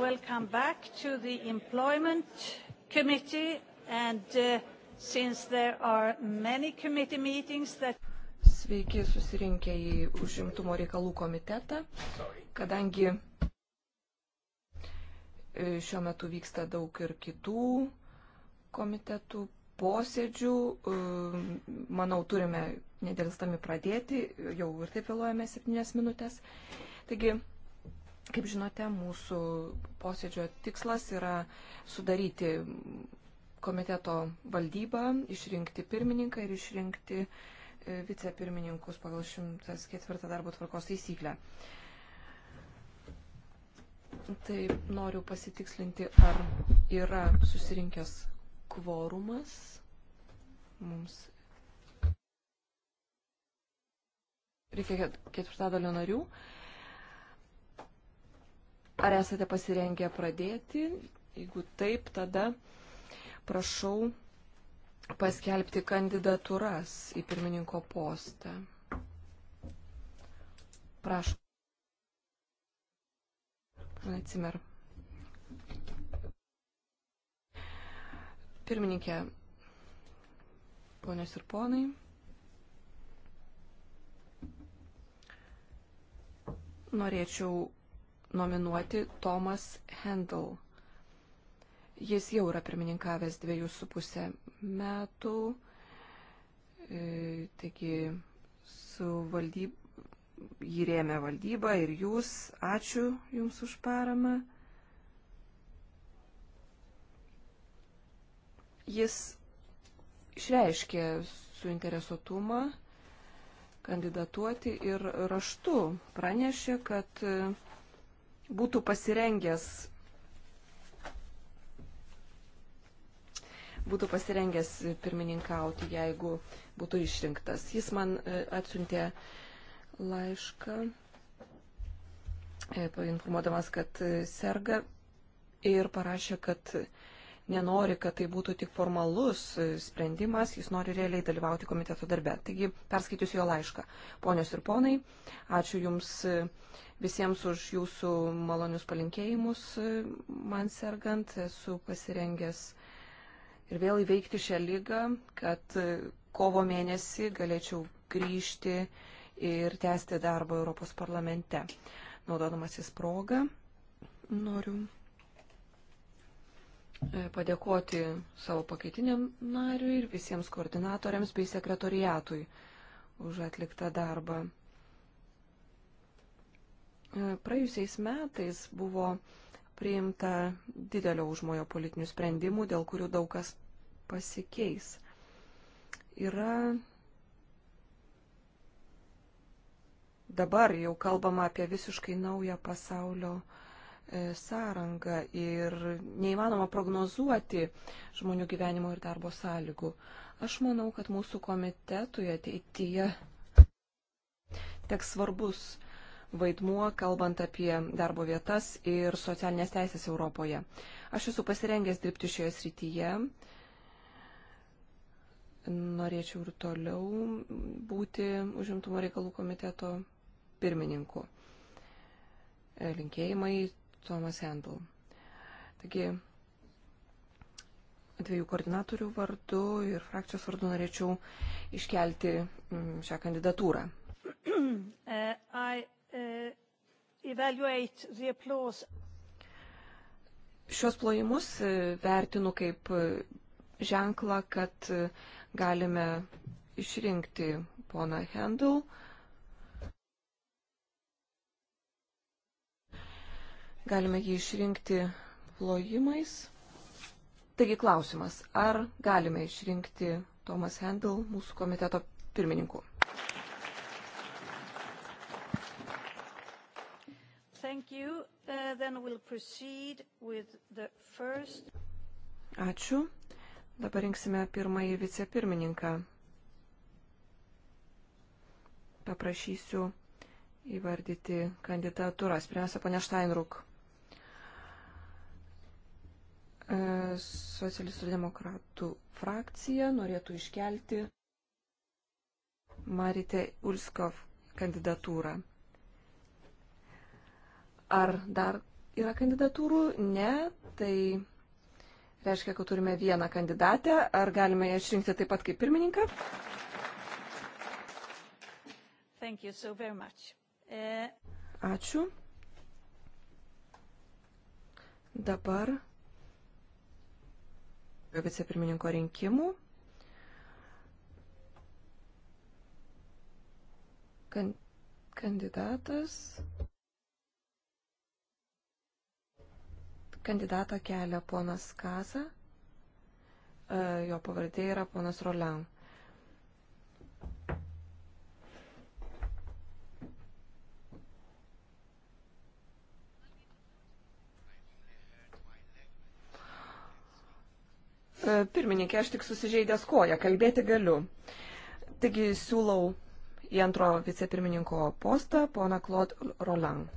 welcome back to the Employment Committee. And uh, since there are many committee meetings that. Sveiki susirinkę į užimtumo reikalų komitetą. Kadangi e, šiuo metu vyksta daug ir kitų komitetų posėdžių, e, manau, turime nedėlstami pradėti, jau ir taip vėluojame septynės minutės. Taigi, Kaip žinote, mūsų posėdžio tikslas yra sudaryti komiteto valdybą, išrinkti pirmininką ir išrinkti e, vicepirmininkus pagal 104 darbo tvarkos taisyklę. Tai noriu pasitikslinti, ar yra susirinkęs kvorumas mums. Reikia ketvirtadalio narių. Ar esate pasirengę pradėti? Jeigu taip, tada prašau paskelbti kandidatūras į pirmininko postą. Prašau. Atsimer. Pirmininkė, ponios ir ponai. Norėčiau nominuoti Tomas Hendel. Jis jau yra pirmininkavęs dviejų su pusę metų, e, taigi su valdyb... jį rėmė valdyba ir jūs. Ačiū Jums už paramą. Jis išreiškė suinteresuotumą kandidatuoti ir raštu pranešė, kad būtų pasirengęs būtų pasirengęs pirmininkauti, jeigu būtų išrinktas. Jis man e, atsiuntė laišką, e, informuodamas, kad e, serga ir parašė, kad nenori, kad tai būtų tik formalus e, sprendimas, jis nori realiai dalyvauti komiteto darbe. Taigi perskaitysiu jo laišką. Ponios ir ponai, ačiū Jums e, visiems už Jūsų malonius palinkėjimus e, man sergant. Esu pasirengęs ir vėl įveikti šią lygą, kad kovo mėnesį galėčiau grįžti ir tęsti darbą Europos parlamente. Naudodamasis progą noriu E, padėkoti savo pakeitiniam nariui ir visiems koordinatoriams bei sekretoriatui už atliktą darbą. E, praėjusiais metais buvo priimta didelio užmojo politinių sprendimų, dėl kurių daug kas pasikeis. Yra dabar jau kalbama apie visiškai naują pasaulio E, sąranga ir neįmanoma prognozuoti žmonių gyvenimo ir darbo sąlygų. Aš manau, kad mūsų komitetui ateityje teks svarbus vaidmuo, kalbant apie darbo vietas ir socialinės teisės Europoje. Aš esu pasirengęs dirbti šioje srityje. Norėčiau ir toliau būti užimtumo reikalų komiteto pirmininku e, linkėjimai Tomas Hendl. Taigi, dviejų koordinatorių vardu ir frakcijos vardu norėčiau iškelti mm, šią kandidatūrą. Uh, uh, Šios plojimus e, vertinu kaip e, ženklą, kad e, galime išrinkti poną Hendel Galime jį išrinkti plojimais. Taigi klausimas, ar galime išrinkti Tomas Hendel mūsų komiteto pirmininku? Uh, we'll first... Ačiū. Dabar rinksime pirmąjį vicepirmininką. Paprašysiu įvardyti kandidatūras. Pirmiausia, ponia Steinruk. E, socialistų demokratų frakcija norėtų iškelti Marite Ulskov kandidatūrą. Ar dar yra kandidatūrų? Ne, tai reiškia, kad turime vieną kandidatę. Ar galime ją išrinkti taip pat kaip pirmininką? So e... Ačiū. Dabar vicepirmininko rinkimų. Kan kandidatas. Kandidatą kelia ponas Kaza. E, jo pavardė yra ponas Roland. Pirmininkė, aš tik susižeidęs koją, kalbėti galiu. Taigi siūlau į antro vicepirmininko postą poną Claude Roland.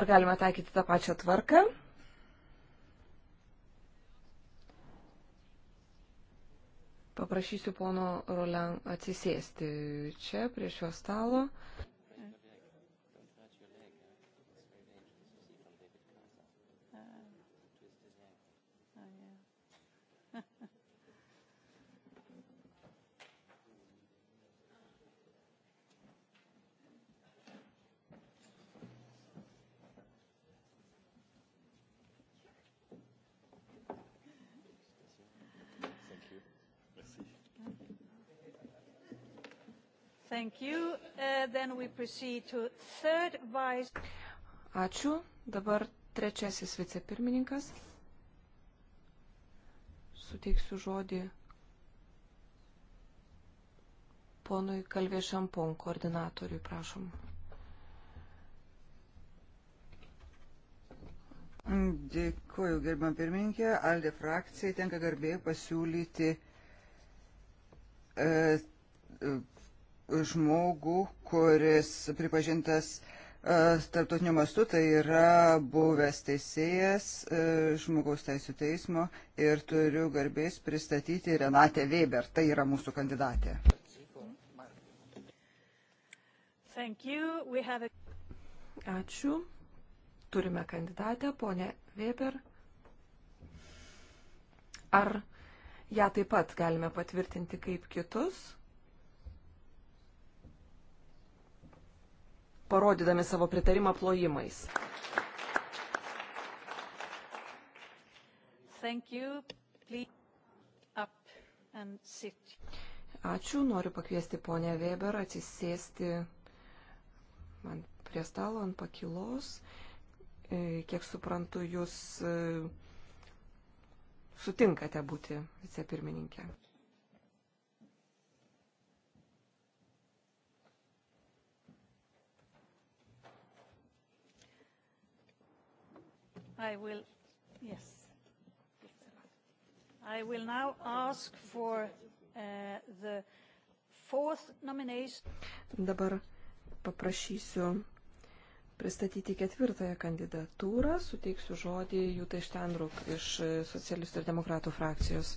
Ar galima taikyti tą pačią tvarką? Paprašysiu pono Roland atsisėsti čia prie šio stalo. Thank you. Uh, then we proceed to third vice. Ačiū. Dabar trečiasis vicepirmininkas. Suteiksiu žodį ponui Kalvė Šampon, koordinatoriui, prašom. Dėkuoju, gerbam pirmininkė. Alde frakcijai tenka garbė pasiūlyti e, e, žmogų, kuris pripažintas e, tarptautiniu mastu, tai yra buvęs teisėjas e, žmogaus teisų teismo ir turiu garbės pristatyti Renatę Weber, tai yra mūsų kandidatė. A... Ačiū. Turime kandidatę, ponė Weber. Ar ją taip pat galime patvirtinti kaip kitus? parodydami savo pritarimą plojimais. Ačiū, noriu pakviesti ponę Weber atsisėsti man prie stalo ant pakilos. E, kiek suprantu, jūs e, sutinkate būti vicepirmininkė. I will, yes. I will now ask for uh, the fourth nomination. Dabar paprašysiu pristatyti ketvirtąją kandidatūrą, suteiksiu žodį Jūtai Štenruk iš socialistų ir demokratų frakcijos.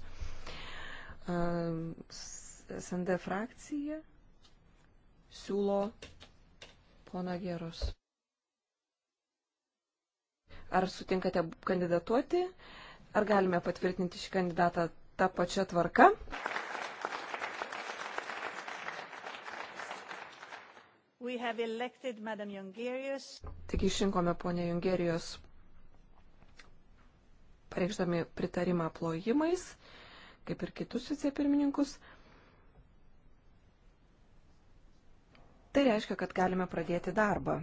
SND frakcija siūlo poną Geros. Ar sutinkate kandidatuoti? Ar galime patvirtinti šį kandidatą tą pačią tvarką? Elected, Tik išrinkome ponę Jungerijos pareikšdami pritarimą plojimais, kaip ir kitus vicepirmininkus. Tai reiškia, kad galime pradėti darbą.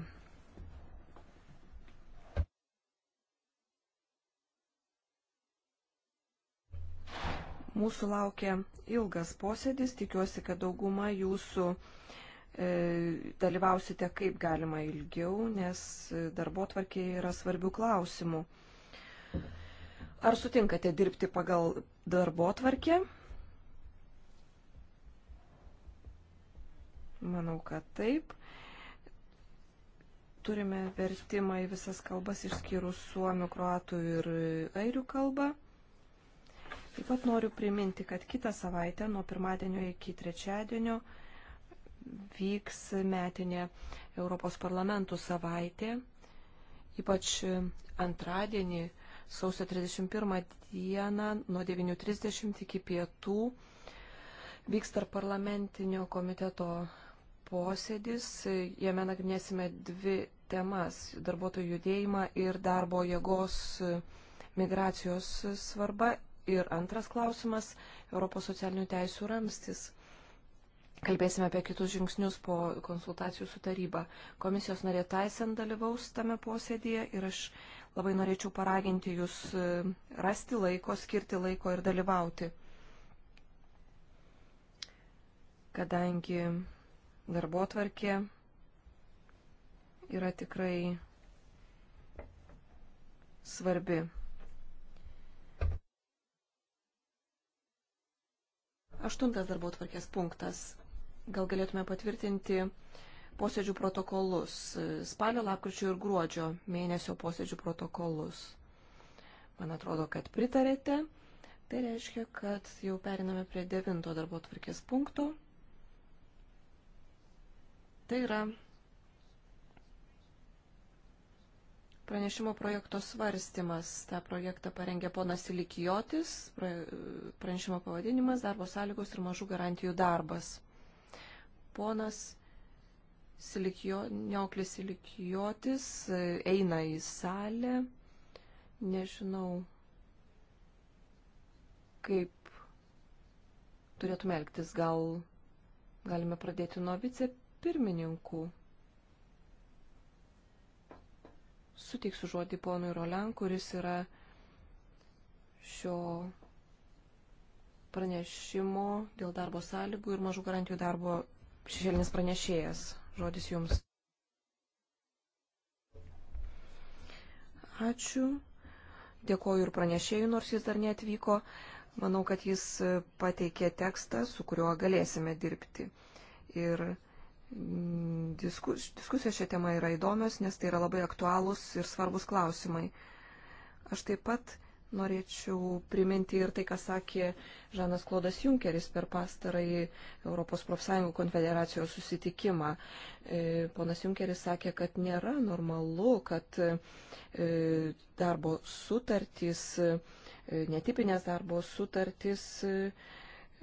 Mūsų laukia ilgas posėdis, tikiuosi, kad dauguma jūsų e, dalyvausite kaip galima ilgiau, nes darbo tvarkėje yra svarbių klausimų. Ar sutinkate dirbti pagal darbo tvarkę? Manau, kad taip. Turime vertimą į visas kalbas išskyrus suomių, kruatų ir airių kalbą. Taip pat noriu priminti, kad kitą savaitę nuo pirmadienio iki trečiadienio vyks metinė Europos parlamentų savaitė, ypač antradienį, sausio 31 dieną nuo 9.30 iki pietų vyks tarp parlamentinio komiteto posėdis. Jame nagrinėsime dvi temas - darbuotojų judėjimą ir darbo jėgos migracijos svarba Ir antras klausimas - Europos socialinių teisų ramstis. Kalbėsime apie kitus žingsnius po konsultacijų su taryba. Komisijos narė Taisen dalyvaus tame posėdėje ir aš labai norėčiau paraginti jūs e, rasti laiko, skirti laiko ir dalyvauti. Kadangi darbo tvarkė yra tikrai svarbi. Aštuntas darbo tvarkės punktas. Gal galėtume patvirtinti posėdžių protokolus. Spalio, lapkričio ir gruodžio mėnesio posėdžių protokolus. Man atrodo, kad pritarėte. Tai reiškia, kad jau periname prie devinto darbo tvarkės punkto. Tai yra pranešimo projekto svarstymas. Ta projektą parengė ponas Ilikijotis, pranešimo pavadinimas darbo sąlygos ir mažų garantijų darbas. Ponas Silikio, Neoklis Ilikijotis e, eina į salę. Nežinau, kaip turėtume elgtis. Gal galime pradėti nuo vicepirmininkų. pirmininkų suteiksiu žodį ponui Rolen, kuris yra šio pranešimo dėl darbo sąlygų ir mažų garantijų darbo šešėlinis pranešėjas. Žodis jums. Ačiū. Dėkoju ir pranešėjui, nors jis dar neatvyko. Manau, kad jis pateikė tekstą, su kuriuo galėsime dirbti. Ir Mm, Diskus, diskusijos šią temą yra įdomios, nes tai yra labai aktualūs ir svarbus klausimai. Aš taip pat norėčiau priminti ir tai, ką sakė Žanas Klodas Junkeris per pastarąjį Europos profsąjungų konfederacijos susitikimą. E, ponas Junkeris sakė, kad nėra normalu, kad e, darbo sutartys, e, netipinės darbo sutartys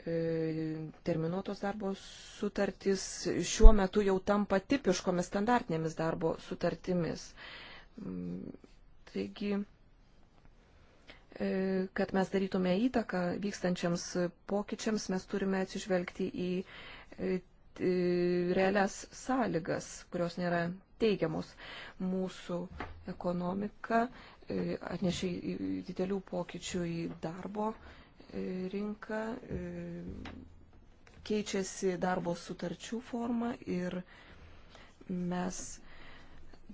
E, terminuotos darbo sutartys šiuo metu jau tampa tipiškomis standartinėmis darbo sutartimis. Mm, taigi, e, kad mes darytume įtaką vykstančiams pokyčiams, mes turime atsižvelgti į e, realias sąlygas, kurios nėra teigiamos. Mūsų ekonomika atnešė didelių pokyčių į darbo rinka, e, keičiasi darbo sutarčių forma ir mes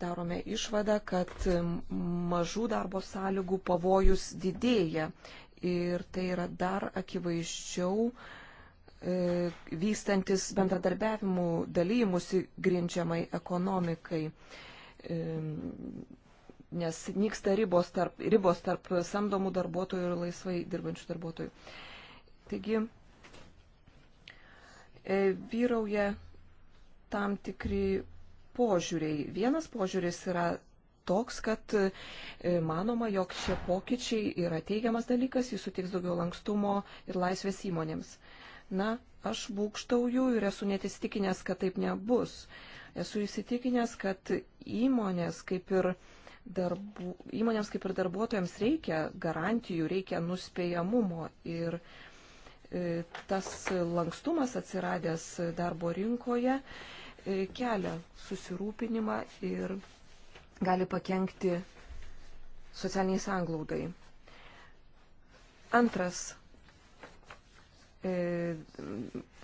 darome išvadą, kad mažų darbo sąlygų pavojus didėja ir tai yra dar akivaizdžiau e, vystantis bendradarbiavimų dalymusi grindžiamai ekonomikai e, nes nyksta ribos tarp, ribos tarp samdomų darbuotojų ir laisvai dirbančių darbuotojų. Taigi e, vyrauja tam tikri požiūriai. Vienas požiūris yra toks, kad e, manoma, jog šie pokyčiai yra teigiamas dalykas, jis sutiks daugiau lankstumo ir laisvės įmonėms. Na, aš būkštauju ir esu net įsitikinęs, kad taip nebus. Esu įsitikinęs, kad įmonės, kaip ir darbu, įmonėms kaip ir darbuotojams reikia garantijų, reikia nuspėjamumo ir e, tas lankstumas atsiradęs darbo rinkoje e, kelia susirūpinimą ir gali pakengti socialiniai sanglaudai. Antras e,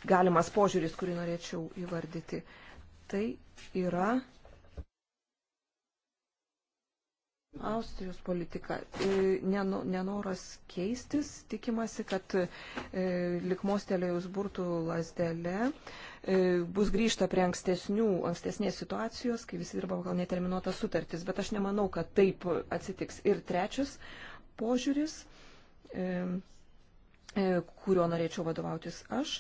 galimas požiūris, kurį norėčiau įvardyti, tai yra Austrijos politika. E, nenoras keistis, tikimasi, kad e, likmostelėjus burtų lasdelė e, bus grįžta prie ankstesnių, ankstesnės situacijos, kai visi dirba gal neterminuotas sutartis, bet aš nemanau, kad taip atsitiks. Ir trečias požiūris, kuriuo norėčiau vadovautis aš,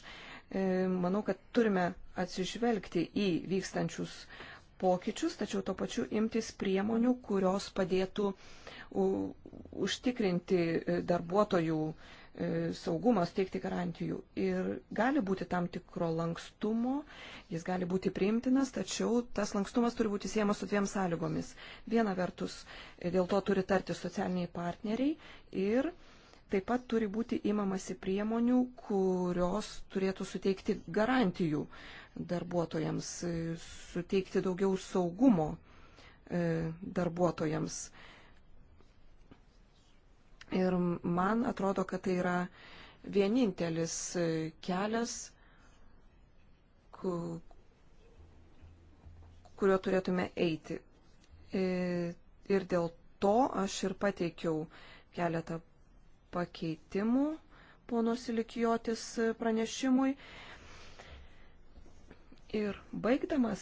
manau, kad turime atsižvelgti į vykstančius pokyčius, tačiau to pačiu imtis priemonių, kurios padėtų užtikrinti e, darbuotojų e, saugumą, steigti garantijų. Ir gali būti tam tikro lankstumo, jis gali būti priimtinas, tačiau tas lankstumas turi būti siejamas su dviem sąlygomis. Viena vertus, e, dėl to turi tarti socialiniai partneriai ir taip pat turi būti imamasi priemonių, kurios turėtų suteikti garantijų darbuotojams, e, suteikti daugiau saugumo e, darbuotojams. Ir man atrodo, kad tai yra vienintelis e, kelias, kuriuo turėtume eiti. Ir dėl to aš ir pateikiau keletą pakeitimų ponos Ilikijotis pranešimui. Ir baigdamas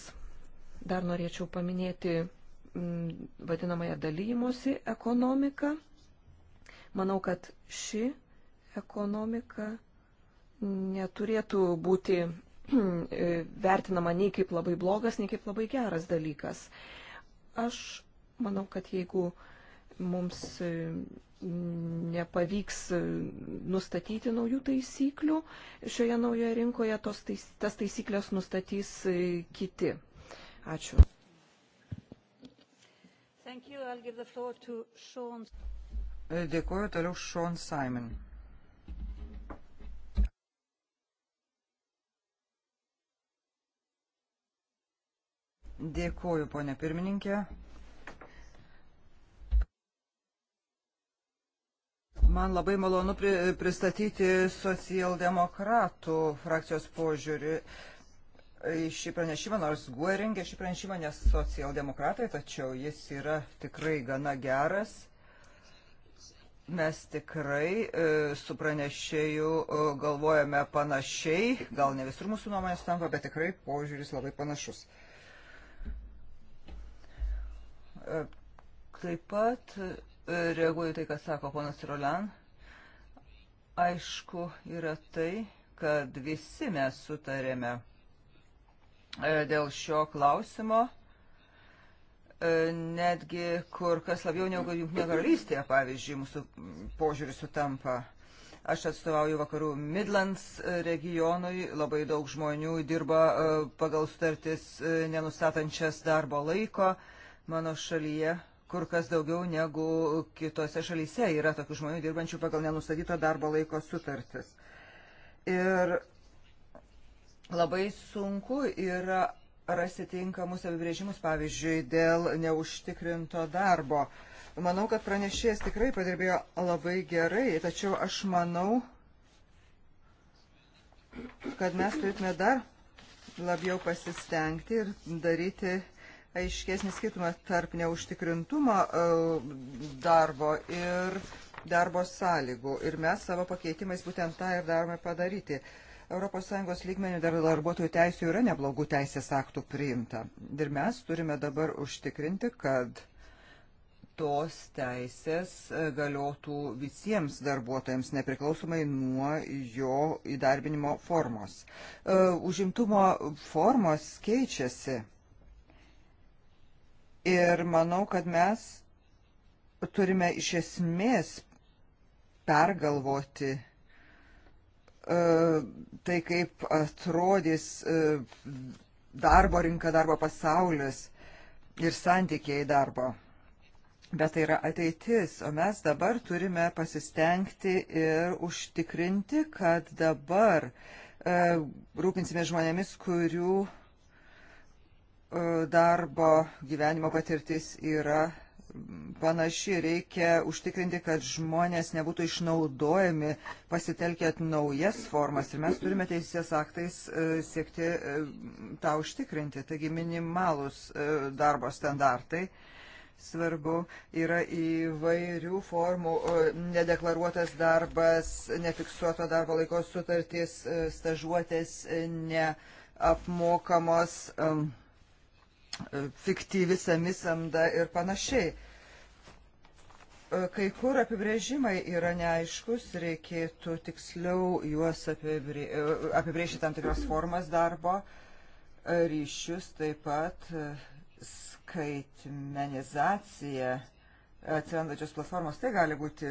dar norėčiau paminėti m, mm, vadinamąją dalymosi ekonomiką. Manau, kad ši ekonomika neturėtų būti vertinama nei kaip labai blogas, nei kaip labai geras dalykas. Aš manau, kad jeigu uh, mums e, nepavyks e, nustatyti naujų taisyklių šioje naujoje rinkoje, tos, tas taisyklės nustatys e, kiti. Ačiū. Dėkuoju toliau Sean Simon. Dėkuoju, ponė pirmininkė. Man labai malonu pri, pristatyti socialdemokratų frakcijos požiūrį į šį pranešimą, nors GUE rengė šį pranešimą, nes socialdemokratai, tačiau jis yra tikrai gana geras. Mes tikrai e, su pranešėju e, galvojame panašiai, gal ne visur mūsų nuomonės tampa, bet tikrai požiūris labai panašus. E, taip pat. E, reaguoju tai, ką sako ponas Rolan. Aišku yra tai, kad visi mes sutarėme e, dėl šio klausimo, e, netgi kur kas labiau negu Junktinė karalystė, pavyzdžiui, mūsų požiūris sutampa. Aš atstovauju vakarų Midlands regionui, labai daug žmonių dirba e, pagal sutartis nenustatančias darbo laiko mano šalyje kur kas daugiau negu kitose šalyse yra tokių žmonių dirbančių pagal nenustatyto darbo laiko sutartis. Ir labai sunku yra rasti tinkamus apibrėžimus, pavyzdžiui, dėl neužtikrinto darbo. Manau, kad pranešėjas tikrai padirbėjo labai gerai, tačiau aš manau, kad mes turėtume dar labiau pasistengti ir daryti aiškesnį skirtumą tarp neužtikrintumo e, darbo ir darbo sąlygų. Ir mes savo pakeitimais būtent tą ir darome padaryti. ES lygmenių dar darbuotojų teisų yra neblogų teisės aktų priimta. Ir mes turime dabar užtikrinti, kad tos teisės e, galiotų visiems darbuotojams, nepriklausomai nuo jo įdarbinimo formos. E, užimtumo formos keičiasi Ir manau, kad mes turime iš esmės pergalvoti e, tai, kaip atrodys e, darbo rinka, darbo pasaulis ir santykiai darbo. Bet tai yra ateitis, o mes dabar turime pasistengti ir užtikrinti, kad dabar e, rūpinsime žmonėmis, kurių E, darbo gyvenimo patirtis yra panaši. Reikia užtikrinti, kad žmonės nebūtų išnaudojami pasitelkėt naujas formas ir mes turime teisės aktais e, siekti e, tą užtikrinti. Taigi minimalus darbo standartai svarbu yra įvairių formų nedeklaruotas darbas, nefiksuoto darbo laikos sutartys, stažuotės, neapmokamos. Um, fiktyvi samisamda ir panašiai. E, kai kur apibrėžimai yra neaiškus, reikėtų tiksliau juos apibrė... E, apibrėžti tam tikras formas darbo, e, ryšius taip pat skaitmenizacija atsirandačios platformos, tai gali būti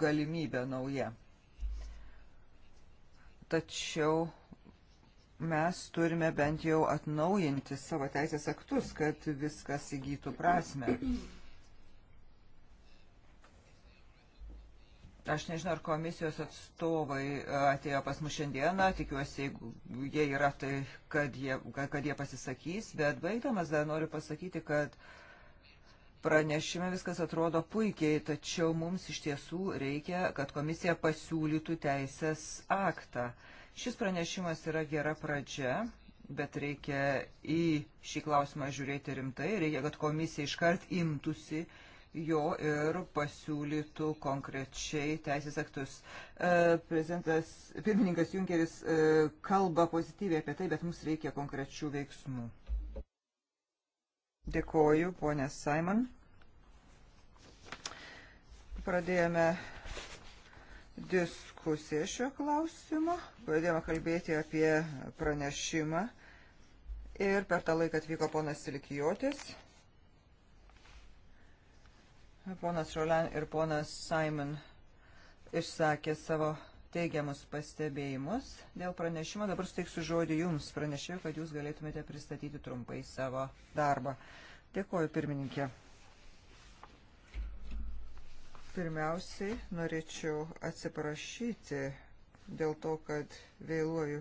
galimybė nauja. Tačiau mes turime bent jau atnaujinti savo teisės aktus, kad viskas įgytų prasme. Aš nežinau, ar komisijos atstovai e, atėjo pas mus šiandieną, tikiuosi, jeigu jie yra, tai kad jie, kad jie pasisakys, bet baigdamas dar noriu pasakyti, kad pranešime viskas atrodo puikiai, tačiau mums iš tiesų reikia, kad komisija pasiūlytų teisės aktą. Uh, Šis pranešimas yra gera pradžia, bet reikia į šį klausimą žiūrėti rimtai, reikia, kad komisija iškart imtųsi jo ir pasiūlytų konkrečiai teisės aktus. E, prezidentas, pirmininkas Junkeris e, kalba pozityviai apie tai, bet mums reikia konkrečių veiksmų. Dėkoju, ponė Simon. Pradėjome diskusiją šiuo klausimu, pradėjome kalbėti apie pranešimą ir per tą laiką atvyko ponas Silikijotis, ponas Rolan ir ponas Simon išsakė savo teigiamus pastebėjimus dėl pranešimo. Dabar suteiksiu žodį jums pranešėjau, kad jūs galėtumėte pristatyti trumpai savo darbą. Dėkuoju pirmininkė. Pirmiausiai norėčiau atsiprašyti dėl to, kad vėluoju.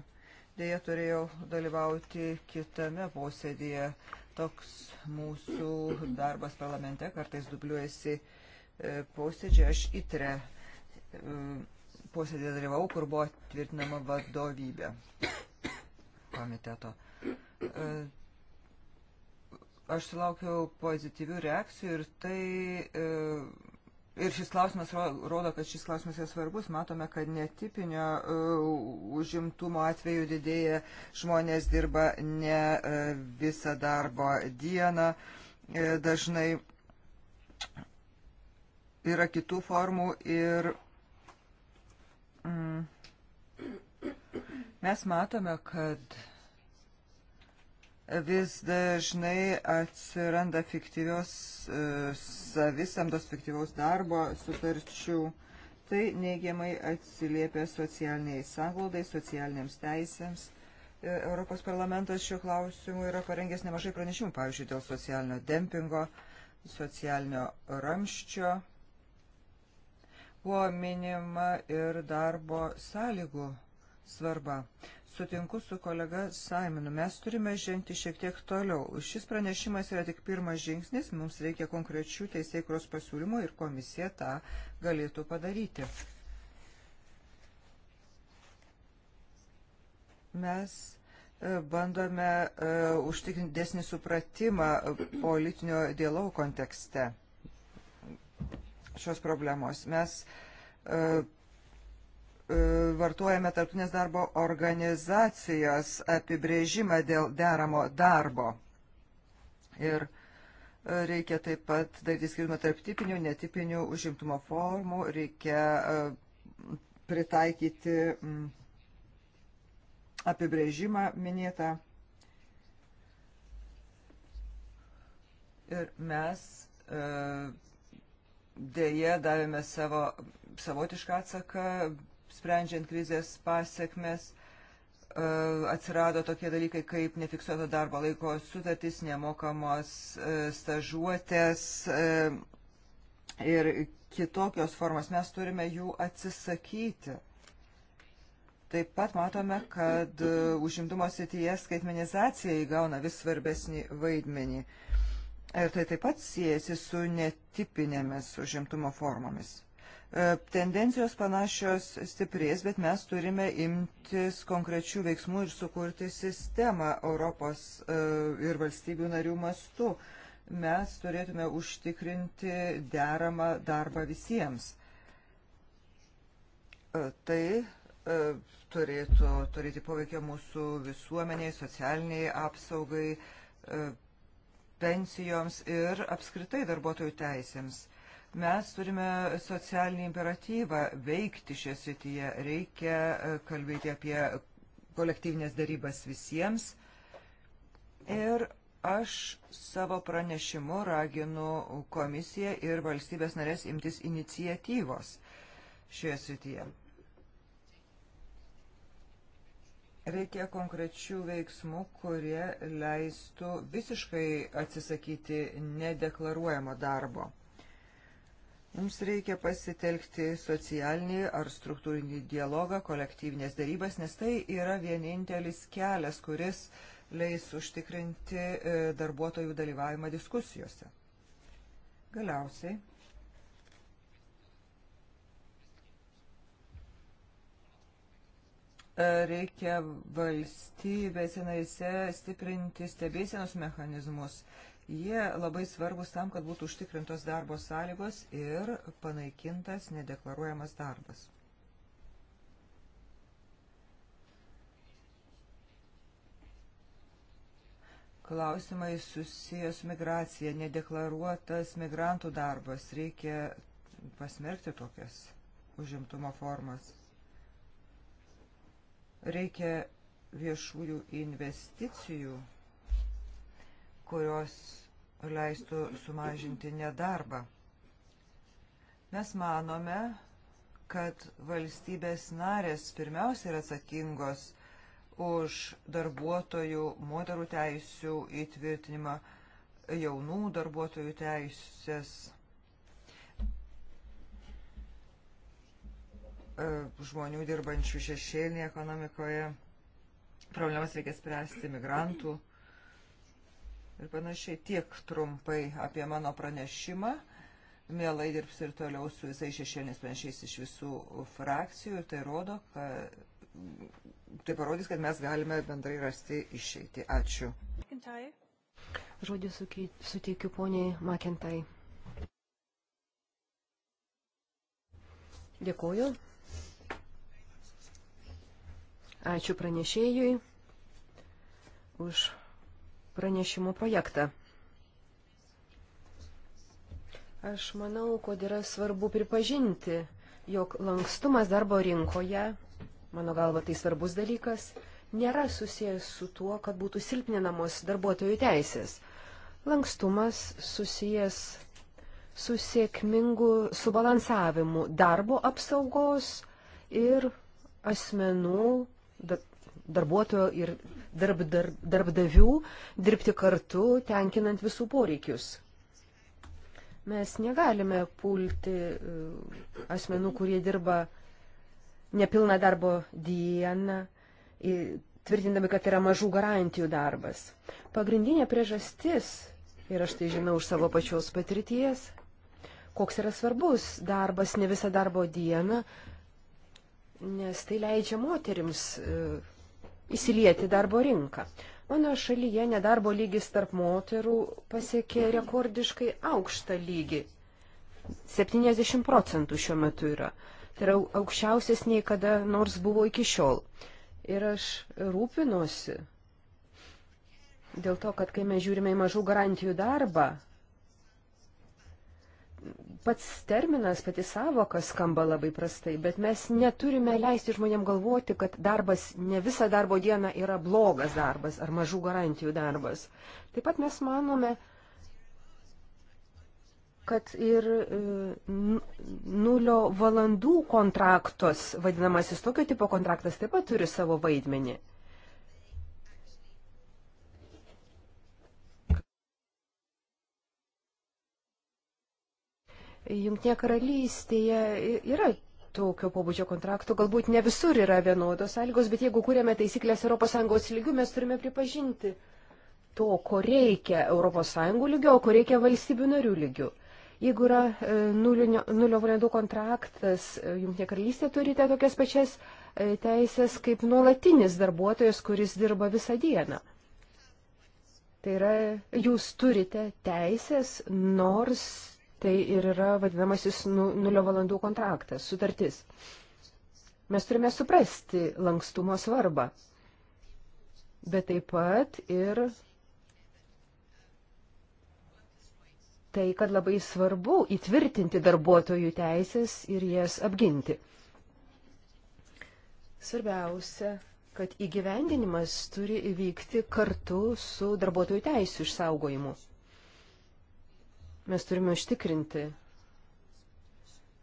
Dėja turėjau dalyvauti kitame posėdėje. Toks mūsų darbas parlamente kartais dubliuojasi e, posėdžiai. Aš įtre e, posėdėje dalyvau, kur buvo tvirtinama vadovybė komiteto. E, aš sulaukiau pozityvių reakcijų ir tai Ir šis klausimas rodo, kad šis klausimas yra svarbus. Matome, kad netipinio uh, užimtumo atveju didėja, žmonės dirba ne uh, visą darbo dieną. E, dažnai yra kitų formų ir mm, mes matome, kad vis dažnai atsiranda fiktyvios e, savisamdos, fiktyviaus darbo sutarčių. Tai neigiamai atsiliepia socialiniai sanglaudai, socialiniams teisėms. E, Europos parlamentas šiuo klausimu yra parengęs nemažai pranešimų, pavyzdžiui, dėl socialinio dempingo, socialinio ramščio. Buvo minima ir darbo sąlygų svarba sutinku su kolega Simonu. Mes turime žengti šiek tiek toliau. Šis pranešimas yra tik pirmas žingsnis, mums reikia konkrečių teisėkros pasiūlymų ir komisija tą galėtų padaryti. Mes e, bandome e, užtikrinti desnį supratimą politinio dialogo kontekste šios problemos. Mes e, E, vartojame tarptautinės darbo organizacijos apibrėžimą dėl deramo darbo. Ir e, reikia taip pat daryti skirimą tarp tipinių, netipinių užimtumo formų, reikia e, pritaikyti apibrėžimą minėtą. Ir mes dėje davėme savo savotišką atsaką, sprendžiant krizės pasiekmes e, atsirado tokie dalykai kaip nefiksuoto darbo laiko sutartys, nemokamos e, stažuotės e, ir kitokios formos. Mes turime jų atsisakyti. Taip pat matome, kad užimtumo srityje skaitmenizacija įgauna vis svarbesnį vaidmenį. Ir tai taip pat siejasi su netipinėmis užimtumo formomis. E, tendencijos panašios stiprės, bet mes turime imtis konkrečių veiksmų ir sukurti sistemą Europos e, ir valstybių narių mastu. Mes turėtume užtikrinti deramą darbą visiems. E, tai turėtų turėti poveikia mūsų visuomeniai, socialiniai apsaugai, pensijoms ir apskritai darbuotojų teisėms. Mes turime socialinį imperatyvą veikti šią srityje. Reikia e, kalbėti apie kolektyvinės darybas visiems. Ir aš savo pranešimu raginu komisiją ir valstybės narės imtis inicijatyvos šioje srityje. Reikia konkrečių veiksmų, kurie leistų visiškai atsisakyti nedeklaruojamo darbo. Mums reikia pasitelkti socialinį ar struktūrinį dialogą, kolektyvinės darybas, nes tai yra vienintelis kelias, kuris leis užtikrinti e, darbuotojų dalyvavimą diskusijose. Galiausiai. E, reikia valstybėse naise stiprinti stebėsienos mechanizmus Jie labai svarbus tam, kad būtų užtikrintos darbo sąlygos ir panaikintas nedeklaruojamas darbas. klausimai susijęs su migracija, nedeklaruotas migrantų darbas, reikia pasmerkti tokias užimtumo formas. Reikia viešųjų investicijų, kurios leistų sumažinti nedarbą. Mes manome, kad valstybės narės pirmiausia yra atsakingos už darbuotojų, moterų teisių įtvirtinimą, jaunų darbuotojų teisės e, žmonių dirbančių šešėlinėje ekonomikoje. Problemas reikia spręsti migrantų ir panašiai. Tiek trumpai apie mano pranešimą. Mielai dirbs ir toliau su visais šešėlės pranešiais iš visų frakcijų ir tai rodo, kad tai parodys, kad mes galime bendrai rasti išeitį. Ačiū. Žodį suteikiu poniai Makentai. Dėkuoju. Ačiū pranešėjui už pranešimo projektą. Aš manau, kad yra svarbu pripažinti, jog lankstumas darbo rinkoje, mano galva tai svarbus dalykas, nėra susijęs su tuo, kad būtų silpninamos darbuotojų teisės. Lankstumas susijęs su sėkmingu subalansavimu darbo apsaugos ir asmenų darbuotojo ir darb, darb, darbdavių dirbti kartu, tenkinant visų poreikius. Mes negalime pulti e, asmenų, kurie dirba nepilną darbo dieną, tvirtindami, kad yra mažų garantijų darbas. Pagrindinė priežastis, ir aš tai žinau už savo pačios patirties, koks yra svarbus darbas ne visą darbo dieną, nes tai leidžia moterims e, įsilieti darbo rinką. Mano šalyje nedarbo lygis tarp moterų pasiekė rekordiškai aukštą lygį. 70 procentų šiuo metu yra. Tai yra aukščiausias nei kada nors buvo iki šiol. Ir aš rūpinosi dėl to, kad kai mes žiūrime į mažų garantijų darbą, pats terminas, pati savoka skamba labai prastai, bet mes neturime leisti žmonėm galvoti, kad darbas ne visą darbo dieną yra blogas darbas ar mažų garantijų darbas. Taip pat mes manome, kad ir e, nulio valandų kontraktos, vadinamasis tokio tipo kontraktas, taip pat turi savo vaidmenį. Junktinėje karalystėje yra tokio pobūdžio kontraktų, galbūt ne visur yra vienodos sąlygos, bet jeigu kūrėme taisyklės ES lygių, mes turime pripažinti to, ko reikia ES lygio, o ko reikia valstybių narių lygių. Jeigu yra e, nulinio, nulio valandų kontraktas, e, jungtinė karalystė turite tokias pačias e, teisės kaip nuolatinis darbuotojas, kuris dirba visą dieną. Tai yra, jūs turite teisės, nors Tai ir yra vadinamasis nu, nulio valandų kontraktas, sutartis. Mes turime suprasti lankstumo svarbą, bet taip pat ir tai, kad labai svarbu įtvirtinti darbuotojų teisės ir jas apginti. Svarbiausia, kad įgyvendinimas turi įvykti kartu su darbuotojų teisų išsaugojimu. Mes turime užtikrinti,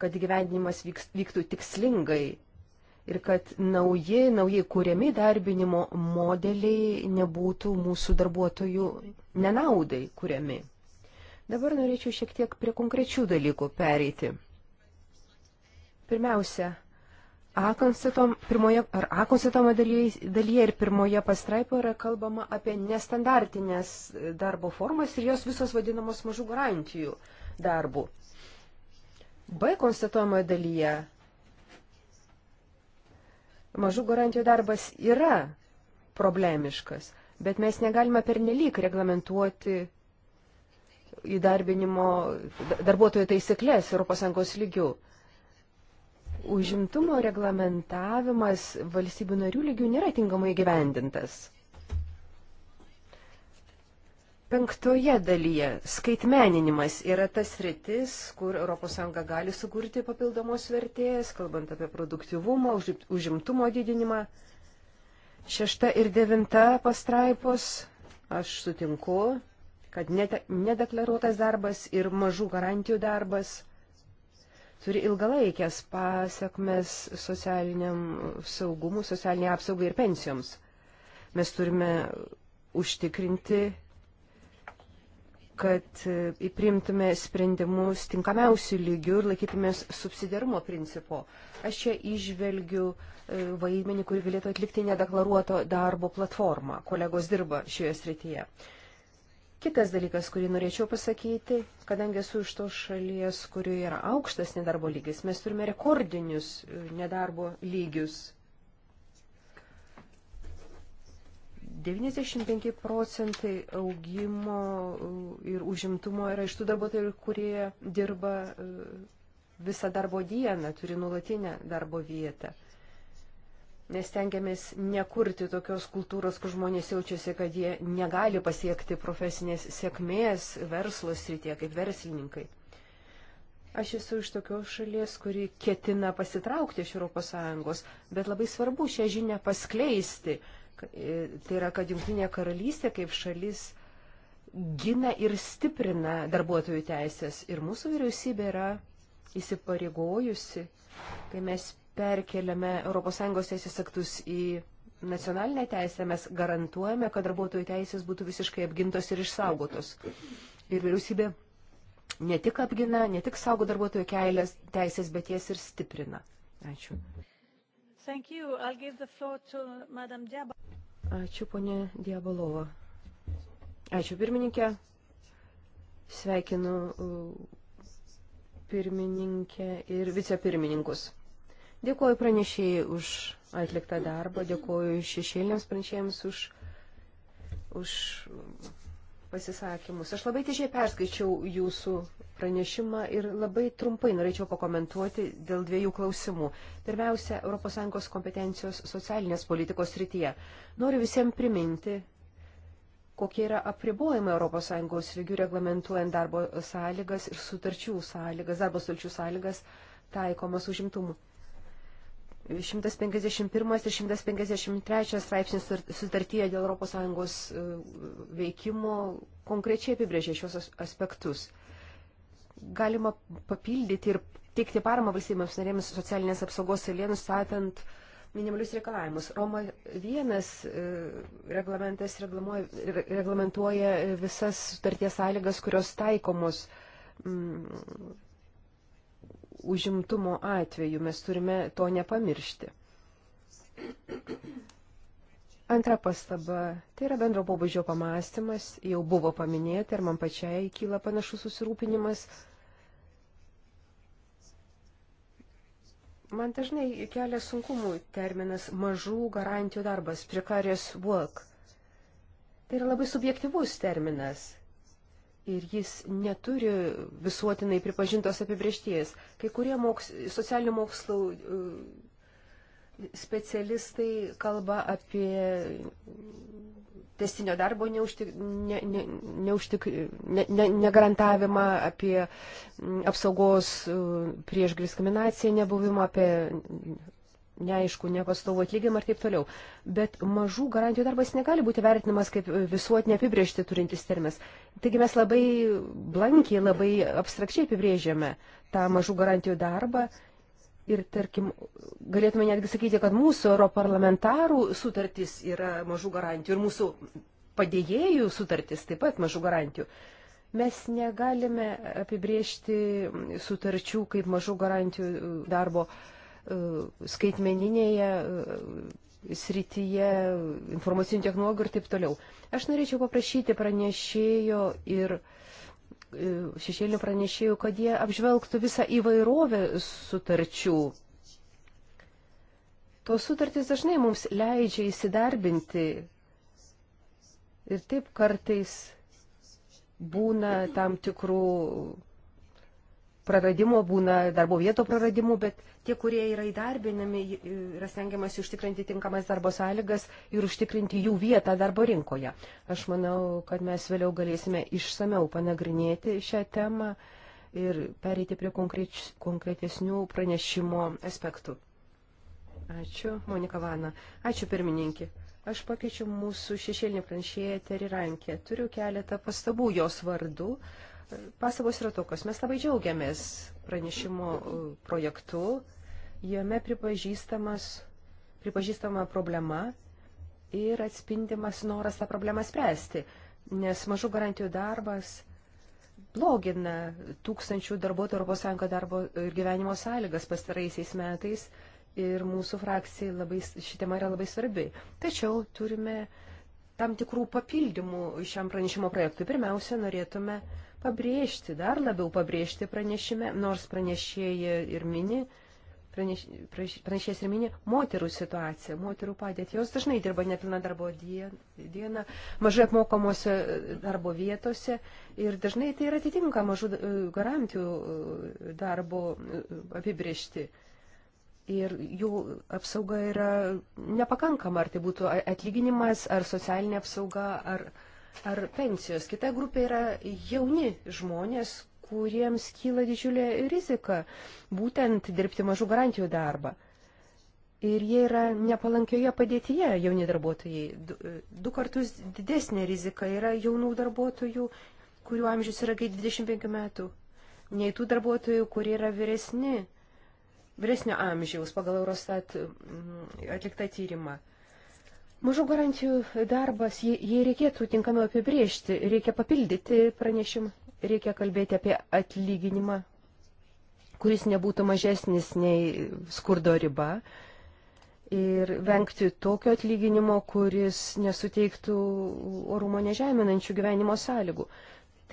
kad gyvendinimas vyktų tikslingai ir kad nauji, naujai kūriami darbinimo modeliai nebūtų mūsų darbuotojų nenaudai kūriami. Dabar norėčiau šiek tiek prie konkrečių dalykų pereiti. Pirmiausia, A konstituom, pirmoje, ar A konstituomo dalyje, dalyje ir pirmoje pastraipoje yra kalbama apie nestandartinės darbo formas ir jos visos vadinamos mažų garantijų darbų. B konstituomoje dalyje mažų garantijų darbas yra problemiškas, bet mes negalime pernelyg reglamentuoti įdarbinimo darbuotojų taisyklės ES lygių užimtumo reglamentavimas valstybių narių lygių nėra tinkamai gyvendintas. Penktoje dalyje skaitmeninimas yra tas rytis, kur ES gali sukurti papildomos vertės, kalbant apie produktivumą, užimtumo didinimą. Šešta ir devinta pastraipos, aš sutinku, kad nedeklaruotas darbas ir mažų garantijų darbas turi ilgalaikės pasiekmes socialiniam saugumui, socialiniai apsaugai ir pensijoms. Mes turime užtikrinti, kad įprimtume e, sprendimus tinkamiausių lygių ir laikytumės subsidiarumo principo. Aš čia išvelgiu e, vaidmenį, kurį galėtų atlikti nedeklaruoto darbo platforma. Kolegos dirba šioje srityje. Kitas dalykas, kurį norėčiau pasakyti, kadangi esu iš tos šalies, kurioje yra aukštas nedarbo lygis, mes turime rekordinius e, nedarbo lygius. 95 procentai augimo e, ir užimtumo yra iš tų darbuotojų, kurie dirba e, visą darbo dieną, turi nulatinę darbo vietą. Mes tengiamės nekurti tokios kultūros, kur žmonės jaučiasi, kad jie negali pasiekti profesinės sėkmės verslo srityje kaip verslininkai. Aš esu iš tokios šalies, kuri ketina pasitraukti iš ES, bet labai svarbu šią žinią paskleisti. E, tai yra, kad Junktinė karalystė kaip šalis gina ir stiprina darbuotojų teisės. Ir mūsų vyriausybė yra įsipareigojusi, kai mes perkeliame ES teisės aktus į nacionalinę teisę, mes garantuojame, kad darbuotojų teisės būtų visiškai apgintos ir išsaugotos. Ir vyriausybė ne tik apgina, ne tik saugo darbuotojų kelias teisės, bet jas ir stiprina. Ačiū. Ačiū, ponė Diabolova. Ačiū, pirmininkė. Sveikinu uh, pirmininkę ir vicepirmininkus. Dėkuoju pranešėjai už atliktą darbą, dėkuoju šešėlėms pranešėjams už, už pasisakymus. Aš labai tiežiai perskaičiau jūsų pranešimą ir labai trumpai norėčiau pakomentuoti dėl dviejų klausimų. Pirmiausia, ES kompetencijos socialinės politikos rytyje. Noriu visiems priminti, kokie yra apribojimai ES lygių reglamentuojant darbo sąlygas ir sutarčių sąlygas, darbo sutarčių sąlygas taikomas užimtumų 151 ir 153 straipsnis sutartyje dėl ES e, veikimo konkrečiai apibrėžė šios aspektus. Galima papildyti ir teikti paramą valstybėms narėms socialinės apsaugos eilė, nustatant minimalius reikalavimus. Roma 1 e, reglamentas reglamentuoja visas sutarties sąlygas, kurios taikomos užimtumo atveju. Mes turime to nepamiršti. Antra pastaba, tai yra bendro pobūdžio pamastymas, jau buvo paminėta ir man pačiai kyla panašus susirūpinimas. Man dažnai kelia sunkumų terminas mažų garantijų darbas, precarious work. Tai yra labai subjektivus terminas ir jis neturi visuotinai pripažintos apibriešties. Kai kurie moks, socialinių mokslų e, specialistai kalba apie testinio darbo neužtik, ne, ne, neužtik, ne, ne, negarantavimą, apie apsaugos e, prieš diskriminaciją nebuvimą, apie neaišku, nepastovų atlygimą ir taip toliau. Bet mažų garantijų darbas negali būti vertinamas kaip visuotinė apibriežti turintis terminas. Taigi mes labai blankiai, labai abstrakčiai apibrėžiame tą mažų garantijų darbą. Ir tarkim, galėtume netgi sakyti, kad mūsų europarlamentarų sutartis yra mažų garantijų ir mūsų padėjėjų sutartis taip pat mažų garantijų. Mes negalime apibriežti sutarčių kaip mažų garantijų darbo uh, E, skaitmeninėje e, srityje, informacinių technologijų ir taip toliau. Aš norėčiau paprašyti pranešėjo ir e, šešėlinių pranešėjų, kad jie apžvelgtų visą įvairovę sutarčių. Tos sutartys dažnai mums leidžia įsidarbinti ir taip kartais būna tam tikrų praradimo būna darbo vieto praradimų, bet tie, kurie yra įdarbinami, e, yra stengiamas užtikrinti tinkamas darbo sąlygas ir užtikrinti jų vietą darbo rinkoje. Aš manau, kad mes vėliau galėsime išsameu panagrinėti šią temą ir pereiti prie konkreč, konkretesnių pranešimo aspektų. Ačiū, Monika Vana. Ačiū, pirmininkė. Aš pakeičiu mūsų šešėlinį pranešėją Terį Rankę. Turiu keletą pastabų jos vardu. Uh, Pastabos yra tokios. Mes labai džiaugiamės pranešimo uh, projektu. Jame pripažįstama problema ir atspindimas noras tą problemą spręsti, nes mažų garantijų darbas blogina tūkstančių darbuotojų Europos Sąjungo darbo ir gyvenimo sąlygas pastaraisiais metais ir mūsų frakcijai labai, ši tema yra labai svarbi. Tačiau turime tam tikrų papildymų šiam pranešimo projektui. Pirmiausia, norėtume uh, pabrėžti, dar labiau pabrėžti pranešime, nors pranešėjai ir mini, praneš, pranešėjas ir mini moterų situaciją, moterų padėtį. Jos dažnai dirba nepilną darbo dieną, mažai apmokamuose e, darbo vietose ir dažnai tai ir atitinka mažų e, garantijų e, darbo apibriežti. Ir jų apsauga yra nepakankama, ar tai būtų atlyginimas, ar socialinė apsauga, ar ar pensijos. Kita grupė yra jauni žmonės, kuriems kyla didžiulė rizika būtent dirbti mažų garantijų darbą. Ir jie yra nepalankioje padėtyje, jauni darbuotojai. Du, du kartus didesnė rizika yra jaunų darbuotojų, kurių amžius yra kai 25 metų, nei tų darbuotojų, kurie yra vyresni, vyresnio amžiaus pagal Eurostat mm, atliktą tyrimą. Mažų garantijų darbas, jį, jį reikėtų tinkamiau apibriežti, reikia papildyti pranešimą, reikia kalbėti apie atlyginimą, kuris nebūtų mažesnis nei skurdo riba ir vengti tokio atlyginimo, kuris nesuteiktų orumo nežeminančių gyvenimo sąlygų.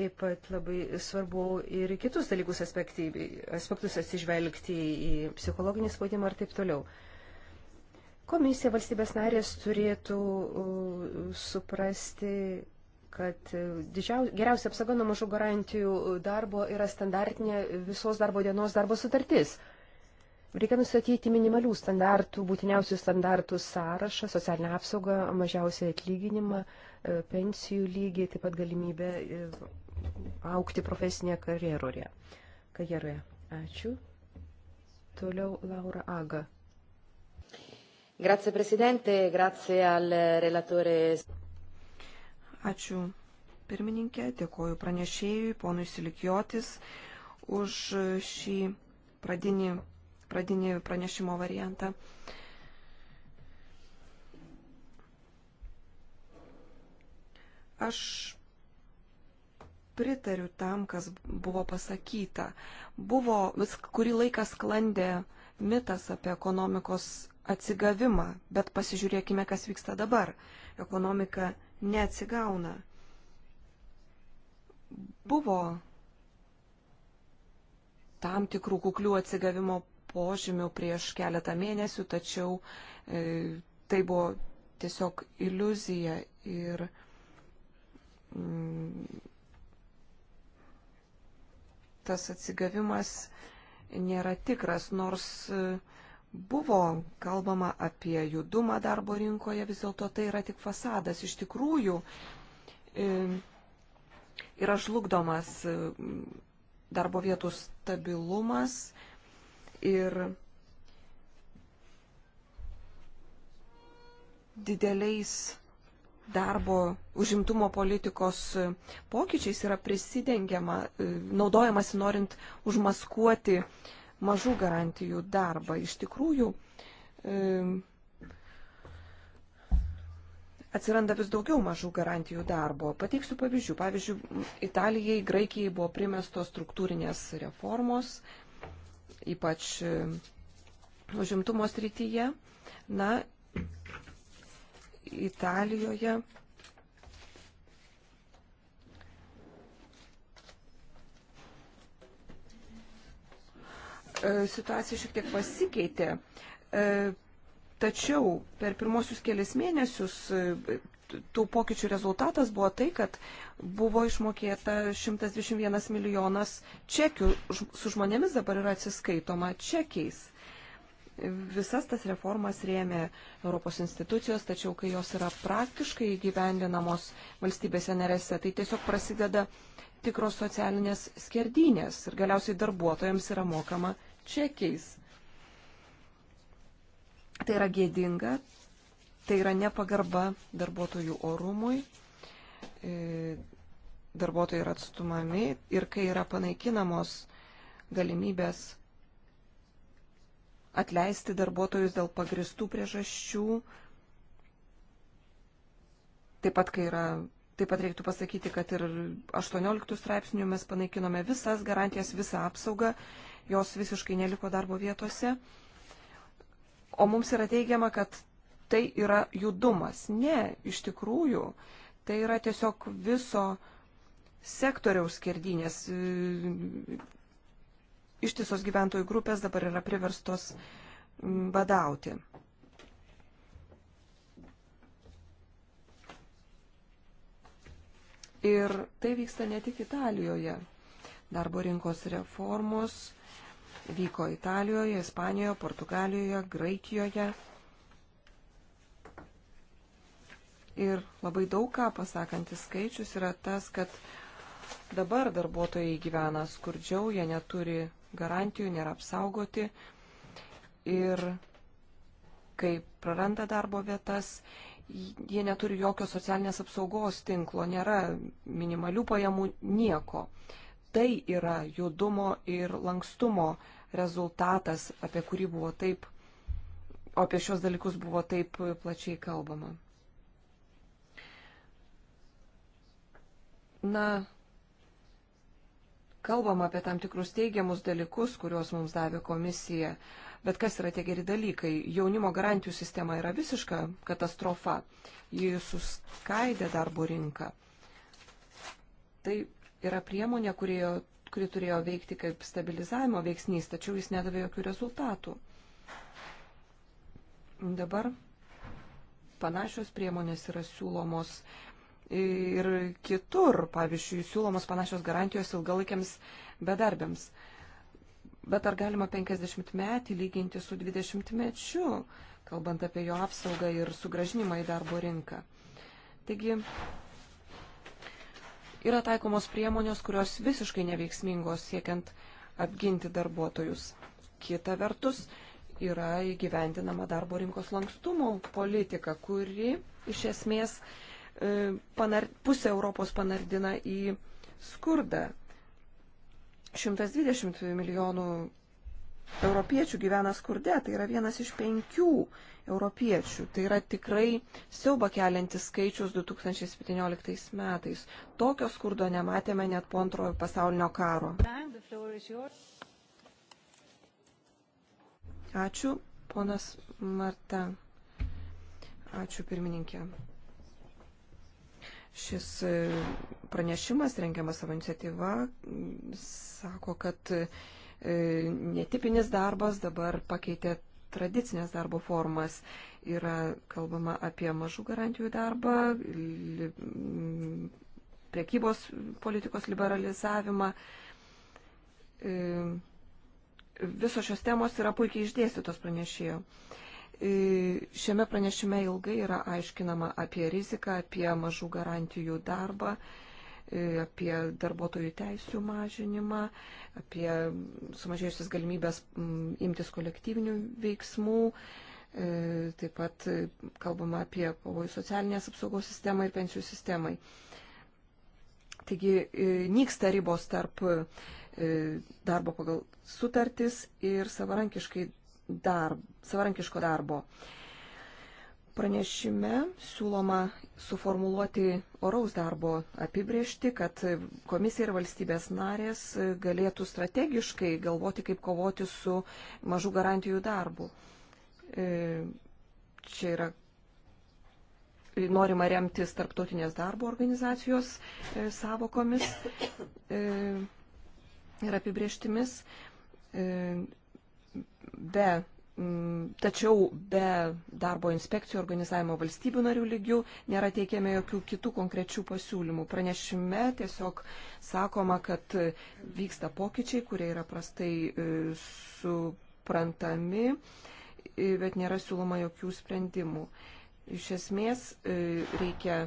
Taip pat labai svarbu ir kitus dalykus aspektus atsižvelgti į psichologinį spaudimą ir taip toliau. Komisija valstybės narės turėtų suprasti, kad e, didžiaus, geriausia apsauga nuo mažų garantijų darbo yra standartinė visos darbo dienos darbo sutartis. Reikia nustatyti minimalių standartų, būtiniausių standartų sąrašą, socialinę apsaugą, mažiausią atlyginimą, e, pensijų lygį, taip pat galimybę e, aukti profesinėje karjeroje. karjeroje. Ačiū. Toliau Laura Aga. Grazie Presidente, grazie al relatore. Ačiū pirmininkė, dėkoju pranešėjui, ponui Silikiotis, už šį pradinį, pradinį pranešimo variantą. Aš pritariu tam, kas buvo pasakyta. Buvo vis kurį laiką sklandė mitas apie ekonomikos atsigavimą, bet pasižiūrėkime, kas vyksta dabar. Ekonomika neatsigauna. Buvo tam tikrų kuklių atsigavimo požymių prieš keletą mėnesių, tačiau e, tai buvo tiesiog iliuzija ir mm, tas atsigavimas nėra tikras, nors e, Buvo kalbama apie judumą darbo rinkoje, vis dėlto tai yra tik fasadas. Iš tikrųjų e, yra žlugdomas e, darbo vietų stabilumas ir dideliais darbo užimtumo politikos pokyčiais yra prisidengiama, e, naudojamasi norint užmaskuoti mažų garantijų darbą. Iš tikrųjų, atsiranda vis daugiau mažų garantijų darbo. Pateiksiu pavyzdžių. Pavyzdžiui, Italijai, Graikijai buvo primestos struktūrinės reformos, ypač užimtumo srityje. Na, Italijoje E, situacija šiek tiek pasikeitė. E, tačiau per pirmosius kelias mėnesius e, tų pokyčių rezultatas buvo tai, kad buvo išmokėta 121 milijonas čekių. Su žmonėmis dabar yra atsiskaitoma čekiais. Visas tas reformas rėmė Europos institucijos, tačiau kai jos yra praktiškai įgyvendinamos valstybėse nerese, tai tiesiog prasideda tikros socialinės skerdynės ir galiausiai darbuotojams yra mokama čekiais. Tai yra gėdinga, tai yra nepagarba darbuotojų orumui, e, darbuotojai yra atstumami ir kai yra panaikinamos galimybės atleisti darbuotojus dėl pagristų priežasčių, taip pat, kai yra Taip pat reiktų pasakyti, kad ir 18 straipsnių mes panaikinome visas garantijas, visą apsaugą jos visiškai neliko darbo vietose. O mums yra teigiama, kad tai yra judumas. Ne, iš tikrųjų, tai yra tiesiog viso sektoriaus skirdinės. Ištisos gyventojų grupės dabar yra priverstos mm, badauti. Ir tai vyksta ne tik Italijoje. Darbo rinkos reformos vyko Italijoje, Ispanijoje, Portugalijoje, Graikijoje. Ir labai daug ką pasakantis skaičius yra tas, kad dabar darbuotojai gyvena skurdžiau, jie neturi garantijų, nėra apsaugoti. Ir kai praranda darbo vietas, jie neturi jokio socialinės apsaugos tinklo, nėra minimalių pajamų, nieko tai yra judumo ir lankstumo rezultatas, apie kurį buvo taip, o apie šios dalykus buvo taip plačiai kalbama. Na, kalbam apie tam tikrus teigiamus dalykus, kuriuos mums davė komisija. Bet kas yra tie geri dalykai? Jaunimo garantijų sistema yra visiška katastrofa. Ji suskaidė darbo rinką. Tai yra priemonė, kurie, kuri turėjo veikti kaip stabilizavimo veiksnys, tačiau jis nedavė jokių rezultatų. Dabar panašios priemonės yra siūlomos ir kitur, pavyzdžiui, siūlomos panašios garantijos ilgalaikiams bedarbiams. Bet ar galima 50 metį lyginti su 20 mečiu, kalbant apie jo apsaugą ir sugražinimą į darbo rinką? Taigi, yra taikomos priemonės, kurios visiškai neveiksmingos siekiant apginti darbuotojus. Kita vertus, yra įgyvendinama darbo rinkos lankstumo politika, kuri iš esmės e, panar, pusę Europos panardina į skurdą. 120 milijonų europiečių gyvena skurde, tai yra vienas iš penkių europiečių. Tai yra tikrai siauba keliantis skaičius 2017 metais. Tokio skurdo nematėme net po antrojo pasaulinio karo. Ačiū, ponas Marta. Ačiū, pirmininkė. Šis e, pranešimas rengiamas savo iniciatyva sako, kad E, netipinis darbas, dabar pakeitė tradicinės darbo formas. Yra kalbama apie mažų garantijų darbą, li, priekybos politikos liberalizavimą. E, visos šios temos yra puikiai išdėstytos pranešėjo. E, šiame pranešime ilgai yra aiškinama apie riziką, apie mažų garantijų darbą E, apie darbuotojų teisų mažinimą, apie sumažėjusias galimybės imtis kolektyvinių veiksmų. E, taip pat kalbama apie pavojų socialinės apsaugos sistemą ir pensijų sistemai. Taigi e, nyksta ribos tarp darbo pagal sutartis ir savarankiškai darb, savarankiško darbo. darbo Pranešime siūloma suformuluoti oraus darbo apibriešti, kad komisija ir valstybės narės galėtų strategiškai galvoti, kaip kovoti su mažų garantijų darbu. E, čia yra norima remtis tarptautinės darbo organizacijos e, savokomis e, ir apibrieštimis be Mm, tačiau be darbo inspekcijų organizavimo valstybių narių lygių nėra teikiami jokių kitų konkrečių pasiūlymų. Pranešime tiesiog sakoma, kad vyksta pokyčiai, kurie yra prastai e, suprantami, e, bet nėra siūloma jokių sprendimų. Iš esmės e, reikia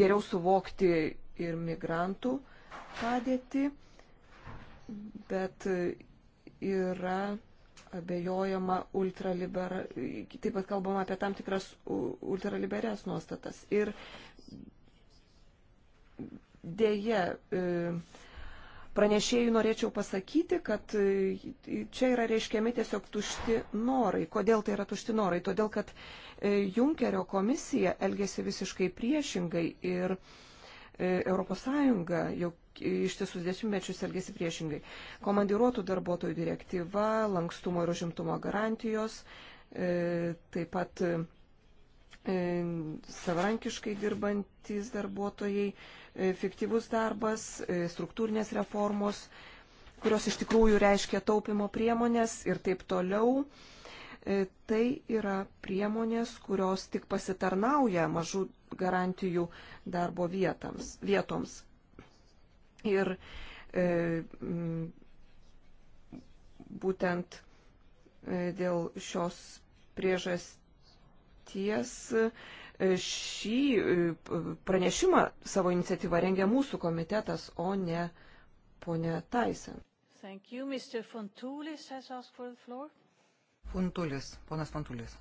geriau suvokti ir migrantų padėtį, bet yra abejojama ultralibera, taip pat kalbama apie tam tikras ultraliberės nuostatas. Ir dėje e, pranešėjų norėčiau pasakyti, kad e, čia yra reiškiami tiesiog tušti norai. Kodėl tai yra tušti norai? Todėl, kad e, Junkerio komisija elgėsi visiškai priešingai ir ES jau ištisus dešimtmečius elgesi priešingai. Komandiruotų darbuotojų direktyva, lankstumo ir užimtumo garantijos, e, taip pat e, savarankiškai dirbantys darbuotojai, e, fiktyvus darbas, struktūrinės reformos, kurios iš tikrųjų reiškia taupimo priemonės ir taip toliau. Tai yra priemonės, kurios tik pasitarnauja mažų garantijų darbo vietams, vietoms. Ir e, būtent e, dėl šios priežasties e, šį e, pranešimą savo iniciatyvą rengia mūsų komitetas, o ne ponė Taisen. Funtulis, ponas Funtulis.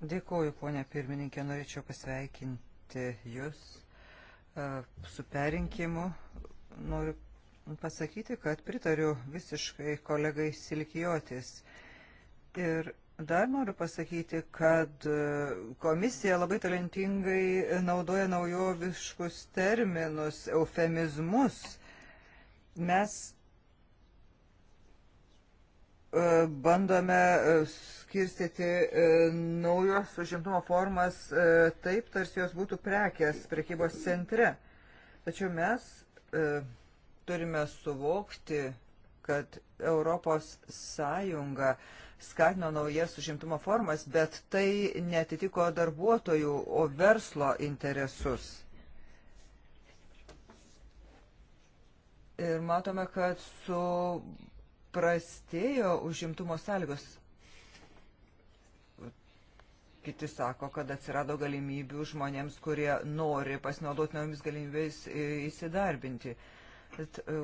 Dėkuoju, ponė pirmininkė, norėčiau pasveikinti Jūs E, su perinkimu. Noriu pasakyti, kad pritariu visiškai kolegai Silkijotis. Ir dar noriu pasakyti, kad e, komisija labai talentingai naudoja naujoviškus terminus, eufemizmus. Mes E, bandome e, skirstyti e, naujos užimtumo formas taip, tarsi jos būtų prekės prekybos centre. Tačiau mes turime suvokti, kad Europos Sąjunga skatino naujas užimtumo formas, bet tai netitiko darbuotojų, o verslo interesus. Ir matome, kad su prastėjo užimtumo sąlygos. Kiti sako, kad atsirado galimybių žmonėms, kurie nori pasinaudoti naujomis galimybės įsidarbinti. Bet e,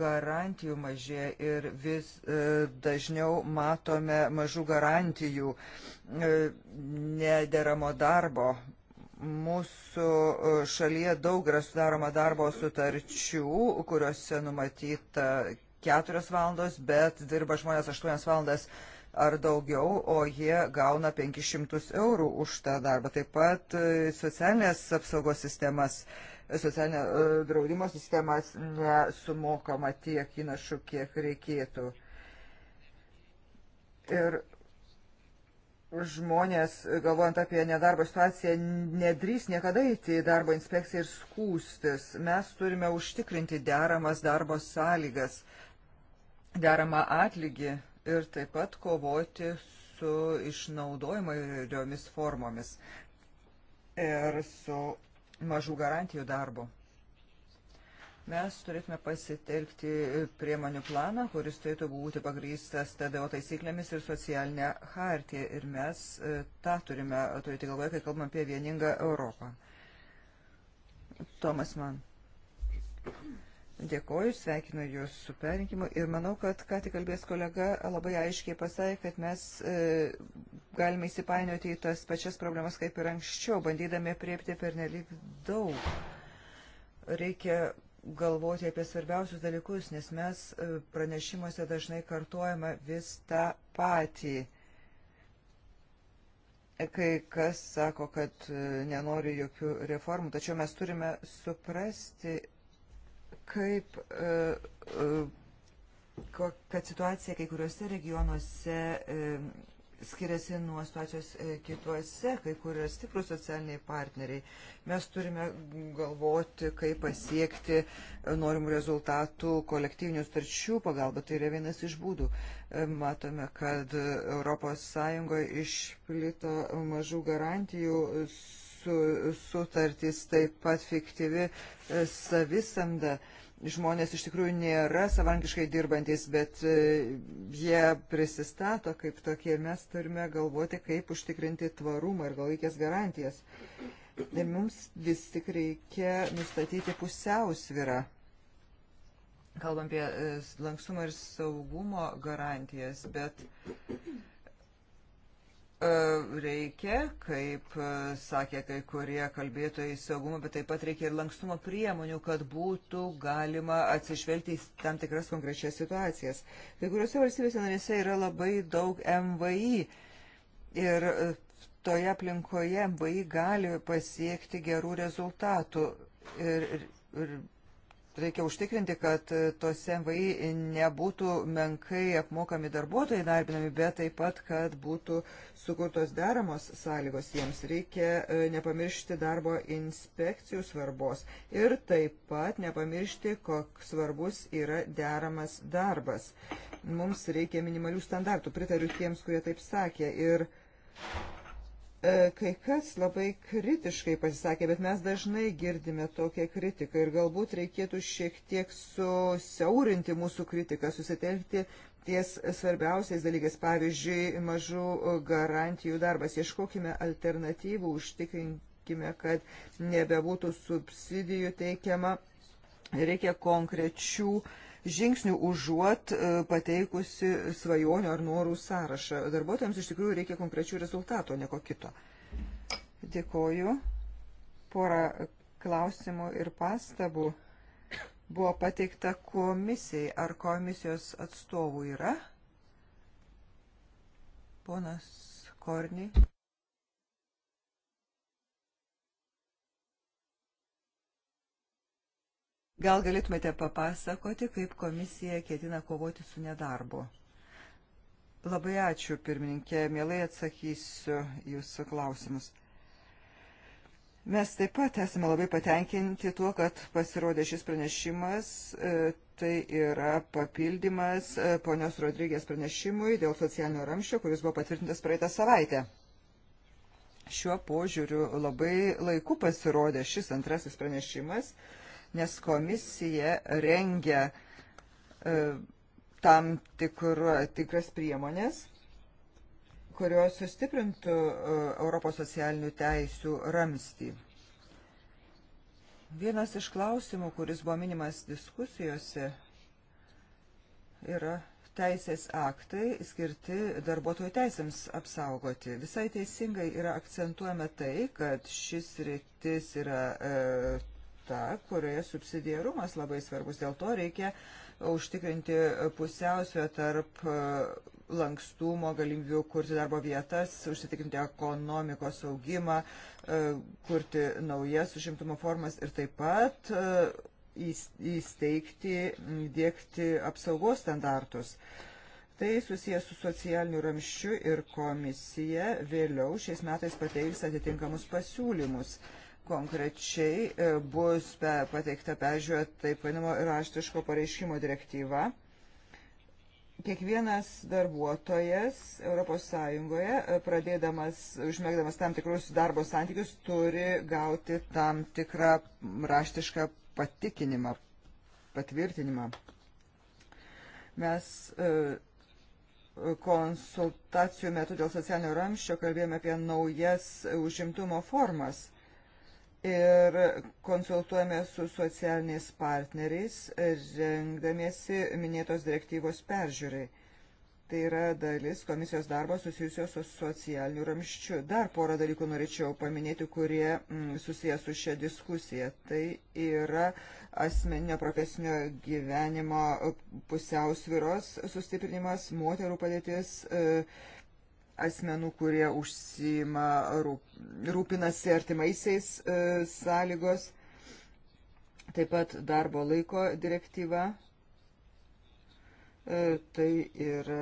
garantijų mažėja ir vis e, dažniau matome mažų garantijų e, nederamo darbo. Mūsų šalyje daug yra sudaroma darbo sutarčių, kuriuose numatyta keturias valandos, bet dirba žmonės aštuonias valandas ar daugiau, o jie gauna 500 eurų už tą darbą. Taip pat e, socialinės apsaugos sistemas, socialinio e, draudimo sistemas nesumokama tiek įnašų, kiek reikėtų. Ir žmonės, galvojant apie nedarbo situaciją, nedrys niekada įti į darbo inspekciją ir skūstis. Mes turime užtikrinti deramas darbo sąlygas. Uh, deramą atlygį ir taip pat kovoti su išnaudojimo įvairiomis formomis ir su mažų garantijų darbu. Mes turėtume pasitelkti priemonių planą, kuris turėtų būti pagrystas TDO taisyklėmis ir socialinę hartiją. Ir mes e, tą turime turėti galvoje, kai kalbam apie vieningą Europą. Tomas man. Dėkoju, sveikinu Jūs su perinkimu ir manau, kad ką tik kalbės kolega labai aiškiai pasakė, kad mes e, galime įsipainioti į tas pačias problemas kaip ir anksčiau, bandydami priepti per nelik daug. Reikia galvoti apie svarbiausius dalykus, nes mes e, pranešimuose dažnai kartuojame vis tą patį. Kai kas sako, kad e, nenori jokių reformų, tačiau mes turime suprasti kaip, e, e, kad situacija kai kuriuose regionuose e, skiriasi nuo situacijos kituose, kai kur yra stiprus socialiniai partneriai. Mes turime galvoti, kaip pasiekti norimų rezultatų kolektyvinių starčių pagalba. Tai yra vienas iš būdų. Matome, kad ES išplito mažų garantijų su, sutartys, taip pat fiktyvi e, savisamda. Žmonės iš tikrųjų nėra savankiškai dirbantis, bet e, jie prisistato kaip tokie ir mes turime galvoti, kaip užtikrinti tvarumą ir galaikės garantijas. Ir mums vis tik reikia nustatyti pusiausvirą kalbam apie e, lankstumą ir saugumo garantijas, bet E, reikia, kaip e, sakė kai kurie kalbėtojai, saugumo, bet taip pat reikia ir lankstumo priemonių, kad būtų galima atsižvelgti į tam tikras konkrečias situacijas. Kai kuriuose valstybėse narėse yra labai daug MVI ir e, toje aplinkoje MVI gali pasiekti gerų rezultatų. Ir, ir, ir reikia užtikrinti, kad e, tose MVI nebūtų menkai apmokami darbuotojai darbinami, bet taip pat, kad būtų sukurtos deramos sąlygos jiems. Reikia e, nepamiršti darbo inspekcijų svarbos ir taip pat nepamiršti, koks svarbus yra deramas darbas. Mums reikia minimalių standartų, pritariu tiems, kurie taip sakė. Ir E, kai kas labai kritiškai pasisakė, bet mes dažnai girdime tokią kritiką ir galbūt reikėtų šiek tiek susiaurinti mūsų kritiką, susitelkti ties svarbiausiais dalykais, pavyzdžiui, mažų garantijų darbas. Ieškokime alternatyvų, užtikrinkime, kad nebebūtų subsidijų teikiama. Reikia konkrečių uh, žingsnių užuot e, pateikusi svajonių ar norų sąrašą. Darbuotojams iš tikrųjų reikia konkrečių rezultatų, nieko kito. Dėkoju. Porą klausimų ir pastabų buvo pateikta komisijai. Ar komisijos atstovų yra? Ponas Korniai. Gal galėtumėte papasakoti, kaip komisija ketina kovoti su nedarbu? Labai ačiū, pirmininkė, mielai atsakysiu jūsų klausimus. Mes taip pat esame labai patenkinti tuo, kad pasirodė šis pranešimas. E, tai yra papildymas e, ponios Rodrygės pranešimui dėl socialinio ramščio, kuris buvo patvirtintas praeitą savaitę. Šiuo požiūriu labai laiku pasirodė šis antrasis pranešimas nes komisija rengia e, tam tikru, tikras priemonės, kurios sustiprintų e, Europos socialinių teisių ramstį. Vienas iš klausimų, kuris buvo minimas diskusijose, yra teisės aktai skirti darbuotojų teisėms apsaugoti. Visai teisingai yra akcentuojama tai, kad šis rytis yra e, ta, kurioje subsidiarumas labai svarbus. Dėl to reikia užtikrinti pusiausvę tarp e, lankstumo, galimybių kurti darbo vietas, užsitikrinti ekonomikos augimą, e, kurti naujas užimtumo formas ir taip pat e, įsteigti, dėkti apsaugos standartus. Tai susijęs su socialiniu ramščiu ir komisija vėliau šiais metais pateiks atitinkamus pasiūlymus. Uh, Konkrečiai e, bus pateikta peržiūrė taip vadinamo raštiško pareiškimo direktyva. Kiekvienas darbuotojas ES, e, pradėdamas, užmėgdamas tam tikrus darbo santykius, turi gauti tam tikrą raštišką patikinimą, patvirtinimą. Mes e, konsultacijų metu dėl socialinio ramščio kalbėjome apie naujas užimtumo formas ir konsultuojame su socialiniais partneriais, rengdamiesi minėtos direktyvos peržiūrai. Tai yra dalis komisijos darbo susijusios su socialiniu ramščiu. Dar porą dalykų norėčiau paminėti, kurie mm, susijęs su šia diskusija. Tai yra asmeninio profesinio gyvenimo pusiausviros sustiprinimas, moterų padėtis, e, asmenų, kurie užsima, rūpinasi artimaisiais e, sąlygos. Taip pat darbo laiko direktyva. E, tai yra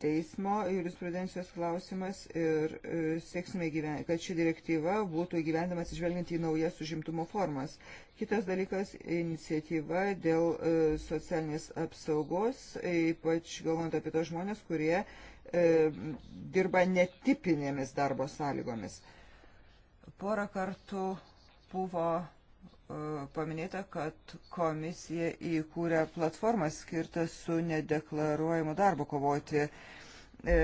teismo jurisprudencijos klausimas ir e, sėksime, kad ši direktyva būtų įgyvendama atsižvelgiant į naujas užimtumo formas. Kitas dalykas - iniciatyva dėl socialinės apsaugos, ypač galvojant apie tos žmonės, kurie E, dirba netipinėmis darbo sąlygomis. Porą kartų buvo e, paminėta, kad komisija įkūrė platformą skirtą su nedeklaruojamu darbu kovoti. E,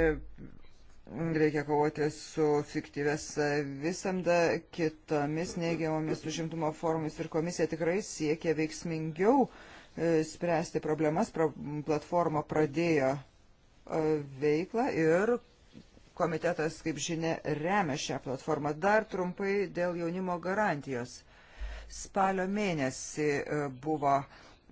reikia kovoti su fiktyvės visamda kitomis neigiamomis užimtumo formomis ir komisija tikrai siekia veiksmingiau spręsti problemas. Platforma pradėjo veiklą ir komitetas, kaip žinia, remia šią platformą. Dar trumpai dėl jaunimo garantijos. Spalio mėnesį e, buvo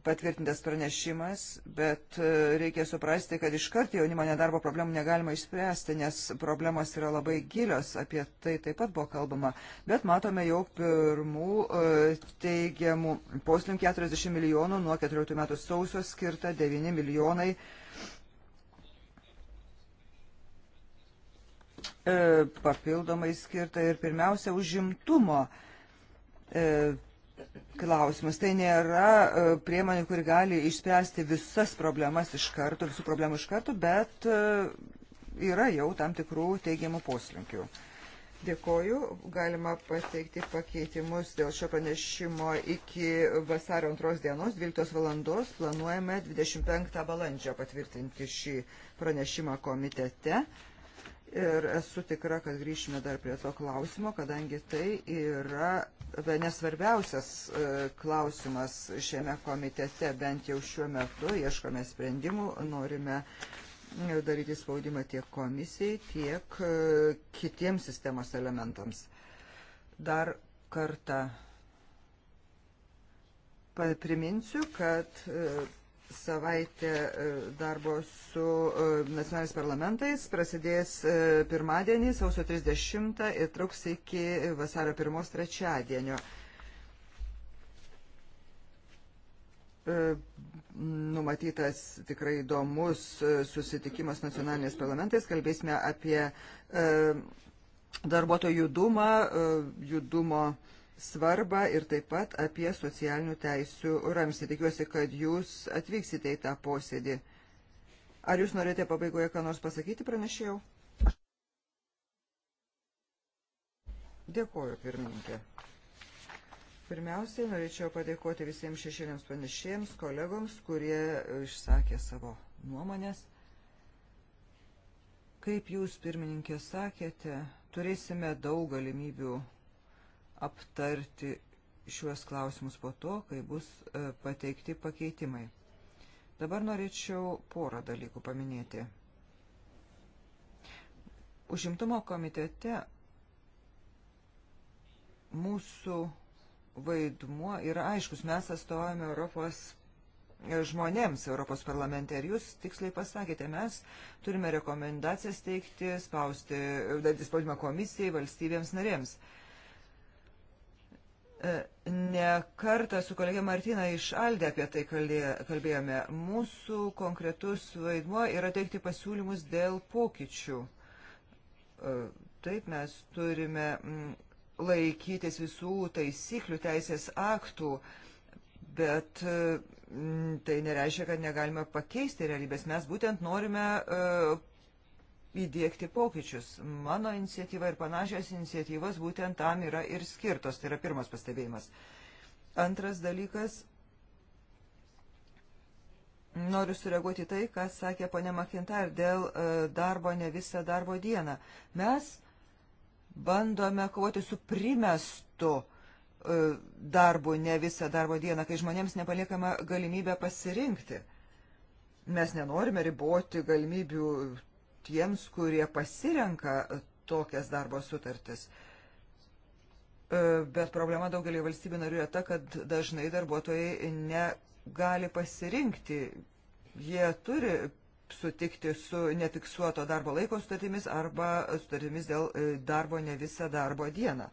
patvirtintas pranešimas, bet e, reikia suprasti, kad iškart jaunimo nedarbo problemų negalima išspręsti, nes problemos yra labai gilios, apie tai taip pat buvo kalbama. Bet matome jau pirmų e, teigiamų poslinkų 40 milijonų nuo 14 metų sausio skirta 9 milijonai E, papildomai skirta ir pirmiausia užimtumo e, klausimas. Tai nėra e, priemonė, kuri gali išspręsti visas problemas iš karto, visų problemų iš karto, bet yra jau tam tikrų teigiamų poslinkių. Dėkoju. Galima pateikti pakeitimus dėl šio pranešimo iki vasario antros dienos, 12 valandos. Planuojame 25 balandžio patvirtinti šį pranešimą komitete. Ir esu tikra, kad grįšime dar prie to klausimo, kadangi tai yra nesvarbiausias e, klausimas šiame komitete, bent jau šiuo metu ieškome sprendimų, norime e, daryti spaudimą tiek komisijai, tiek e, kitiems sistemos elementams. Dar kartą priminsiu, kad savaitė e, darbo su e, nacionaliniais parlamentais prasidės e, pirmadienį, sausio 30 ir truks iki vasario 1 trečiadienio. Numatytas tikrai įdomus susitikimas nacionaliniais parlamentais. Kalbėsime apie darbuotojų judumą, judumo svarbą ir taip pat apie socialinių teisių ramstį. Tikiuosi, kad jūs atvyksite į tą posėdį. Ar jūs norite pabaigoje ką nors pasakyti, pranešėjau? Dėkuoju, pirmininkė. Pirmiausiai norėčiau padėkoti visiems šešėliams pranešėjams, kolegoms, kurie išsakė savo nuomonės. Kaip jūs, pirmininkė, sakėte, turėsime daug galimybių aptarti šiuos klausimus po to, kai bus e, pateikti pakeitimai. Dabar norėčiau porą dalykų paminėti. Užimtumo komitete mūsų vaidmuo yra aiškus. Mes atstovavome Europos e, žmonėms Europos parlamente. Ir jūs tiksliai pasakėte, mes turime rekomendacijas teikti, spausti, e, daryti spaudimą komisijai, valstybėms narėms. Uh, E, ne kartą su kolegė Martina iš Aldė apie tai kalbėjome. Mūsų konkretus vaidmuo yra teikti pasiūlymus dėl pokyčių. E, taip mes turime laikytis visų taisyklių, teisės aktų, bet e, tai nereiškia, kad negalime pakeisti realybės. Mes būtent norime įdėkti pokyčius. Mano iniciatyva ir panašios iniciatyvos būtent tam yra ir skirtos. Tai yra pirmas pastebėjimas. Antras dalykas. Noriu sureaguoti tai, ką sakė ponė Makintar dėl e, darbo ne visą darbo dieną. Mes bandome kovoti su primestu e, darbu ne visą darbo dieną, kai žmonėms nepaliekama galimybė pasirinkti. Mes nenorime riboti galimybių tiems, kurie pasirenka tokias darbo sutartis. E, bet problema daugelį valstybių narių yra ta, kad dažnai darbuotojai negali pasirinkti. Jie turi sutikti su nefiksuoto darbo laiko sutartimis arba sutartimis dėl e, darbo ne visą darbo dieną.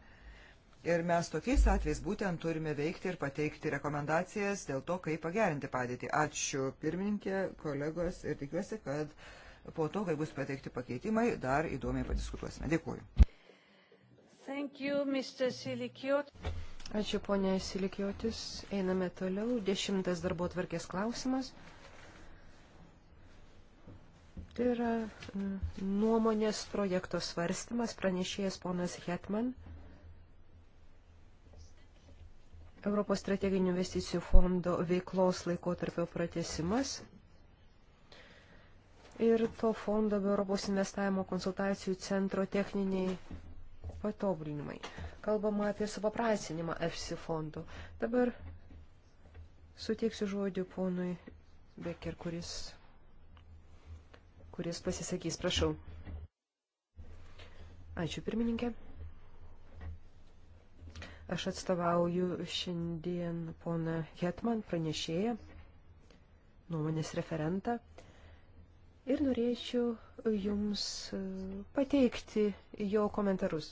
Ir mes tokiais atvejais būtent turime veikti ir pateikti rekomendacijas dėl to, kaip pagerinti padėtį. Ačiū pirmininkė, kolegos ir tikiuosi, kad uh, Po to, kai bus pateikti pakeitimai, dar įdomiai padiskutuosime. Dėkuoju. Thank you, Mr. Silikiot. Ačiū, ponė Silikiotis. Einame toliau. Dešimtas darbo tvarkės klausimas. Tai yra mm, nuomonės projekto svarstymas, pranešėjas ponas Hetman. Europos strateginių investicijų fondo veiklos laikotarpio pratesimas ir to fondo be Europos investavimo konsultacijų centro techniniai patobulinimai. Kalbama apie supaprasinimą EFSI fondų. Dabar suteiksiu žodį ponui Becker, kuris, kuris pasisakys. Prašau. Ačiū pirmininkė. Aš atstovauju šiandien poną Hetman pranešėją, nuomonės referentą ir norėčiau Jums e, pateikti jo komentarus.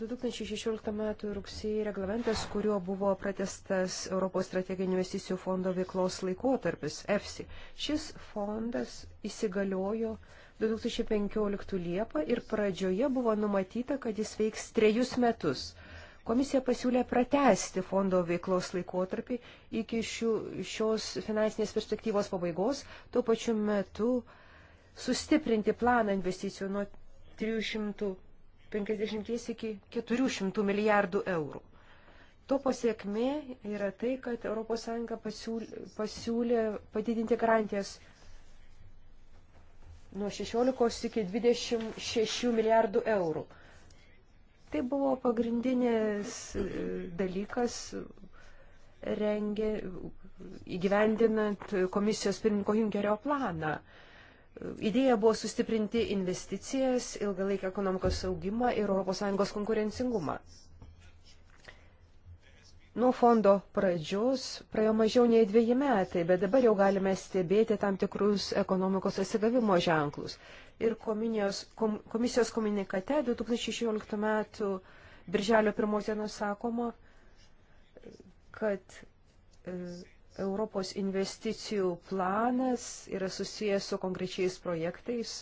2016 m. rugsėjai reglamentas, kuriuo buvo pratestas Europos strateginių investicijų fondo veiklos laikotarpis, EFSI. Šis fondas įsigaliojo 2015 liepą ir pradžioje buvo numatyta, kad jis veiks trejus metus – Komisija pasiūlė pratesti fondo veiklos laikotarpį iki šių, šios finansinės perspektyvos pabaigos, tuo pačiu metu sustiprinti planą investicijų nuo 350 iki 400 milijardų eurų. To pasiekmė yra tai, kad ES pasiūlė, pasiūlė padidinti garantijas nuo 16 iki 26 milijardų eurų. Tai buvo pagrindinis e, dalykas rengė, įgyvendinant komisijos pirmininko Junkerio planą. Idėja buvo sustiprinti investicijas, ilgalaikį ekonomikos saugimą ir ES konkurencingumą. Nuo fondo pradžios praėjo mažiau nei dviejį metai, bet dabar jau galime stebėti tam tikrus ekonomikos atsigavimo ženklus ir komisijos, kom, komisijos komunikate 2016 metų birželio pirmos dienos sakoma, kad e, Europos investicijų planas yra susijęs su konkrečiais projektais,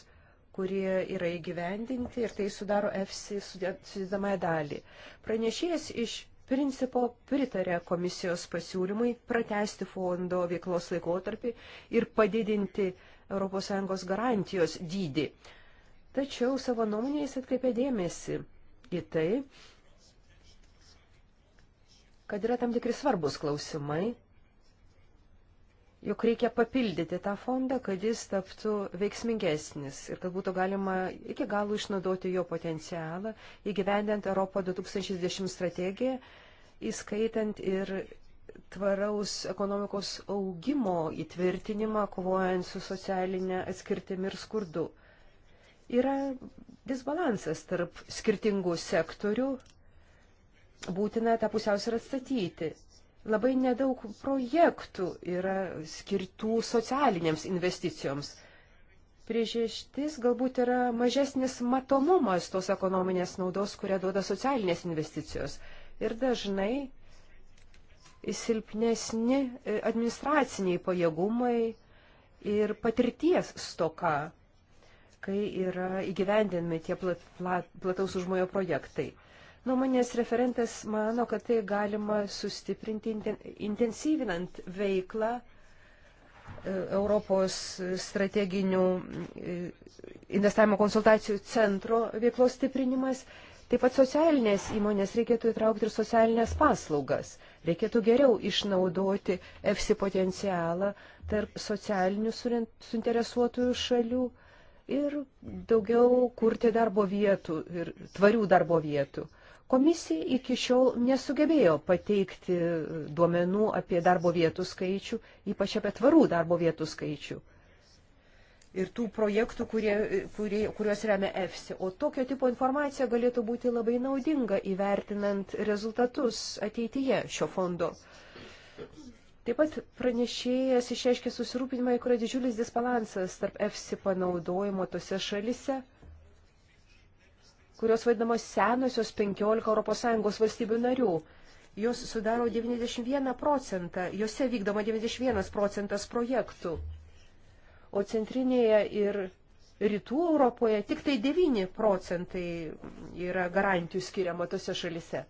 kurie yra įgyvendinti ir tai sudaro EFSI sudėdamąją dalį. Pranešėjas iš principo pritarė komisijos pasiūlymui pratesti fondo veiklos laikotarpį ir padidinti ES garantijos dydį. Tačiau savo nuomonę jis atkreipė dėmesį į tai, kad yra tam tikri svarbus klausimai, jog reikia papildyti tą fondą, kad jis taptų veiksmingesnis ir kad būtų galima iki galo išnaudoti jo potencialą, įgyvendant Europo 2010 strategiją, įskaitant ir tvaraus ekonomikos augimo įtvirtinimą, kovojant su socialinė atskirtimi ir skurdu. Yra disbalansas tarp skirtingų sektorių, būtina tą pusiausvyrą atstatyti. Labai nedaug projektų yra skirtų socialinėms investicijoms. Priežastis galbūt yra mažesnis matomumas tos ekonominės naudos, kurią duoda socialinės investicijos. Ir dažnai silpnesni e, administraciniai pajėgumai ir patirties stoka, kai yra įgyvendinami tie plat, plat, plataus užmojo projektai. Nuomonės referentas mano, kad tai galima sustiprinti intensyvinant veiklą e, Europos strateginių e, investavimo konsultacijų centro veiklos stiprinimas Taip pat socialinės įmonės reikėtų įtraukti ir socialinės paslaugas. Reikėtų geriau išnaudoti EFSI potencialą tarp socialinių suinteresuotųjų šalių ir daugiau kurti darbo vietų ir tvarių darbo vietų. Komisija iki šiol nesugebėjo pateikti duomenų apie darbo vietų skaičių, ypač apie tvarų darbo vietų skaičių ir tų projektų, kurie, kurie, kuriuos remia EFSI. O tokio tipo informacija galėtų būti labai naudinga įvertinant rezultatus ateityje šio fondo. Taip pat pranešėjas išreiškė susirūpinimą, kur yra didžiulis disbalansas tarp EFSI panaudojimo tose šalise, kurios vadinamos senosios 15 ES valstybių narių. Jos sudaro 91 procentą, jose vykdoma 91 procentas projektų o centrinėje ir rytų Europoje tik tai 9 procentai yra garantijų skiriama tose šalise.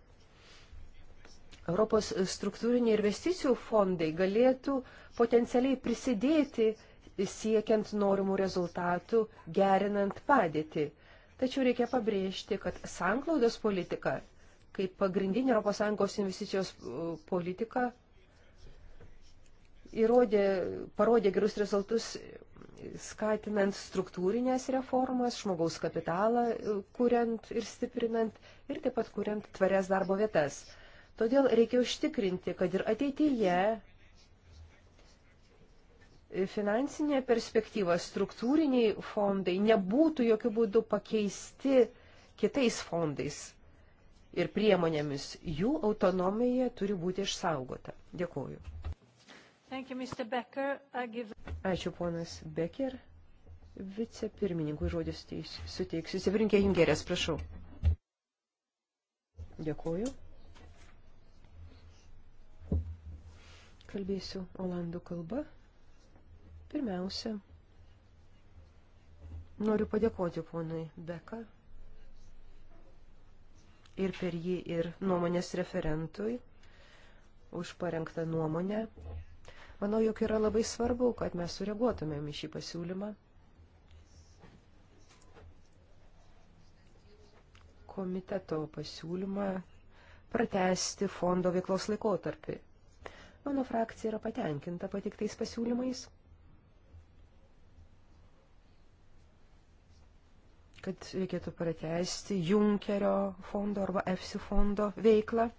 Europos struktūriniai investicijų fondai galėtų potencialiai prisidėti siekiant norimų rezultatų, gerinant padėtį. Tačiau reikia pabrėžti, kad sanklaudos politika, kaip pagrindinė ES investicijos e, politika, įrodė, parodė gerus rezultus skatinant struktūrinės reformas, žmogaus kapitalą e, kuriant ir stiprinant ir taip pat kuriant tvarias darbo vietas. Todėl reikia užtikrinti, kad ir ateityje finansinė perspektyva, struktūriniai fondai nebūtų jokių būdų pakeisti kitais fondais ir priemonėmis. Jų autonomija turi būti išsaugota. Dėkuoju. Thank you, Mr. Becker. I give... Ačiū, ponas Becker. Vicepirmininkui žodis suteiksiu. Sivirinkė Jungerės, prašau. Dėkuoju. Kalbėsiu olandų kalba. Pirmiausia, noriu padėkoti ponui Beka ir per jį ir nuomonės referentui už parengtą nuomonę Manau, jog yra labai svarbu, kad mes sureaguotumėm į šį pasiūlymą. Komiteto pasiūlymą pratesti fondo veiklos laikotarpį. Mano frakcija yra patenkinta patiktais pasiūlymais, kad reikėtų pratesti Junkerio fondo arba EFSI fondo veiklą.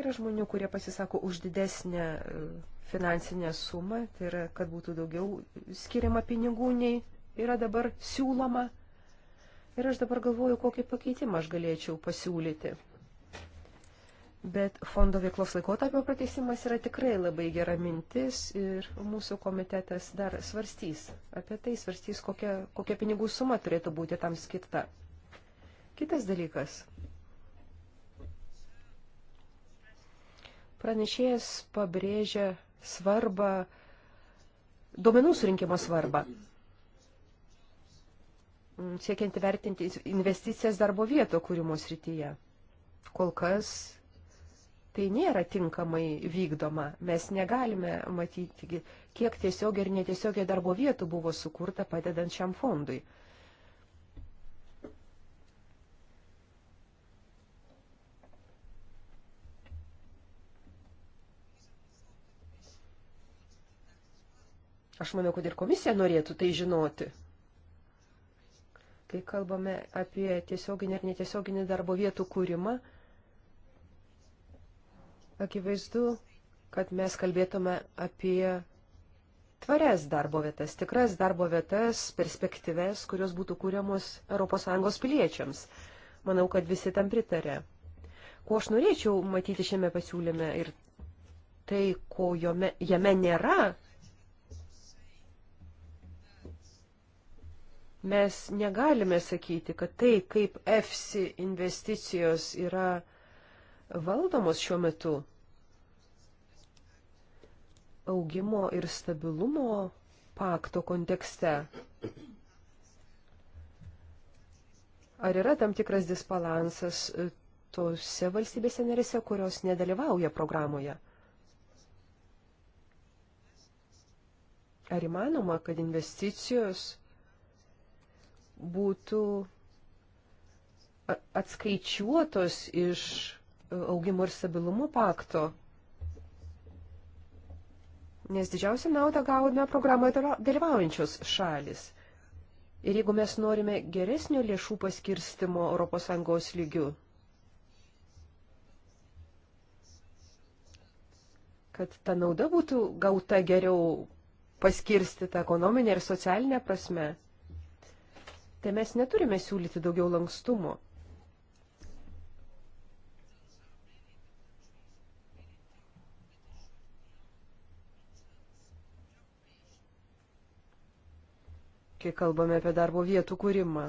Yra žmonių, kurie pasisako už didesnę e, finansinę sumą, tai yra, kad būtų daugiau skiriama pinigų nei yra dabar siūloma. Ir aš dabar galvoju, kokį pakeitimą aš galėčiau pasiūlyti. Bet fondo veiklos laikotarpio pratesimas yra tikrai labai gera mintis ir mūsų komitetas dar svarstys apie tai, svarstys, kokia, kokia pinigų suma turėtų būti tam skirta. Kitas dalykas Pranešėjas pabrėžia svarbą, duomenų surinkimo svarbą, mm, siekiant vertinti investicijas darbo vieto kūrimo srityje. Kol kas tai nėra tinkamai vykdoma. Mes negalime matyti, kiek tiesiog ir netiesiogiai darbo vietų buvo sukurta padedant šiam fondui. Aš manau, kad ir komisija norėtų tai žinoti. Kai kalbame apie tiesioginį ar netiesioginį darbo vietų kūrimą, akivaizdu, kad mes kalbėtume apie tvarias darbo vietas, tikras darbo vietas, perspektyves, kurios būtų kūriamos ES piliečiams. Manau, kad visi tam pritarė. Ko aš norėčiau matyti šiame pasiūlyme ir tai, ko jome, jame nėra, Mes negalime sakyti, kad tai, kaip EFSI investicijos yra valdomos šiuo metu, augimo ir stabilumo pakto kontekste. Ar yra tam tikras disbalansas e, tose valstybėse narėse, kurios nedalyvauja programoje? Ar įmanoma, kad investicijos būtų atskaičiuotos iš e, augimo ir stabilumo pakto. Nes didžiausią naudą gaudame programoje dalyvaujančios šalis. Ir jeigu mes norime geresnio lėšų paskirstimo ES lygių, kad ta nauda būtų gauta geriau paskirstyta ekonominė ir socialinė prasme, tai mes neturime siūlyti daugiau lankstumo. kai kalbame apie darbo vietų kūrimą.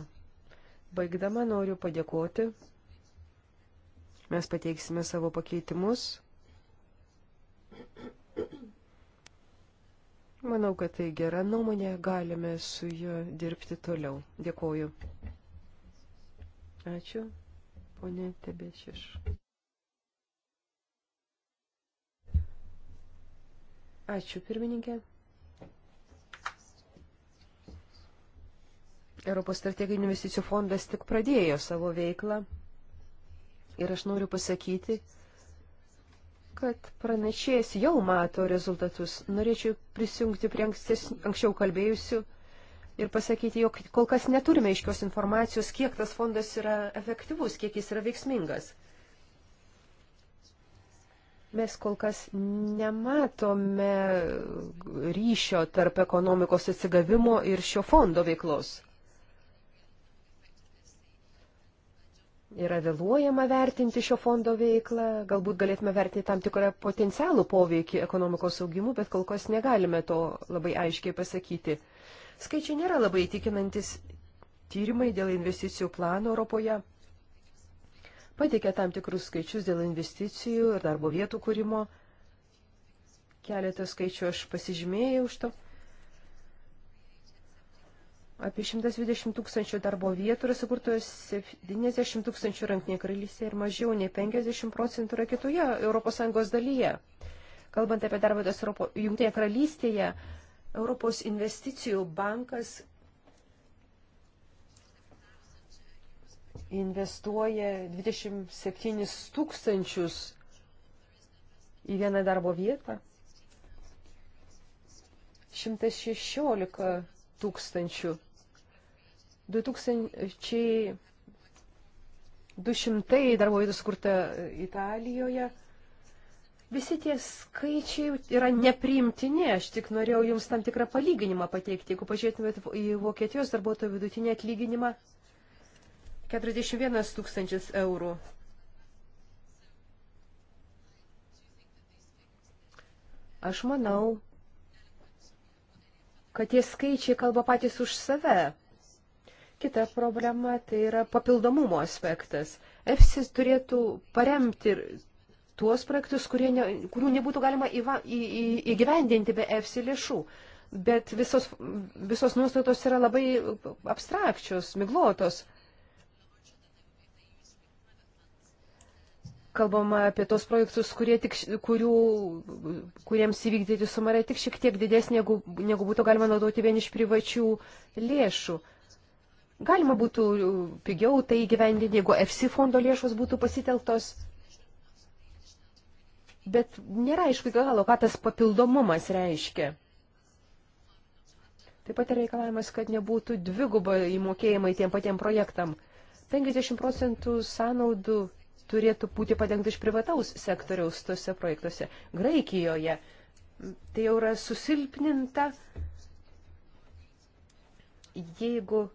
Baigdama noriu padėkoti. Mes pateiksime savo pakeitimus. Manau, kad tai gera nuomonė, galime su juo dirbti toliau. Dėkoju. Ačiū, ponė Tebešiš. Ačiū, pirmininkė. Europos strateginių investicijų fondas tik pradėjo savo veiklą. Ir aš noriu pasakyti, kad pranešėjas jau mato rezultatus. Norėčiau prisijungti prie anksčiau kalbėjusių ir pasakyti, jog kol kas neturime aiškios informacijos, kiek tas fondas yra efektyvus, kiek jis yra veiksmingas. Mes kol kas nematome ryšio tarp ekonomikos atsigavimo ir šio fondo veiklos. yra vėluojama vertinti šio fondo veiklą, galbūt galėtume vertinti tam tikrą potencialų poveikį ekonomikos augimu, bet kol kas negalime to labai aiškiai pasakyti. Skaičiai nėra labai įtikinantis tyrimai dėl investicijų plano Europoje. Pateikė tam tikrus skaičius dėl investicijų ir darbo vietų kūrimo. Keletą skaičių aš pasižymėjau už to apie 120 tūkstančių darbo vietų yra sukurtos 90 tūkstančių rankinė karalystėje ir mažiau nei 50 procentų yra kitoje ES dalyje. Kalbant apie darbą Jungtinėje karalystėje, Europos investicijų bankas investuoja 27 tūkstančius į vieną darbo vietą. 116 tūkstančių 2200 darbo vietų skurta Italijoje. Visi tie skaičiai yra nepriimtini, aš tik norėjau jums tam tikrą palyginimą pateikti. Jeigu pažiūrėtumėt į Vokietijos darbuotojų vidutinį atlyginimą, 41 tūkstančius eurų. Aš manau, kad tie skaičiai kalba patys už save. Kita problema tai yra papildomumo aspektas. EFSIS turėtų paremti tuos projektus, ne, kurių nebūtų galima įva, į, į, įgyvendinti be EFSI lėšų. Bet visos, visos nuostatos yra labai abstrakčios, miglotos. Kalbama apie tos projektus, kurie tik, kurių, kuriems įvykdyti suma yra tik šiek tiek didesnė, negu, negu būtų galima naudoti vien iš privačių lėšų. Uh, Galima būtų pigiau tai gyvendinti, jeigu FC fondo lėšos būtų pasitelktos. Bet nėra aišku, galo, ką tas papildomumas reiškia. Taip pat reikalavimas, kad nebūtų dvigubai įmokėjimai tiem patiem projektam. 50 procentų sąnaudų turėtų būti padengta iš privataus sektoriaus tose projektuose. Graikijoje tai jau yra susilpninta, jeigu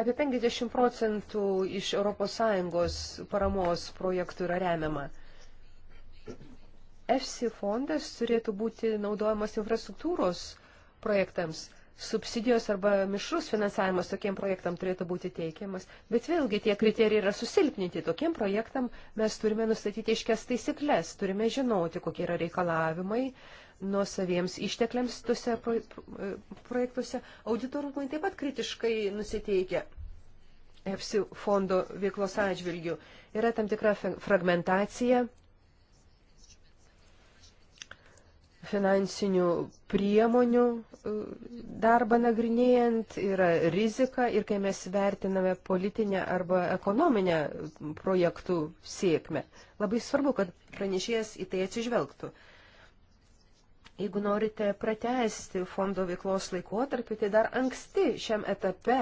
Apie 50 procentų iš ES paramos projektų yra remiama. EFSI fondas turėtų būti naudojamas infrastruktūros projektams. Subsidijos arba mišrus finansavimas tokiem projektam turėtų būti teikiamas. Bet vėlgi tie kriterijai yra susilpninti. Tokiem projektam mes turime nustatyti iškes taisyklės, turime žinoti, kokie yra reikalavimai, nuosaviems ištekliams tuose projektuose. Auditorumai taip pat kritiškai nusiteikia EFSI fondo veiklos atžvilgių. Yra tam tikra fragmentacija finansinių priemonių e, darbą nagrinėjant, yra rizika ir kai mes vertiname politinę arba ekonominę projektų sėkmę. Labai svarbu, kad pranešėjas į tai atsižvelgtų. Jeigu norite pratesti fondo veiklos laikotarpį, tai dar anksti šiam etape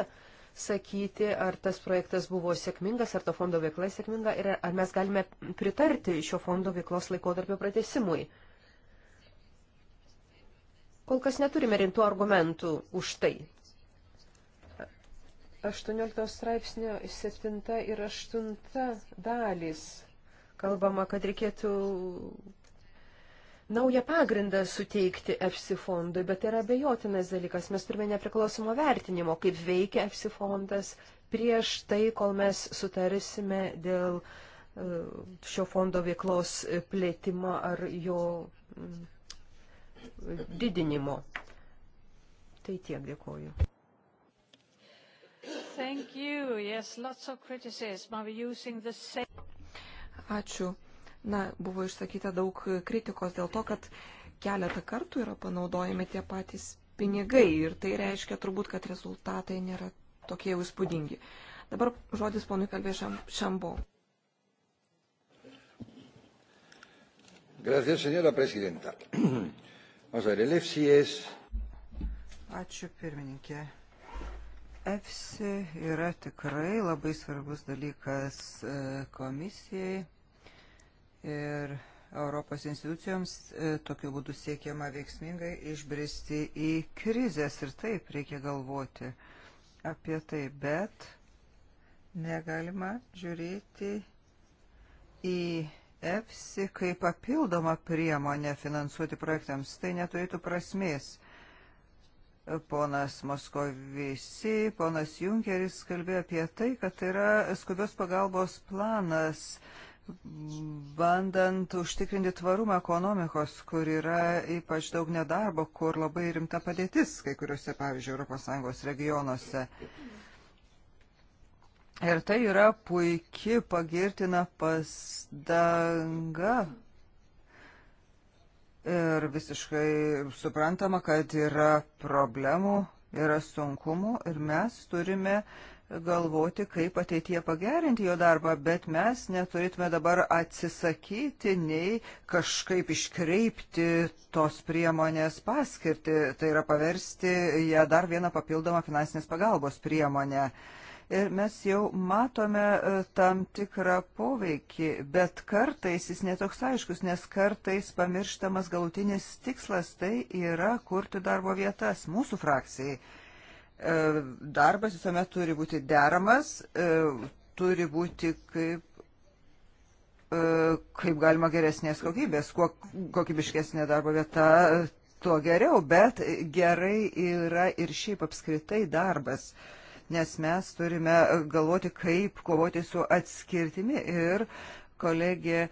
sakyti, ar tas projektas buvo sėkmingas, ar to fondo veikla sėkminga ir ar mes galime pritarti šio fondo veiklos laikotarpio pratesimui. Kol kas neturime rimtų argumentų už tai. 18 straipsnio 7 ir 8 dalys. Kalbama, kad reikėtų naują pagrindą suteikti EFSI fondui, bet tai yra bejotinas dalykas. Mes turime nepriklausomo vertinimo, kaip veikia EFSI fondas prieš tai, kol mes sutarsime dėl e, šio fondo veiklos plėtimo ar jo didinimo. Tai tiek dėkoju. Yes, same... Ačiū Na, buvo išsakyta daug kritikos dėl to, kad keletą kartų yra panaudojami tie patys pinigai ir tai reiškia turbūt, kad rezultatai nėra tokie jau įspūdingi. Dabar žodis ponui kalbė šam, Šambo. Gracias, señora presidenta. Vamos a ver, el EFSI es. Ačiū pirmininkė. EFSI yra tikrai labai svarbus dalykas e, komisijai ir Europos institucijoms e, tokiu būdu siekiama veiksmingai išbristi į krizės ir taip reikia galvoti apie tai, bet negalima žiūrėti į EFSI kaip papildomą priemonę finansuoti projektams. Tai neturėtų prasmės. Ponas Moskovisi, ponas Junkeris kalbėjo apie tai, kad tai yra skubios pagalbos planas bandant užtikrinti tvarumą ekonomikos, kur yra ypač daug nedarbo, kur labai rimta padėtis kai kuriuose, pavyzdžiui, ES regionuose. Ir tai yra puikia pagirtina pasdanga. Ir visiškai suprantama, kad yra problemų, yra sunkumų ir mes turime uh, galvoti, kaip ateityje pagerinti jo darbą, bet mes neturėtume dabar atsisakyti nei kažkaip iškreipti tos priemonės paskirti, tai yra paversti ją dar vieną papildomą finansinės pagalbos priemonę. Ir mes jau matome e, tam tikrą poveikį, bet kartais jis netoks aiškus, nes kartais pamirštamas galutinis tikslas tai yra kurti darbo vietas mūsų frakcijai E, darbas visuomet turi būti deramas, e, turi būti kaip e, kaip galima geresnės kokybės, kuo kokybiškesnė darbo vieta, tuo geriau, bet gerai yra ir šiaip apskritai darbas, nes mes turime galvoti, kaip kovoti su atskirtimi ir uh, kolegė e,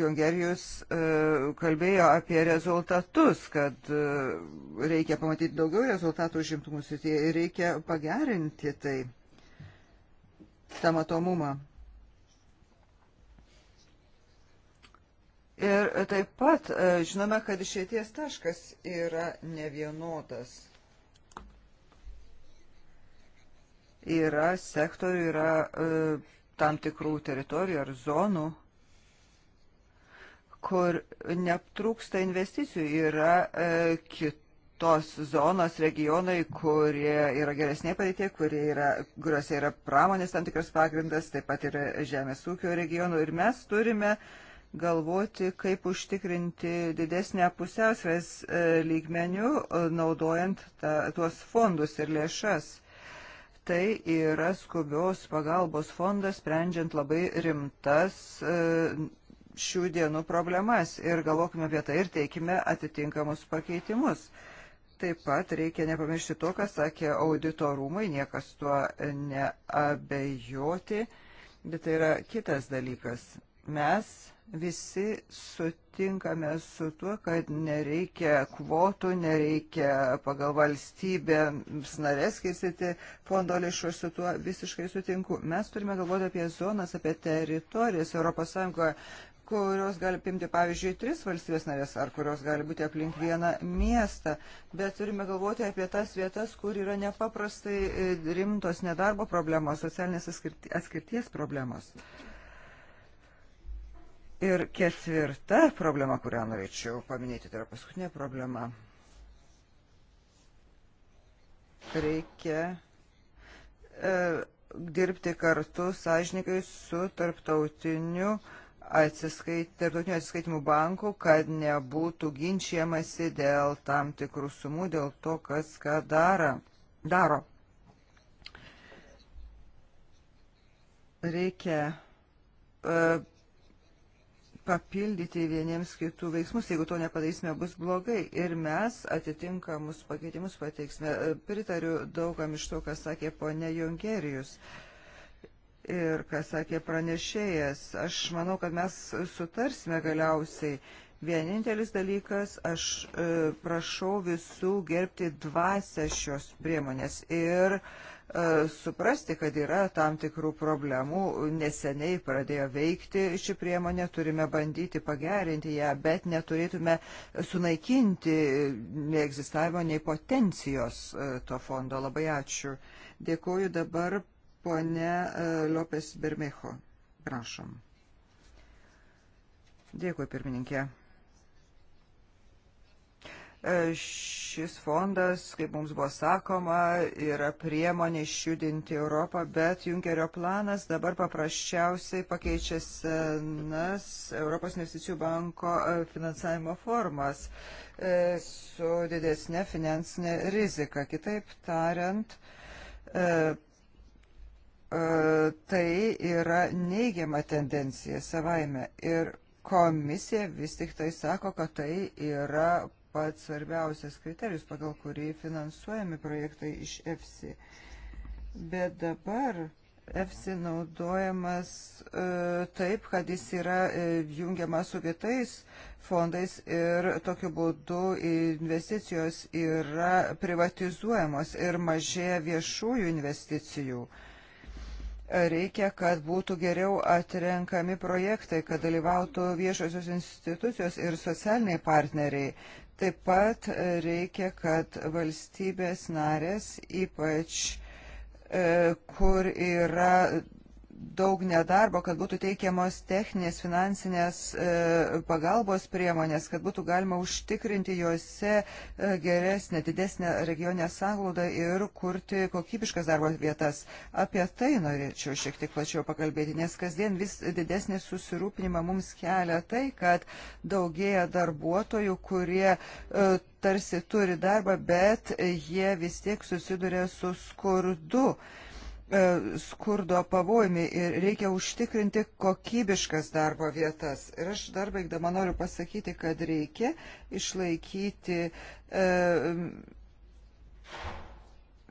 Jongerijus e, kalbėjo apie rezultatus, kad e, reikia pamatyti daugiau rezultatų užimtumų srityje ir reikia pagerinti tai, tą matomumą. Ir taip pat žinome, kad išėties taškas yra nevienodas. Yra sektorių, yra tam tikrų teritorijų ar zonų, kur netrūksta investicijų, yra e, kitos zonos, regionai, kurie yra geresnė padėtė, yra, kuriuose yra pramonės tam tikras pagrindas, taip pat yra žemės ūkio regionų ir mes turime galvoti, kaip užtikrinti didesnę pusiausvės e, lygmenių, e, naudojant ta, tuos fondus ir lėšas tai yra skubios pagalbos fondas, sprendžiant labai rimtas e, šių dienų problemas ir galvokime apie tai ir teikime atitinkamus pakeitimus. Taip pat reikia nepamiršti to, ką sakė auditorumai, niekas tuo neabejoti, bet tai yra kitas dalykas. Mes visi sutinkame su tuo, kad nereikia kvotų, nereikia pagal valstybę snarės skirsyti fondo lėšų, aš su tuo visiškai sutinku. Mes turime galvoti apie zonas, apie teritorijas ES kurios gali pimti, pavyzdžiui, tris valstybės narės, ar kurios gali būti aplink vieną miestą, bet turime galvoti apie tas vietas, kur yra nepaprastai e, rimtos nedarbo problemos, socialinės atskirties problemos. Ir ketvirta problema, kurią norėčiau paminėti, tai yra paskutinė problema. Reikia e, dirbti kartu sąžininkai su tarptautiniu atsiskait, tarptautiniu atsiskaitimų banku, kad nebūtų ginčiamasi dėl tam tikrų sumų, dėl to, kas ką daro. daro. Reikia e, papildyti vieniems kitų veiksmus. Jeigu to nepadarysime, bus blogai. Ir mes atitinkamus pakeitimus pateiksime. Pritariu daugam iš to, ką sakė ponė Junkerijus. Ir ką sakė pranešėjas, aš manau, kad mes sutarsime galiausiai. Vienintelis dalykas, aš e, prašau visų gerbti dvasę šios priemonės ir e, E, suprasti, kad yra tam tikrų problemų. Neseniai pradėjo veikti ši priemonė, turime bandyti pagerinti ją, bet neturėtume sunaikinti neegzistavimo nei potencijos e, to fondo. Labai ačiū. Dėkuoju dabar ponė e, Lopes Bermejo. Prašom. Dėkui, pirmininkė. Šis fondas, kaip mums buvo sakoma, yra priemonė išjudinti Europą, bet Junkerio planas dabar paprasčiausiai pakeičia senas Europos investicijų banko e, finansavimo formas e, su didesnė finansinė rizika. Kitaip tariant, e, tai yra neigiama tendencija savaime. Ir komisija vis tik tai sako, kad tai yra pats svarbiausias kriterijus, pagal kurį finansuojami projektai iš EFSI. Bet dabar EFSI naudojamas e, taip, kad jis yra e, jungiamas su kitais fondais ir tokiu būdu investicijos yra privatizuojamos ir mažėja viešųjų investicijų reikia, kad būtų geriau atrenkami projektai, kad dalyvautų viešosios institucijos ir socialiniai partneriai. Taip pat reikia, kad valstybės narės, ypač e, kur yra daug nedarbo, kad būtų teikiamos techninės finansinės e, pagalbos priemonės, kad būtų galima užtikrinti juose e, geresnę, didesnę regionę sąglaudą ir kurti kokybiškas darbo vietas. Apie tai norėčiau šiek tiek plačiau pakalbėti, nes kasdien vis didesnį susirūpinimą mums kelia tai, kad daugėja darbuotojų, kurie e, tarsi turi darbą, bet jie vis tiek susiduria su skurdu. Uh, E, skurdo pavojami ir reikia užtikrinti kokybiškas darbo vietas. Ir aš dar baigdama noriu pasakyti, kad reikia išlaikyti e,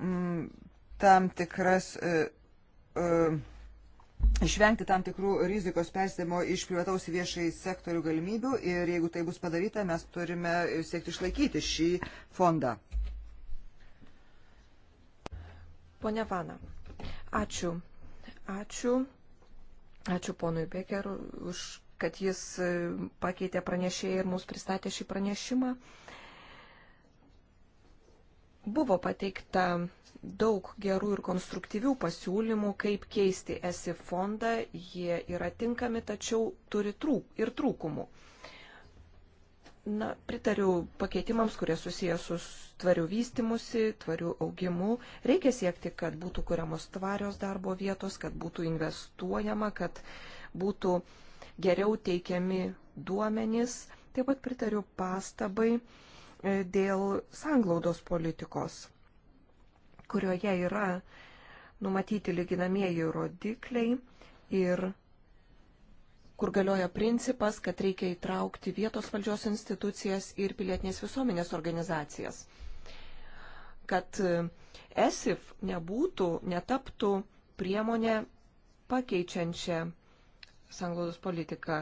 m, tam tikras, e, e, išvengti tam tikrų rizikos persėmo iš privataus į viešai sektorių galimybių ir jeigu tai bus padaryta, mes turime siekti išlaikyti šį fondą. Pone Vana. Ačiū. Ačiū. Ačiū ponui Becker už kad jis e, pakeitė pranešėją ir mums pristatė šį pranešimą. Buvo pateikta daug gerų ir konstruktyvių pasiūlymų, kaip keisti esi fondą, jie yra tinkami, tačiau turi trūk, ir trūkumų. Na, pritariu pakeitimams, kurie susijęs su tvariu vystimusi, tvariu augimu. Reikia siekti, kad būtų kuriamos tvarios darbo vietos, kad būtų investuojama, kad būtų geriau teikiami duomenys. Taip pat pritariu pastabai e, dėl sanglaudos politikos, kurioje yra numatyti lyginamieji rodikliai ir kur galioja principas, kad reikia įtraukti vietos valdžios institucijas ir pilietinės visuomenės organizacijas. Kad e, ESIF nebūtų, netaptų priemonė pakeičiančią sanglaudos politiką.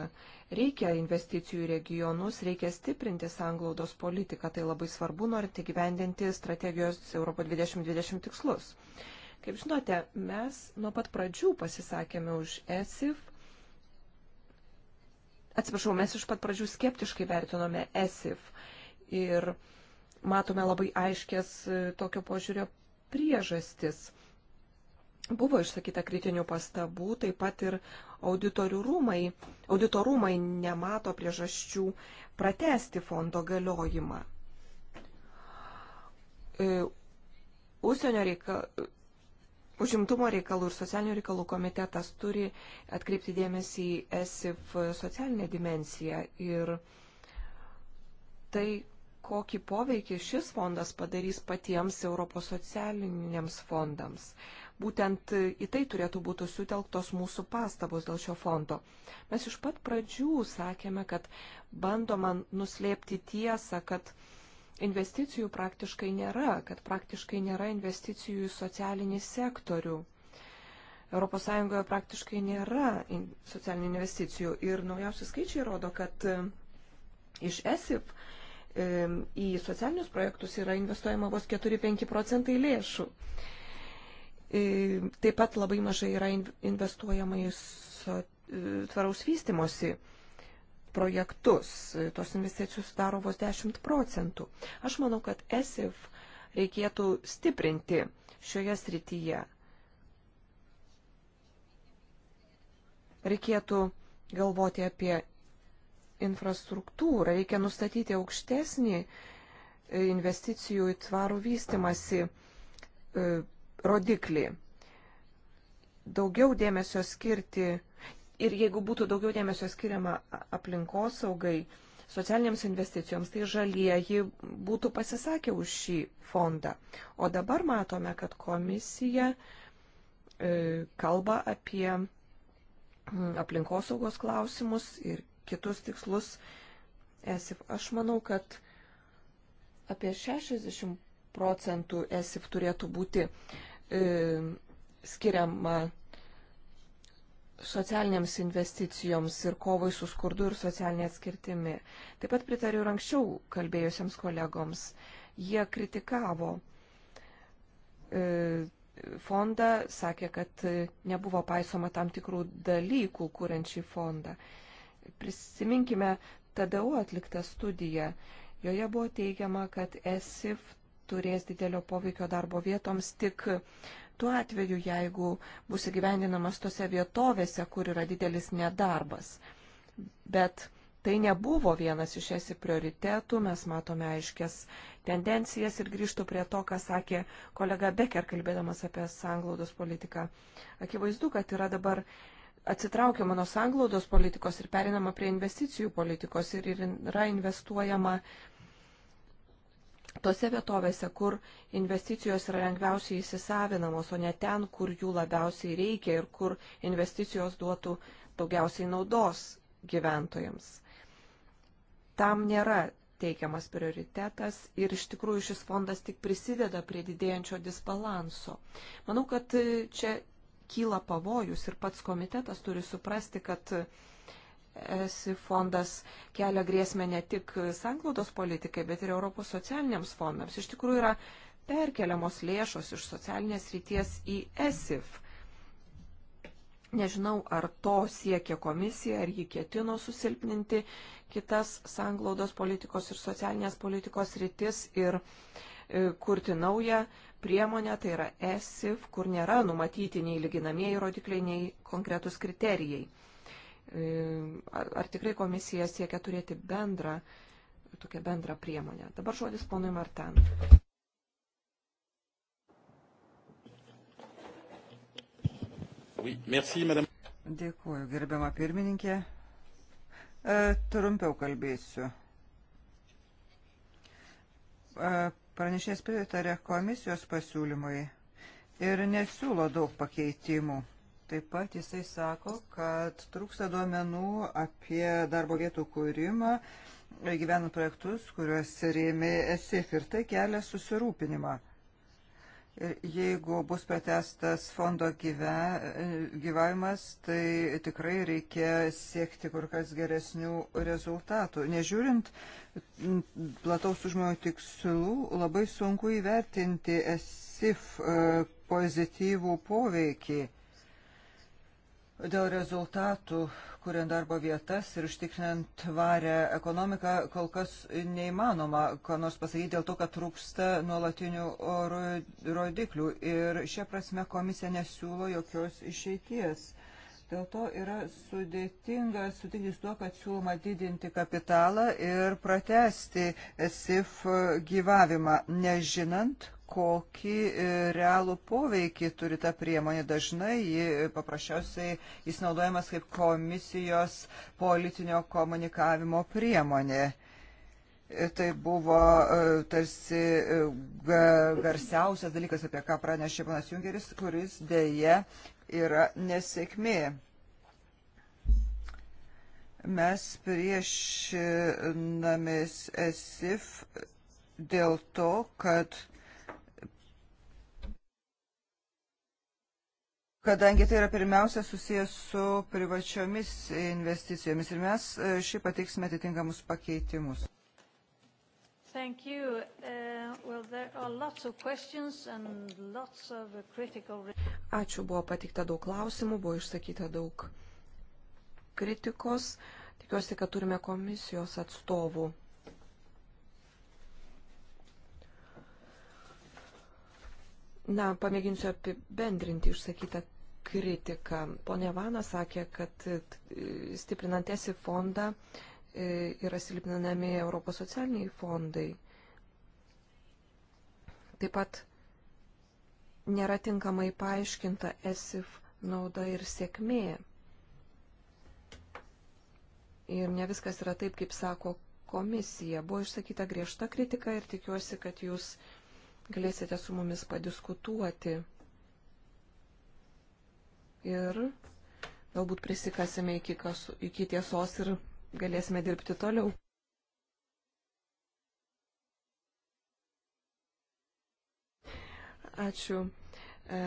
Reikia investicijų į regionus, reikia stiprinti sanglaudos politiką, tai labai svarbu, norint įgyvendinti strategijos Europo 2020 tikslus. Kaip žinote, mes nuo pat pradžių pasisakėme už ESIF atsiprašau, mes iš pat pradžių skeptiškai vertinome ESIF ir matome labai aiškės e, tokio požiūrio priežastis. Buvo išsakyta kritinių pastabų, taip pat ir rūmai, auditorumai nemato priežasčių pratesti fondo galiojimą. E, Užsienio reikalų Užimtumo reikalų ir socialinių reikalų komitetas turi atkreipti dėmesį į ESIF socialinę dimensiją ir tai, kokį poveikį šis fondas padarys patiems Europos socialiniams fondams. Būtent į tai turėtų būti sutelktos mūsų pastabos dėl šio fondo. Mes iš pat pradžių sakėme, kad bandoma nuslėpti tiesą, kad investicijų praktiškai nėra, kad praktiškai nėra investicijų į socialinį sektorių. ES praktiškai nėra socialinių investicijų ir naujausi skaičiai rodo, kad e, iš ESIF e, į socialinius projektus yra investuojama vos 4-5 procentai lėšų. E, taip pat labai mažai yra investuojama į so, tvaraus vystimosi projektus. Tos investicijos sudaro vos 10 procentų. Aš manau, kad ESIF reikėtų stiprinti šioje srityje. Reikėtų galvoti apie infrastruktūrą, reikia nustatyti aukštesnį investicijų į tvarų vystimasi e, rodiklį. Daugiau dėmesio skirti Ir jeigu būtų daugiau dėmesio skiriama aplinkosaugai, socialinėms investicijoms, tai žalieji būtų pasisakę už šį fondą. O dabar matome, kad komisija e, kalba apie aplinkosaugos klausimus ir kitus tikslus. ESIF. Aš manau, kad apie 60 procentų ESIF turėtų būti e, skiriama socialinėms investicijoms ir kovai su skurdu ir socialinė atskirtimi. Taip pat pritariu ir anksčiau kalbėjusiems kolegoms. Jie kritikavo e, fondą, sakė, kad nebuvo paisoma tam tikrų dalykų, kuriant šį fondą. Prisiminkime TDU atliktą studiją. Joje buvo teigiama, kad ESIF turės didelio poveikio darbo vietoms tik tuo atveju, jeigu bus įgyvendinamas tose vietovėse, kur yra didelis nedarbas. Bet tai nebuvo vienas iš esi prioritetų, mes matome aiškias tendencijas ir grįžtų prie to, ką sakė kolega Becker, kalbėdamas apie sanglaudos politiką. Akivaizdu, kad yra dabar atsitraukiama nuo sanglaudos politikos ir perinama prie investicijų politikos ir yra investuojama tose vietovėse, kur investicijos yra lengviausiai įsisavinamos, o ne ten, kur jų labiausiai reikia ir kur investicijos duotų daugiausiai naudos gyventojams. Tam nėra teikiamas prioritetas ir iš tikrųjų šis fondas tik prisideda prie didėjančio disbalanso. Manau, kad čia kyla pavojus ir pats komitetas turi suprasti, kad ESI fondas kelia grėsmę ne tik sanglaudos politikai, bet ir Europos socialiniams fondams. Iš tikrųjų yra perkeliamos lėšos iš socialinės ryties į ESIF. Nežinau, ar to siekia komisija, ar ji ketino susilpninti kitas sanglaudos politikos ir socialinės politikos rytis ir e, kurti naują priemonę, tai yra ESIF, kur nėra numatyti nei lyginamieji rodikliai, nei konkretus kriterijai. E, ar, ar tikrai komisija siekia turėti bendrą, tokią bendrą priemonę. Dabar žodis ponui Martan. Oui, merci, madame. Dėkuoju, gerbiama pirmininkė. E, trumpiau kalbėsiu. E, pranešės pritarė komisijos pasiūlymui ir nesiūlo daug pakeitimų. Taip pat jisai sako, kad trūksta duomenų apie darbo vietų kūrimą, gyvenant projektus, kuriuos rėmė ESIF ir tai kelia susirūpinimą. Ir jeigu bus pratestas fondo gyve, gyvavimas, tai tikrai reikia siekti kur kas geresnių rezultatų. Nežiūrint plataus užmojo tikslų, labai sunku įvertinti SIF e, pozityvų poveikį. Dėl rezultatų, kuriant darbo vietas ir užtikrinant tvarę ekonomiką, kol kas neįmanoma, ką nors pasakyti dėl to, kad trūksta nuolatinių rodiklių. Ir šia prasme komisija nesiūlo jokios išeities. Dėl to yra sudėtinga sutikti su tuo, kad siūloma didinti kapitalą ir pratesti SIF gyvavimą, nežinant, kokį e, realų poveikį turi ta priemonė. Dažnai ji e, paprasčiausiai jis naudojamas kaip komisijos politinio komunikavimo priemonė. E, tai buvo tarsi garsiausias dalykas, apie ką pranešė panas Junkeris, kuris dėje yra nesėkmė mes priešinamės ESIF dėl to, kad kadangi tai yra pirmiausia susijęs su privačiomis investicijomis ir mes e, šį pateiksime atitinkamus pakeitimus. Thank you. Uh, well, there are lots of questions and lots of critical. Ačiū, buvo patikta daug klausimų, buvo išsakyta daug kritikos. Tikiuosi, kad turime komisijos atstovų. Na, pamėginsiu apibendrinti išsakytą kritiką. Pone Vana sakė, kad e, stiprinant esi fondą e, yra silpninami Europos socialiniai fondai. Taip pat nėra tinkamai paaiškinta esif nauda ir sėkmė. Ir ne viskas yra taip, kaip sako komisija. Buvo išsakyta griežta kritika ir tikiuosi, kad jūs galėsite su mumis padiskutuoti ir galbūt prisikasime iki, kas, iki tiesos ir galėsime dirbti toliau. Ačiū. E,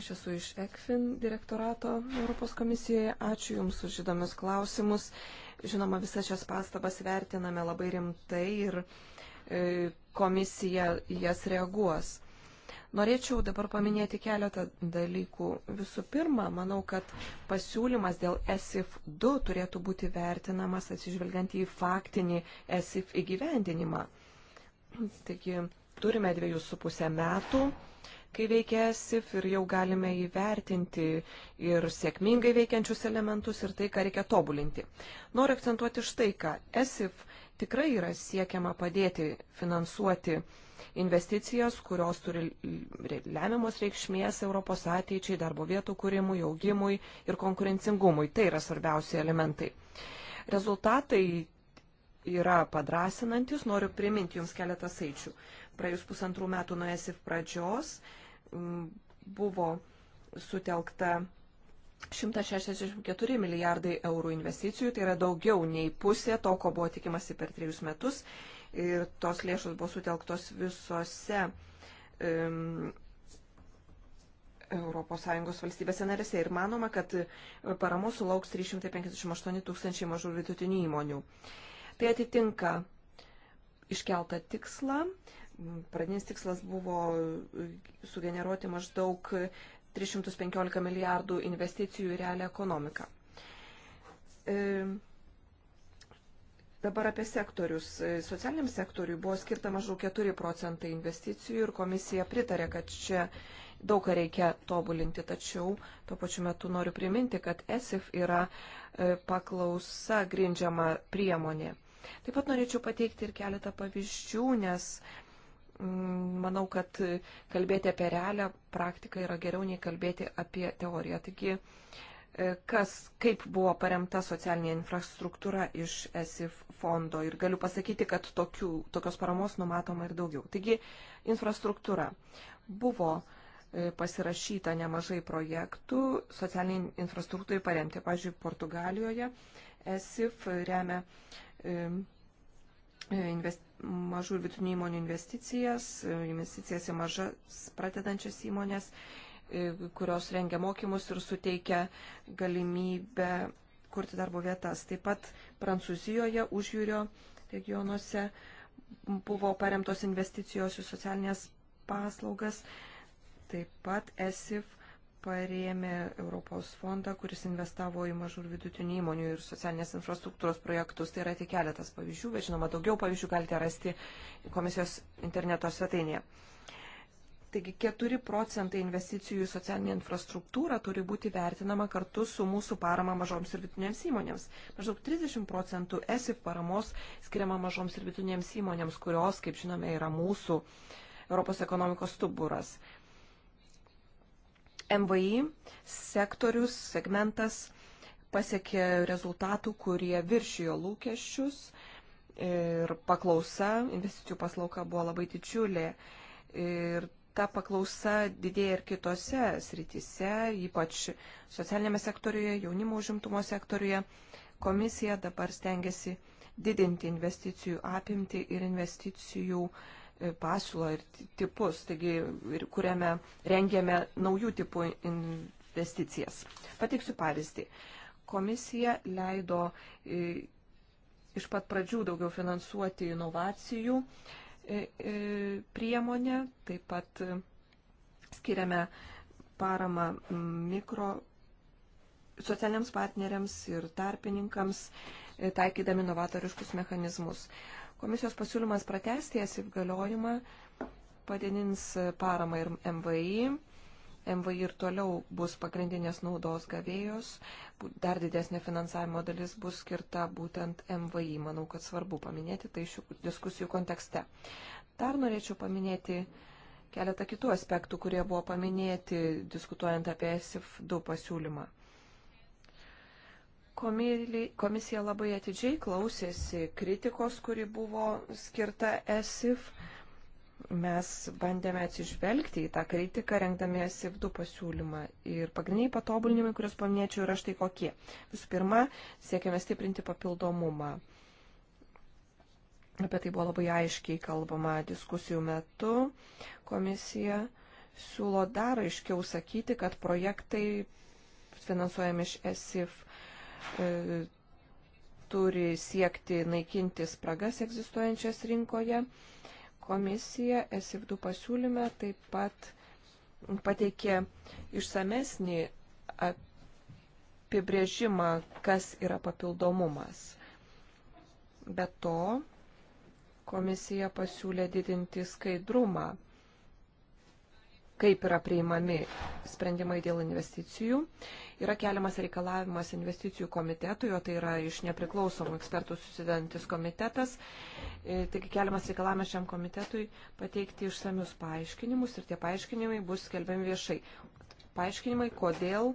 aš esu iš ECFIN direktorato Europos komisijoje. Ačiū Jums už įdomius klausimus. Žinoma, visas šias pastabas vertiname labai rimtai ir e, komisija jas reaguos. Norėčiau dabar paminėti keletą dalykų. Visų pirma, manau, kad pasiūlymas dėl ESIF 2 turėtų būti vertinamas atsižvelgiant į faktinį ESIF įgyvendinimą. Taigi, turime dviejus su pusę metų kai veikia SIF ir jau galime įvertinti ir sėkmingai veikiančius elementus ir tai, ką reikia tobulinti. Noriu akcentuoti štai ką. SIF tikrai yra siekiama padėti finansuoti investicijas, kurios turi lemiamos reikšmės Europos ateičiai, darbo vietų kūrimui, augimui ir konkurencingumui. Tai yra svarbiausi elementai. Rezultatai yra padrasinantis, noriu priminti Jums keletą skaičių. Praėjus pusantrų metų nuo ESIF pradžios buvo sutelkta 164 milijardai eurų investicijų, tai yra daugiau nei pusė to, ko buvo tikimasi per trejus metus ir tos lėšos buvo sutelktos visose um, ES valstybėse narėse ir manoma, kad e, paramos sulauks 358 tūkstančiai mažų vidutinių įmonių. Tai atitinka iškeltą tikslą. Pradinis tikslas buvo e, sugeneruoti maždaug 315 milijardų investicijų į realią ekonomiką. Dabar apie sektorius. E, socialiniam sektoriui buvo skirta maždaug 4 procentai investicijų ir komisija pritarė, kad čia daug ką reikia tobulinti, tačiau tuo pačiu metu noriu priminti, kad ESIF yra e, paklausa grindžiama priemonė. Taip pat norėčiau pateikti ir keletą pavyzdžių, nes mm, manau, kad kalbėti apie realią praktiką yra geriau nei kalbėti apie teoriją. Taigi kas, kaip buvo paremta socialinė infrastruktūra iš ESIF fondo ir galiu pasakyti, kad tokių, tokios paramos numatoma ir daugiau. Taigi, infrastruktūra. Buvo e, pasirašyta nemažai projektų socialiniai infrastruktūrai paremti. Pavyzdžiui, Portugalijoje ESIF remia e, e, invest, mažų ir vidutinių įmonių investicijas, investicijas į mažas pradedančias įmonės E, kurios rengia mokymus ir suteikia galimybę kurti darbo vietas. Taip pat Prancūzijoje, užjūrio regionuose buvo paremtos investicijos į socialinės paslaugas. Taip pat ESIF parėmė Europos fondą, kuris investavo į mažų ir vidutinių įmonių ir socialinės infrastruktūros projektus. Tai yra tik keletas pavyzdžių, bet žinoma, daugiau pavyzdžių galite rasti komisijos interneto svetainėje. Taigi 4 procentai investicijų į socialinę infrastruktūrą turi būti vertinama kartu su mūsų parama mažoms ir vidutinėms įmonėms. Maždaug 30 procentų ESIF paramos skiriama mažoms ir vidutinėms įmonėms, kurios, kaip žinome, yra mūsų Europos ekonomikos stuburas. MVI sektorius, segmentas pasiekė rezultatų, kurie viršijo lūkesčius ir paklausa, investicijų paslauka buvo labai didžiulė. Ir ta paklausa didėja ir kitose srityse, ypač socialinėme sektoriuje, jaunimo užimtumo sektoriuje. Komisija dabar stengiasi didinti investicijų apimti ir investicijų e, pasiūlą ir tipus, taigi ir kuriame rengiame naujų tipų investicijas. Pateiksiu pavyzdį. Komisija leido e, iš pat pradžių daugiau finansuoti inovacijų E, e, priemonė, taip pat skiriame paramą mikro socialiniams partneriams ir tarpininkams, e, taikydami novatoriškus mechanizmus. Komisijos pasiūlymas pratesti jas įgaliojimą padidins paramą ir MVI, MVI ir toliau bus pagrindinės naudos gavėjos, dar didesnė finansavimo dalis bus skirta būtent MVI. Manau, kad svarbu paminėti tai šių diskusijų kontekste. Dar norėčiau paminėti keletą kitų aspektų, kurie buvo paminėti diskutuojant apie SIF 2 pasiūlymą. Komisija labai atidžiai klausėsi kritikos, kuri buvo skirta SIF 2 mes bandėme atsižvelgti į tą kritiką, rengdamiesi du pasiūlymą. Ir pagrindiniai patobulinimai, kuriuos paminėčiau, yra štai kokie. Visų pirma, siekiame stiprinti papildomumą. Apie tai buvo labai aiškiai kalbama diskusijų metu. Komisija siūlo dar aiškiau sakyti, kad projektai finansuojami iš ESIF e, turi siekti naikinti spragas egzistuojančias rinkoje. E, Komisija SIF2 pasiūlyme taip pat pateikė išsamesnį apibrėžimą, kas yra papildomumas. Be to, komisija pasiūlė didinti skaidrumą, kaip yra priimami sprendimai dėl investicijų Yra keliamas reikalavimas investicijų komitetui, o tai yra iš nepriklausomų ekspertų susidantis komitetas. E, taigi keliamas reikalavimas šiam komitetui pateikti išsamius paaiškinimus ir tie paaiškinimai bus skelbiami viešai. Paaiškinimai, kodėl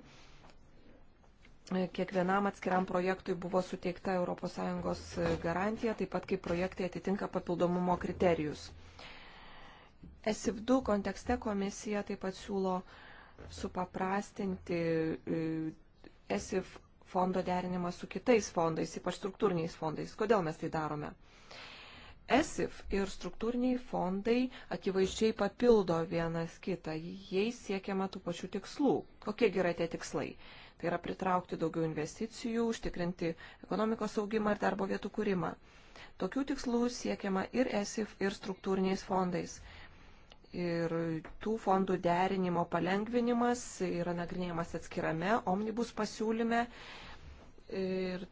e, kiekvienam atskiram projektui buvo suteikta ES garantija, taip pat kaip projektai atitinka papildomumo kriterijus. ESIF2 kontekste komisija taip pat siūlo uh, supaprastinti e, ESIF fondo derinimą su kitais fondais, ypač struktūriniais fondais. Kodėl mes tai darome? ESIF ir struktūriniai fondai akivaizdžiai papildo vienas kitą, jais siekiama tų pačių tikslų. Kokie yra tie tikslai? Tai yra pritraukti daugiau investicijų, užtikrinti ekonomikos augimą ir darbo vietų kūrimą. Tokių tikslų siekiama ir ESIF, ir struktūriniais fondais. Ir tų fondų derinimo palengvinimas yra nagrinėjamas atskirame omnibus pasiūlyme. Ir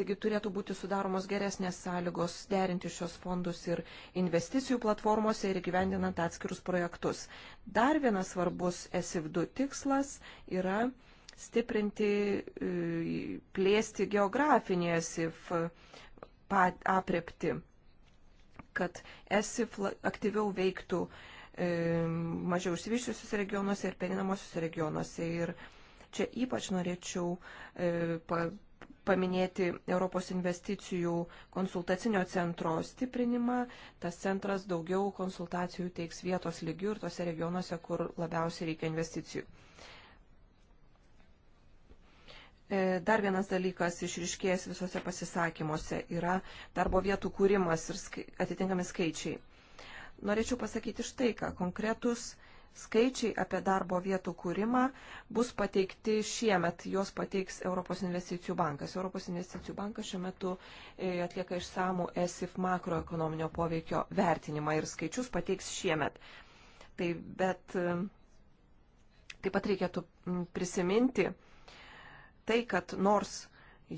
Taigi turėtų būti sudaromos geresnės sąlygos derinti šios fondus ir investicijų platformose ir gyvendinant atskirus projektus. Dar vienas svarbus SIF2 tikslas yra stiprinti, e, plėsti geografinį SIF aprepti kad ESIF aktyviau veiktų e, mažiau išsivyščiusius regionuose ir perinamosius regionuose. Ir čia ypač norėčiau e, pa, paminėti Europos investicijų konsultacinio centro stiprinimą. Tas centras daugiau konsultacijų teiks vietos lygių ir tose regionuose, kur labiausiai reikia investicijų. E, dar vienas dalykas išriškėjęs visose pasisakymuose yra darbo vietų kūrimas ir atitinkami skaičiai. Norėčiau pasakyti štai ką. Konkretus skaičiai apie darbo vietų kūrimą bus pateikti šiemet, juos pateiks Europos investicijų bankas. Europos investicijų bankas šiuo metu e, atlieka išsamų ESIF makroekonominio poveikio vertinimą ir skaičius pateiks šiemet. Tai bet e, taip pat reikėtų prisiminti, tai, kad nors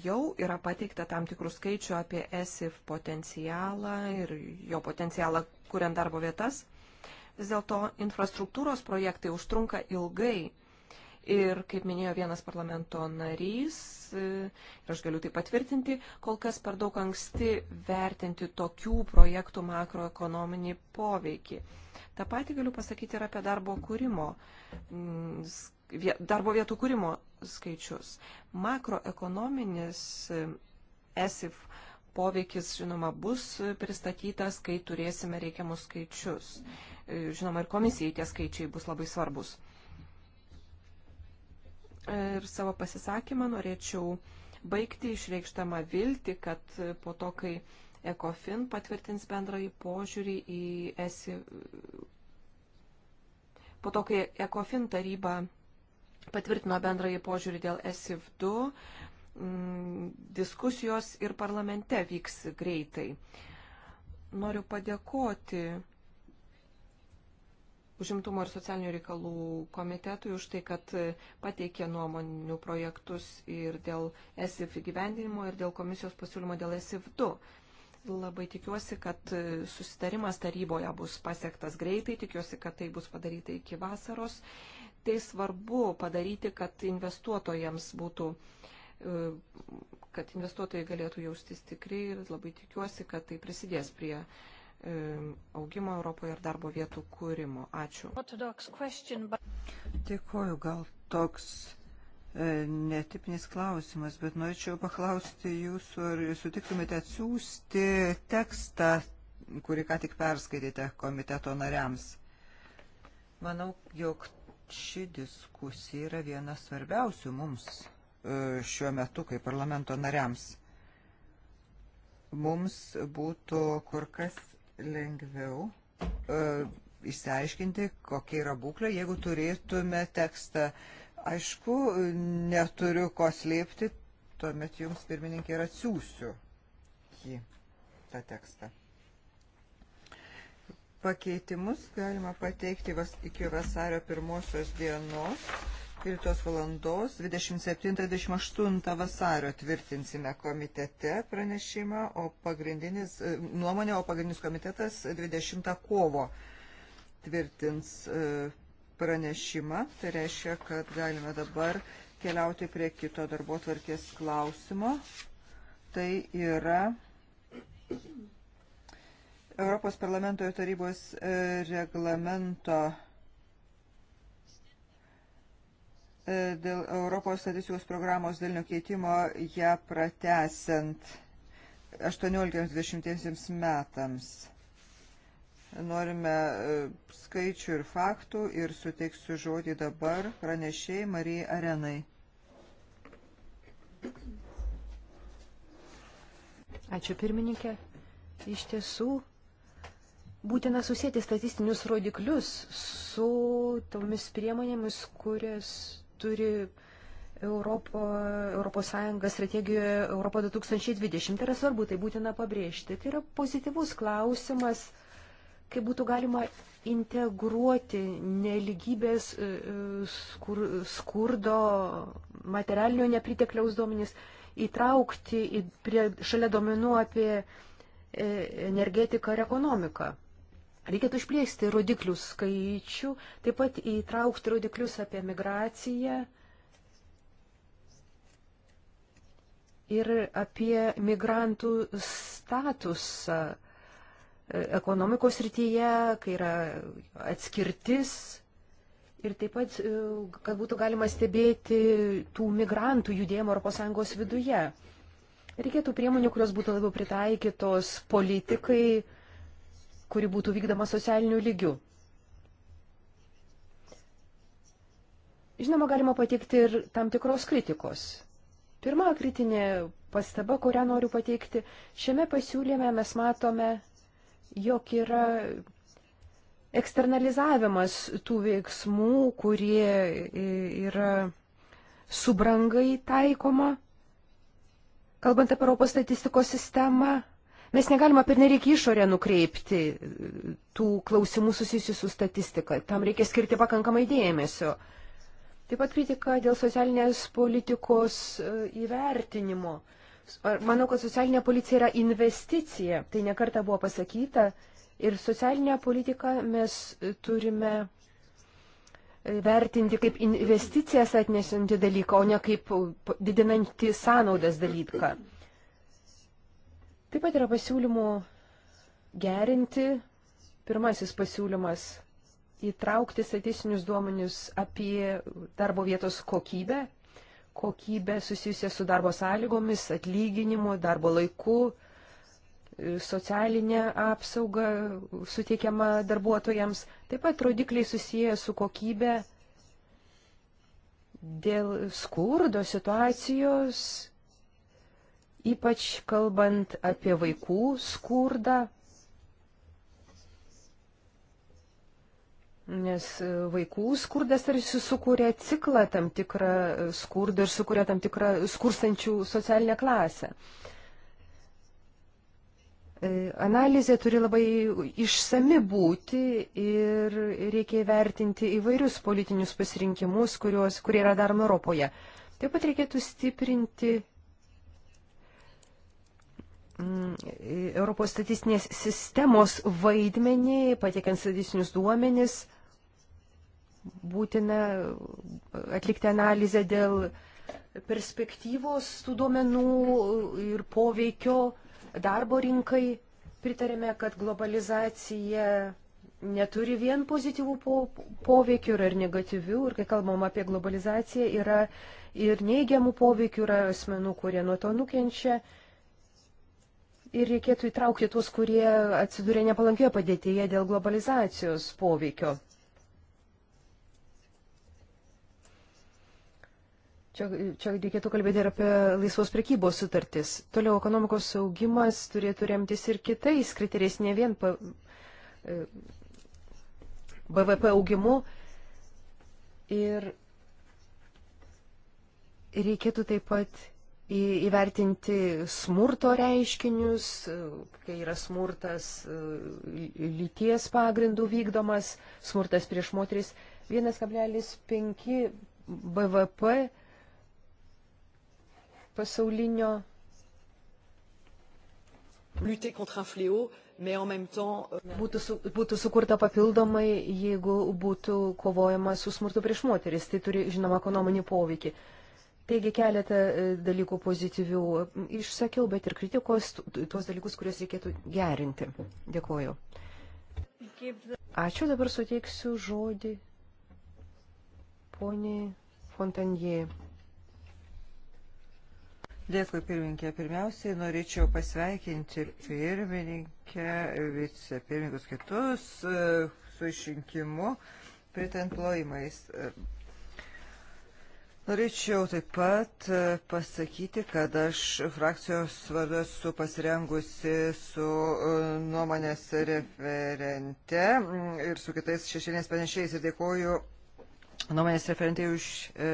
jau yra pateikta tam tikrų skaičių apie ESIF potencialą ir jo potencialą kuriant darbo vietas, vis dėlto infrastruktūros projektai užtrunka ilgai. Ir, kaip minėjo vienas parlamento narys, e, ir aš galiu tai patvirtinti, kol kas per daug anksti vertinti tokių projektų makroekonominį poveikį. Ta pati galiu pasakyti ir apie darbo kūrimo, darbo vietų kūrimo skaičius. Makroekonominis ESIF e poveikis, žinoma, bus pristatytas, kai turėsime reikiamus skaičius. E, žinoma, ir komisijai tie skaičiai bus labai svarbus. Ir savo pasisakymą norėčiau baigti išreikštama vilti, kad po to, kai ECOFIN patvirtins bendrąjį požiūrį į ESI, po to, kai ECOFIN taryba patvirtino bendrąjį požiūrį dėl ESIF 2. Mm, diskusijos ir parlamente vyks greitai. Noriu padėkoti Užimtumo ir socialinių reikalų komitetui už tai, kad pateikė nuomonių projektus ir dėl ESIF įgyvendinimo, ir dėl komisijos pasiūlymo dėl ESIF 2. Labai tikiuosi, kad susitarimas taryboje bus pasiektas greitai, tikiuosi, kad tai bus padaryta iki vasaros tai svarbu padaryti, kad investuotojams būtų e, kad investuotojai galėtų jaustis tikri ir labai tikiuosi, kad tai prisidės prie e, augimo Europoje ir darbo vietų kūrimo. Ačiū. Dėkuoju, gal toks e, netipinis klausimas, bet norėčiau paklausti jūsų, ar sutiktumėte atsiųsti tekstą, kurį ką tik perskaitėte komiteto nariams. Manau, jog ši diskusija yra viena svarbiausių mums e, šiuo metu kaip parlamento nariams. Mums būtų kur kas lengviau e, išsiaiškinti, kokia yra būklė, jeigu turėtume tekstą. Aišku, neturiu ko slėpti, tuomet jums pirmininkė ir atsiųsiu jį, tą tekstą. Pakeitimus galima pateikti vas, iki vasario pirmosios dienos, 12 valandos, 27-28 vasario tvirtinsime komitete pranešimą, o pagrindinis, e, nuomonė, o pagrindinis komitetas 20 kovo tvirtins e, pranešimą. Tai reiškia, kad galime dabar keliauti prie kito darbo tvarkės klausimo. Tai yra Europos parlamento ir tarybos e, reglamento e, dėl Europos statistikos programos dalinio keitimo ją pratesant 18-20 metams. Norime e, skaičių ir faktų ir suteiksiu žodį dabar pranešėjai Marijai Arenai. Ačiū pirmininkė. Iš tiesų, būtina susėti statistinius rodiklius su tomis priemonėmis, kurias turi Europo, Europos Sąjunga strategijoje Europo 2020. Tai yra svarbu, tai būtina pabrėžti. Tai yra pozityvus klausimas, kaip būtų galima integruoti neligybės, e, e, skur, skurdo, materialinio nepritekliaus duomenys, įtraukti į, prie, šalia duomenų apie e, energetiką ir ekonomiką. Reikėtų išplėsti rodiklių skaičių, taip pat įtraukti rodiklius apie migraciją ir apie migrantų statusą e, ekonomikos rytyje, kai yra atskirtis ir taip pat, e, kad būtų galima stebėti tų migrantų judėjimo ES viduje. Reikėtų priemonių, kurios būtų labiau pritaikytos politikai, kuri būtų vykdoma socialiniu lygiu. Žinoma, galima pateikti ir tam tikros kritikos. Pirma kritinė pastaba, kurią noriu pateikti, šiame pasiūlyme mes matome, jog yra eksternalizavimas tų veiksmų, kurie yra subrangai taikoma. Kalbant apie Europos statistikos sistemą, Mes negalime pernelik išorę nukreipti e, tų klausimų susijusių su statistika. Tam reikia skirti pakankamai dėmesio. Taip pat kritika dėl socialinės politikos e, įvertinimo. Manau, kad socialinė policija yra investicija. Tai nekarta buvo pasakyta. Ir socialinę politiką mes e, turime vertinti kaip investicijas atnesantį dalyką, o ne kaip didinantį sąnaudas dalyką. Taip pat yra pasiūlymų gerinti. Pirmasis pasiūlymas - įtraukti statistinius duomenius apie darbo vietos kokybę, kokybę susijusią su darbo sąlygomis, atlyginimu, darbo laiku, socialinė apsauga suteikiama darbuotojams, taip pat rodikliai susiję su kokybė dėl skurdo situacijos ypač kalbant apie vaikų skurdą, Nes vaikų skurdas tarsi sukūrė ciklą tam tikrą skurdą ir sukūrė tam tikrą skurstančių socialinę klasę. E, analizė turi labai išsami būti ir reikia įvertinti įvairius politinius pasirinkimus, kurios, kurie yra daromi Europoje. Taip pat reikėtų stiprinti Mm, Europos statistinės sistemos vaidmenį, patiekiant statistinius duomenis, būtina atlikti analizę dėl perspektyvos tų duomenų ir poveikio darbo rinkai. Pritarėme, kad globalizacija neturi vien pozityvų po, poveikių, yra ir negatyvių, ir kai kalbam apie globalizaciją, yra ir neigiamų poveikių, yra asmenų, kurie nuo to nukenčia ir reikėtų įtraukti tuos, kurie atsidūrė nepalankioje padėtėje dėl globalizacijos poveikio. Čia, čia reikėtų kalbėti ir apie laisvos prekybos sutartis. Toliau ekonomikos saugimas turėtų remtis ir kitais kriterijais, ne vien pa, e, BVP augimu. Ir reikėtų taip pat įvertinti smurto reiškinius, kai yra smurtas e, lyties pagrindų vykdomas, smurtas prieš moteris 1,5 BVP pasaulinio. Euh, būtų, su, būtų sukurta papildomai, jeigu būtų kovojama su smurtu prieš moteris. Tai turi, žinoma, ekonominį poveikį. Taigi keletą e, dalykų pozityvių išsakiau, bet ir kritikos, tuos dalykus, kuriuos reikėtų gerinti. Dėkuoju. Ačiū, dabar suteiksiu žodį poniai Fontanje. Dėkui, pirmininkė. Pirmiausiai norėčiau pasveikinti pirmininkę, vicepirmininkus kitus e, su išrinkimu pritant plojimais. E, Norėčiau taip pat e, pasakyti, kad aš frakcijos vardu esu pasirengusi su e, nuomonės referente mm, ir su kitais šešėlės panešiais ir dėkoju nuomonės referentai už e,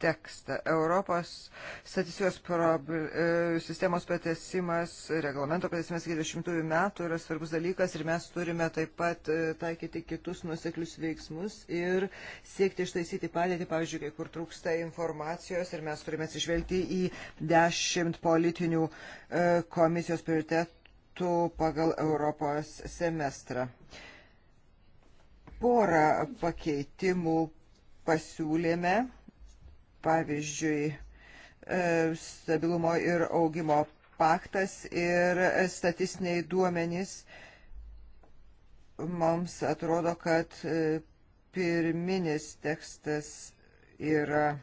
tekstą. Europos statistikos e, sistemos patesimas, reglamento patesimas iki 20 metų yra svarbus dalykas ir mes turime taip pat e, taikyti kitus nuseklius veiksmus ir siekti ištaisyti padėtį, pavyzdžiui, kai kur trūksta informacijos ir mes turime atsižvelgti į 10 politinių e, komisijos prioritetų pagal Europos semestrą. Porą pakeitimų pasiūlėme pavyzdžiui, e, stabilumo ir augimo paktas ir statistiniai duomenys mums atrodo, kad e, pirminis tekstas yra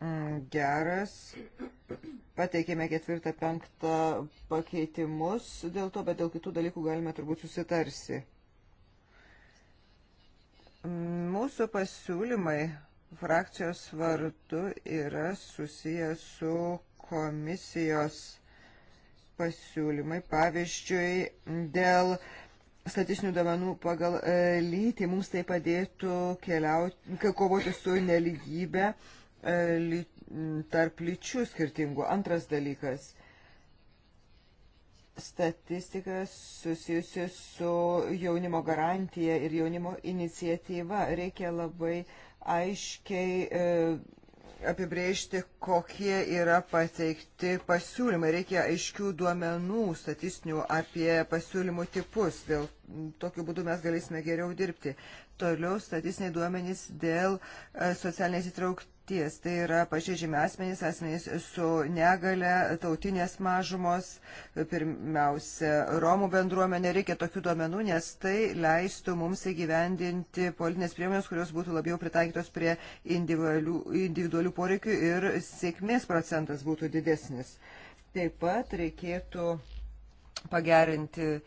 mm, geras. Pateikėme ketvirtą, penktą pakeitimus dėl to, bet dėl kitų dalykų galime turbūt susitarsi. Mūsų pasiūlymai frakcijos vardu yra susijęs su komisijos pasiūlymai, pavyzdžiui, dėl statistinių duomenų pagal e, lytį mums tai padėtų keliauti, kovoti su neligybė e, tarp lyčių skirtingų. Antras dalykas - statistika susijusi su jaunimo garantija ir jaunimo iniciatyva. Reikia labai uh, aiškiai e, apibrėžti, kokie yra pateikti pasiūlymai. Reikia aiškių duomenų statistinių apie pasiūlymų tipus. Dėl tokiu būdu mes galėsime geriau dirbti. Toliau statistiniai duomenys dėl e, socialinės įtraukti lyties. Tai yra pažeidžiami asmenys, asmenys su negale, tautinės mažumos, pirmiausia, Romų bendruomenė. Reikia tokių duomenų, nes tai leistų mums įgyvendinti politinės priemonės, kurios būtų labiau pritaikytos prie individualių, individualių poreikių ir sėkmės procentas būtų didesnis. Taip pat reikėtų pagerinti e,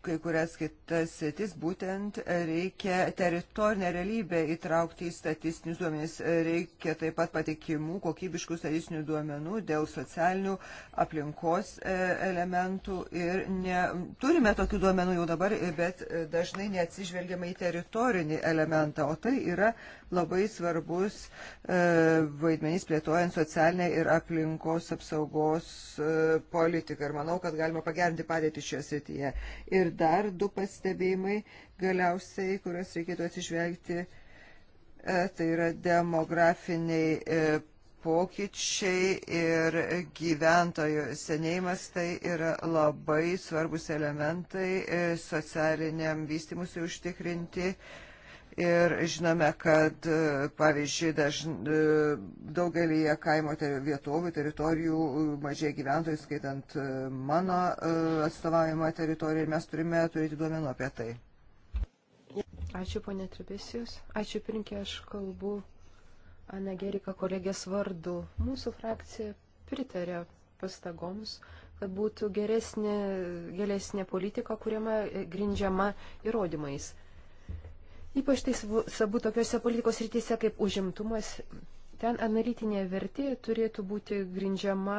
kai kurias kitas sėtis, būtent reikia teritorinę realybę įtraukti į statistinius duomenys. Reikia taip pat patikimų, kokybiškų statistinių duomenų dėl socialinių aplinkos e, elementų. Ir ne, turime tokių duomenų jau dabar, bet dažnai neatsižvelgiama į teritorinį elementą. O tai yra labai svarbus e, vaidmenys plėtojant socialinę ir aplinkos apsaugos e, politiką. Ir manau, kad galima pagerinti padėtį šioje srityje. Ir Ir dar du pastebėjimai galiausiai, kuriuos reikėtų atsižvelgti, e, tai yra demografiniai e, pokyčiai ir gyventojų senėjimas tai yra labai svarbus elementai e, socialiniam vystimusi užtikrinti Ir žinome, kad, e, pavyzdžiui, dažn, e, daugelį kaimo vietovių teritorijų e, mažai gyventojų, skaitant mano atstovavimą teritoriją, ir mes turime turėti duomenų apie tai. Ačiū, ponė Trebesijus. Ačiū, pirinkė, aš kalbu Ana Gerika kolegės vardu. Mūsų frakcija pritarė pastagoms, kad būtų geresnė, geresnė politika, kuriama grindžiama įrodymais. Ypač tai svarbu tokiuose politikos rytise kaip užimtumas. Ten analitinė vertė turėtų būti grindžiama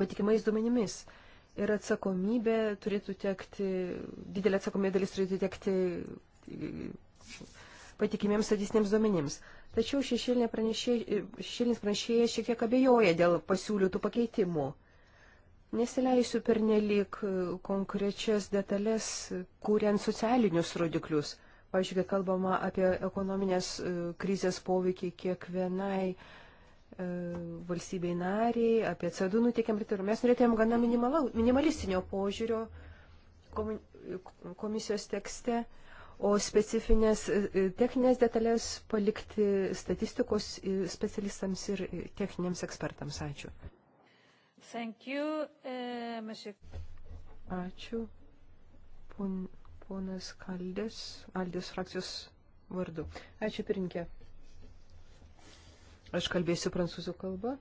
patikimais duomenimis. Ir atsakomybė turėtų tekti, didelė atsakomybė dalis turėtų tekti patikimiems statistiniams duomenims. Tačiau šešėlinis pranešėjas šiek tiek abejoja dėl pasiūlytų pakeitimų. Nesileisiu per nelik konkrečias detalės, kuriant socialinius rodiklius – Pavyzdžiui, kai kalbama apie ekonominės e, krizės poveikį kiekvienai e, valstybei nariai, apie CO2 nutiekėm ir mes norėtėm gana minimalau, minimalistinio požiūrio komisijos tekste, o specifines e, techninės detalės palikti statistikos specialistams ir techniniams ekspertams. Ačiū. Thank you, uh, Ačiū. Pun ponas Kaldės, Aldės frakcijos vardu. Ačiū, pirinkė. Aš kalbėsiu prancūzų kalbą.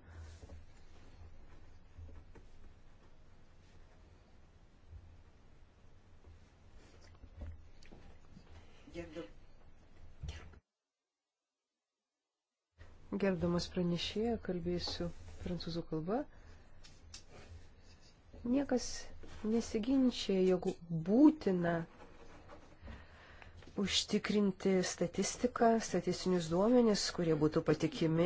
Gerdamas pranešėją, kalbėsiu prancūzų kalba. Niekas nesiginčia, jog būtina užtikrinti statistiką, statistinius duomenis, kurie būtų patikimi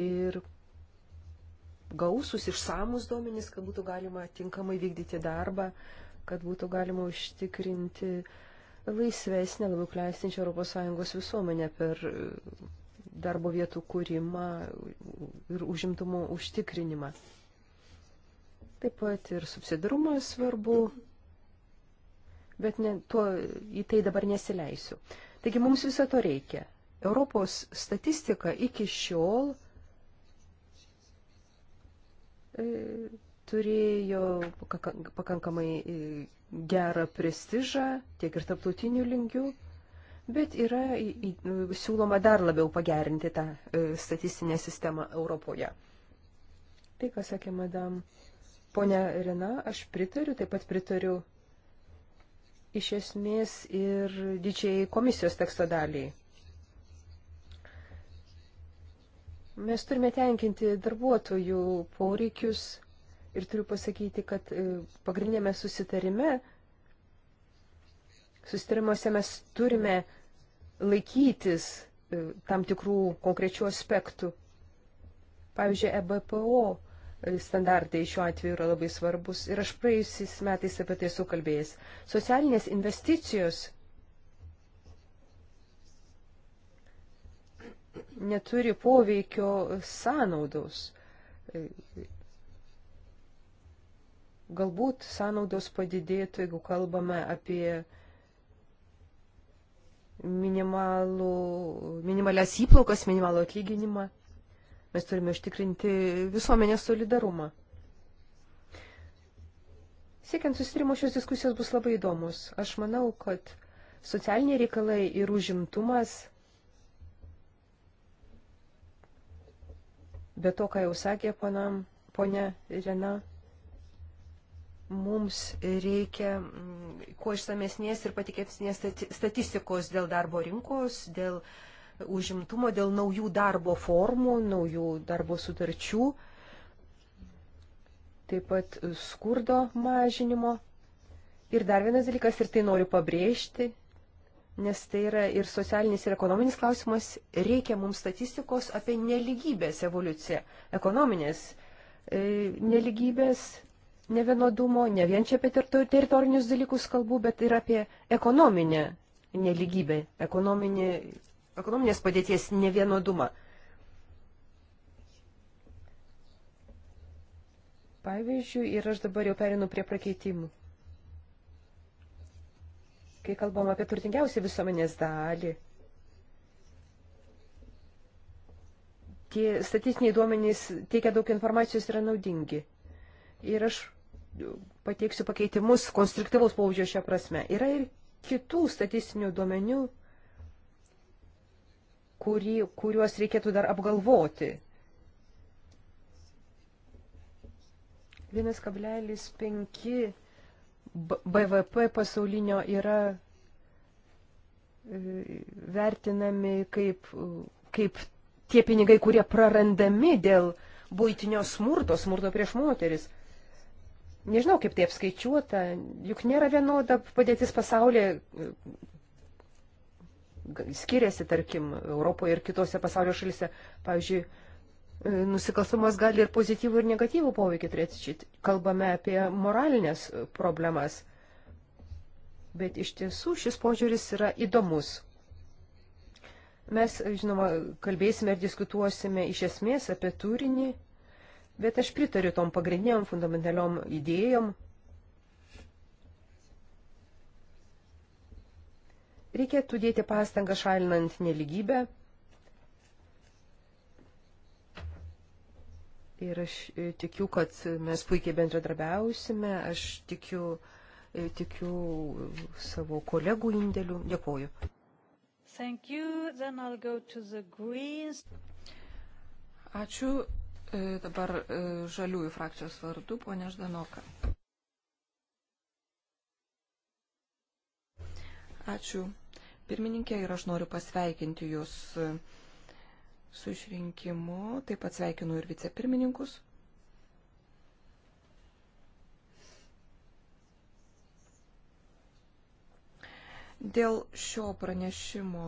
ir gausus, išsamus duomenis, kad būtų galima tinkamai vykdyti darbą, kad būtų galima užtikrinti laisvesnę, labiau klestinčią ES visuomenę per darbo vietų kūrimą ir užimtumo užtikrinimą. Taip pat ir subsidarumas svarbu. Mhm bet ne, tuo, į tai dabar nesileisiu. Taigi mums viso to reikia. Europos statistika iki šiol e, turėjo pakankamai e, gerą prestižą tiek ir taptautinių lingių, bet yra į, į, siūloma dar labiau pagerinti tą e, statistinę sistemą Europoje. Tai, ką sakė madam ponia Rina, aš pritariu, taip pat pritariu iš esmės ir didžiai komisijos teksto daliai. Mes turime tenkinti darbuotojų poreikius ir turiu pasakyti, kad e, pagrindinėme susitarime, susitarimuose mes turime laikytis e, tam tikrų konkrečių aspektų. Pavyzdžiui, EBPO standartai šiuo atveju yra labai svarbus ir aš praėjusiais metais apie tai esu kalbėjęs. Socialinės investicijos neturi poveikio sąnaudos. Galbūt sąnaudos padidėtų, jeigu kalbame apie minimalų, minimalias įplaukas, minimalų atlyginimą. Mes turime užtikrinti visuomenės solidarumą. Siekiant susirimo šios diskusijos bus labai įdomus. Aš manau, kad socialiniai reikalai ir užimtumas, be to, ką jau sakė panam, ponia Rena, mums reikia mm, kuo išsamesnės ir patikėmesnės statistikos dėl darbo rinkos, dėl uh, užimtumo, dėl naujų darbo formų, naujų darbo sutarčių, taip pat skurdo mažinimo. Ir dar vienas dalykas, ir tai noriu pabrėžti, nes tai yra ir socialinis, ir ekonominis klausimas, reikia mums statistikos apie neligybės evoliuciją, ekonominės e, neligybės, nevienodumo, ne vien čia apie teritorinius dalykus kalbu, bet ir apie ekonominę neligybę, ekonominį ekonominės padėties nevienodumą. Pavyzdžiui, ir aš dabar jau perinu prie prakeitimų. Kai kalbam apie turtingiausią visuomenės dalį, tie statistiniai duomenys teikia daug informacijos yra naudingi. Ir aš pateiksiu pakeitimus konstruktyvaus pavyzdžio šią prasme. Yra ir kitų statistinių duomenių, kurį, kuriuos reikėtų dar apgalvoti. 1,5 BVP pasaulinio yra e, vertinami kaip, kaip tie pinigai, kurie prarandami dėl būtinio smurto, smurto prieš moteris. Nežinau, kaip tai apskaičiuota, juk nėra vienoda padėtis pasaulyje, skiriasi, tarkim, Europoje ir kitose pasaulio šalise. Pavyzdžiui, e, nusikalstamas gali ir pozityvų, ir negatyvų poveikį turėti. Kalbame apie moralinės problemas. Bet iš tiesų šis požiūris yra įdomus. Mes, žinoma, kalbėsime ir diskutuosime iš esmės apie turinį, bet aš pritariu tom pagrindiniam fundamentaliom idėjom, Reikėtų dėti pastangą šalinant neligybę. Ir aš e, tikiu, kad mes puikiai bendradarbiausime. Aš tikiu, e, tikiu savo kolegų indėlių. Dėkuoju. Thank you. Then I'll go to the Greens. Ačiū. E, dabar žaliųjų frakcijos vardu, ponė Ždanoka. Ačiū, pirmininkė ir aš noriu pasveikinti Jūs e, su išrinkimu. Taip pat sveikinu ir vicepirmininkus. Dėl šio pranešimo